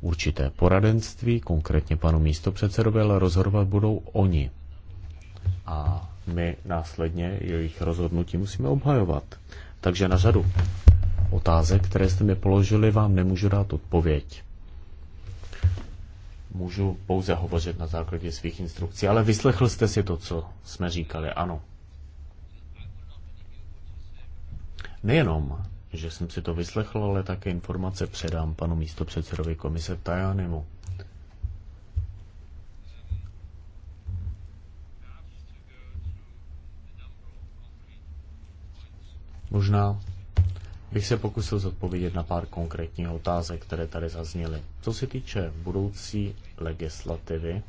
A: určité poradenství, konkrétně panu místopředsedovi, ale rozhodovat budou oni. A my následně jejich rozhodnutí musíme obhajovat. Takže na řadu otázek, které jste mi položili, vám nemůžu dát odpověď můžu pouze hovořit na základě svých instrukcí, ale vyslechl jste si to, co jsme říkali, ano. Nejenom, že jsem si to vyslechl, ale také informace předám panu místopředsedovi komise Tajanemu. Možná bych se pokusil zodpovědět na pár konkrétních otázek, které tady zazněly. Co se týče budoucí legislativy,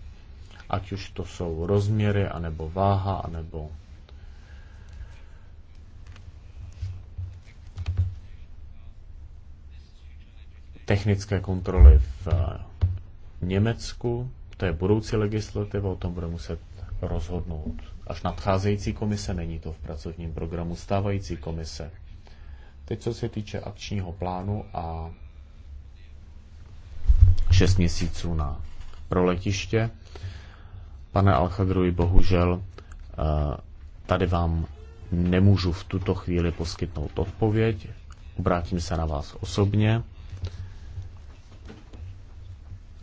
A: ať už to jsou rozměry, anebo váha, anebo technické kontroly v eh, Německu, to je budoucí legislativa, o tom bude muset rozhodnout. Až nadcházející komise není to v pracovním programu stávající komise. Teď, co se týče akčního plánu a 6 měsíců na pro letiště. Pane Alchadruji, bohužel eh, tady vám nemůžu v tuto chvíli poskytnout odpověď. Obrátím se na vás osobně.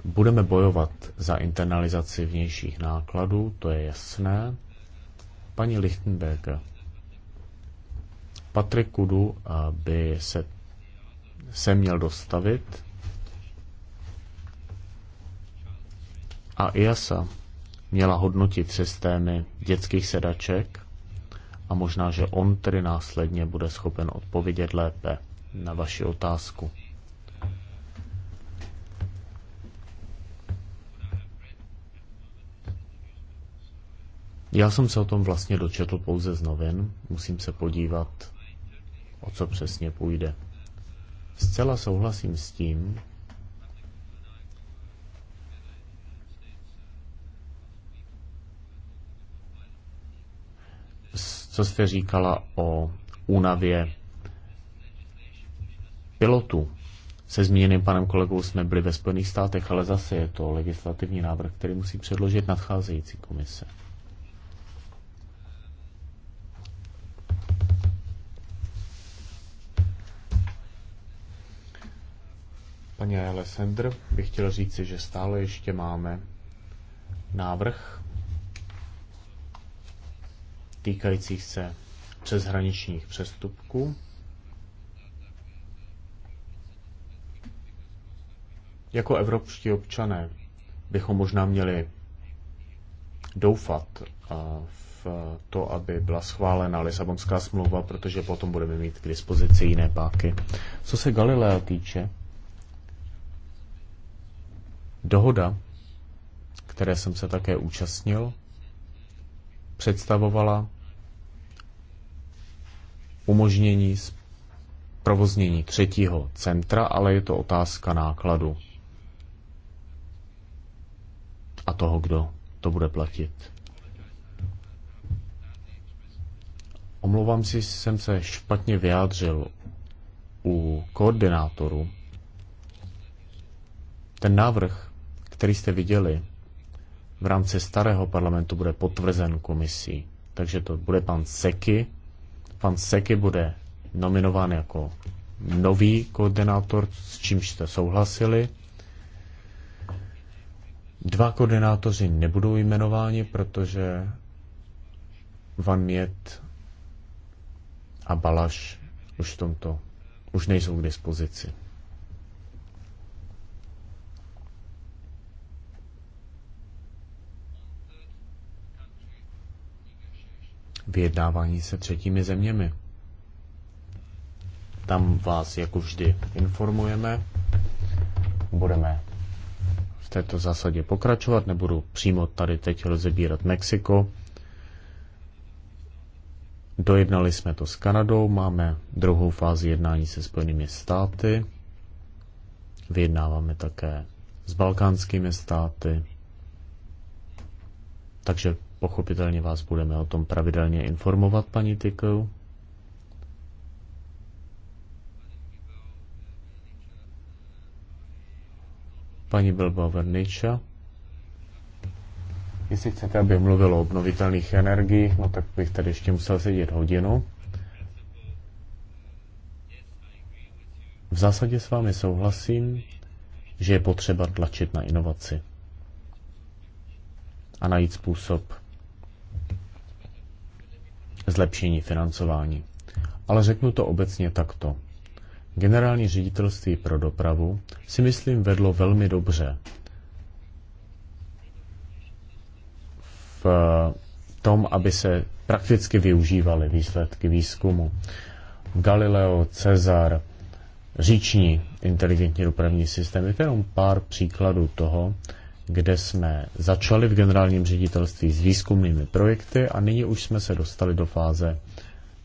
A: Budeme bojovat za internalizaci vnějších nákladů, to je jasné. Paní Lichtenberg, Patrik Kudu eh, by se, se měl dostavit a IASA měla hodnotit systémy dětských sedaček a možná, že on tedy následně bude schopen odpovědět lépe na vaši otázku. Já jsem se o tom vlastně dočetl pouze z novin, musím se podívat, o co přesně půjde. Zcela souhlasím s tím, co jste říkala o únavě pilotů. Se zmíněným panem kolegou jsme byli ve Spojených státech, ale zase je to legislativní návrh, který musí předložit nadcházející komise. Paní Alessandr bych chtěl říci, že stále ještě máme návrh týkajících se přeshraničních přestupků. Jako evropští občané bychom možná měli doufat v to, aby byla schválena Lisabonská smlouva, protože potom budeme mít k dispozici jiné páky. Co se Galilea týče, dohoda, které jsem se také účastnil, představovala umožnění provoznění třetího centra, ale je to otázka nákladu a toho, kdo to bude platit. Omlouvám si, jsem se špatně vyjádřil u koordinátoru. Ten návrh, který jste viděli v rámci starého parlamentu, bude potvrzen komisí. Takže to bude pan Seky, pan Seky bude nominován jako nový koordinátor, s čímž jste souhlasili. Dva koordinátoři nebudou jmenováni, protože Van Miet a Balaš už, tomto, už nejsou k dispozici. vyjednávání se třetími zeměmi. Tam vás jako vždy informujeme. Budeme v této zásadě pokračovat. Nebudu přímo tady teď rozebírat Mexiko. Dojednali jsme to s Kanadou, máme druhou fázi jednání se Spojenými státy. Vyjednáváme také s balkánskými státy. Takže pochopitelně vás budeme o tom pravidelně informovat, paní Tykou. Paní Bilbao Verniča. Jestli chcete, aby mluvilo o obnovitelných energiích, no tak bych tady ještě musel sedět hodinu. V zásadě s vámi souhlasím, že je potřeba tlačit na inovaci a najít způsob, zlepšení financování. Ale řeknu to obecně takto. Generální ředitelství pro dopravu si myslím vedlo velmi dobře v tom, aby se prakticky využívaly výsledky výzkumu. Galileo, Cezar, říční inteligentní dopravní systémy, jenom pár příkladů toho, kde jsme začali v generálním ředitelství s výzkumnými projekty a nyní už jsme se dostali do fáze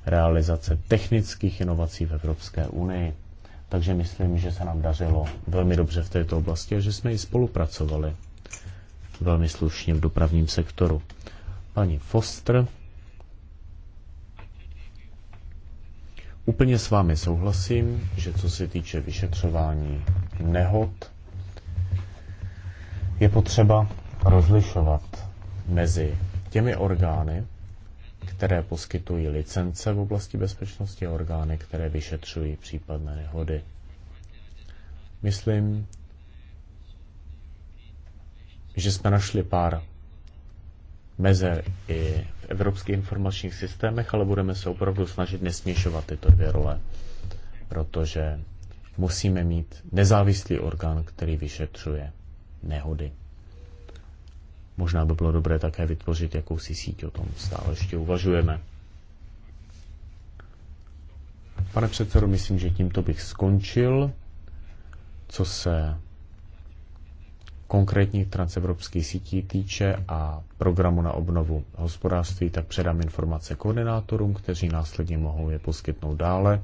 A: realizace technických inovací v Evropské unii. Takže myslím, že se nám dařilo velmi dobře v této oblasti a že jsme i spolupracovali velmi slušně v dopravním sektoru. Paní Foster, úplně s vámi souhlasím, že co se týče vyšetřování nehod, je potřeba rozlišovat mezi těmi orgány, které poskytují licence v oblasti bezpečnosti a orgány, které vyšetřují případné nehody. Myslím, že jsme našli pár mezer i v evropských informačních systémech, ale budeme se opravdu snažit nesměšovat tyto dvě role, protože musíme mít nezávislý orgán, který vyšetřuje nehody. Možná by bylo dobré také vytvořit jakousi síť, o tom stále ještě uvažujeme. Pane předsedo, myslím, že tímto bych skončil. Co se konkrétních transevropských sítí týče a programu na obnovu hospodářství, tak předám informace koordinátorům, kteří následně mohou je poskytnout dále.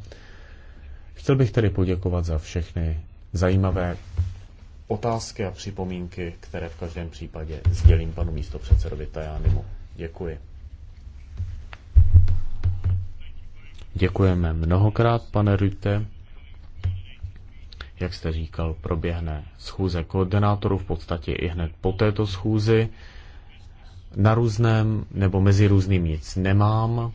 A: Chtěl bych tedy poděkovat za všechny zajímavé otázky a připomínky, které v každém případě sdělím panu místopředsedovi Tajánimu. Děkuji. Děkujeme mnohokrát, pane Rute. Jak jste říkal, proběhne schůze koordinátorů v podstatě i hned po této schůzi. Na různém nebo mezi různým nic nemám.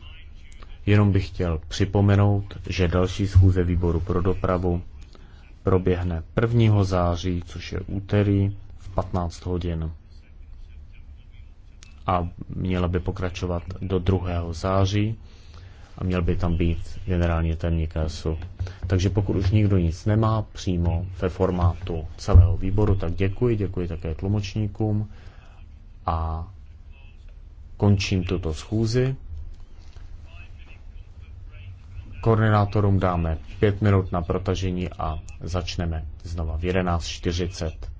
A: Jenom bych chtěl připomenout, že další schůze výboru pro dopravu proběhne 1. září, což je úterý v 15 hodin. A měla by pokračovat do 2. září a měl by tam být generální ten ESU. Takže pokud už nikdo nic nemá přímo ve formátu celého výboru, tak děkuji, děkuji také tlumočníkům a končím tuto schůzi. Koordinátorům dáme pět minut na protažení a začneme znova v 11.40.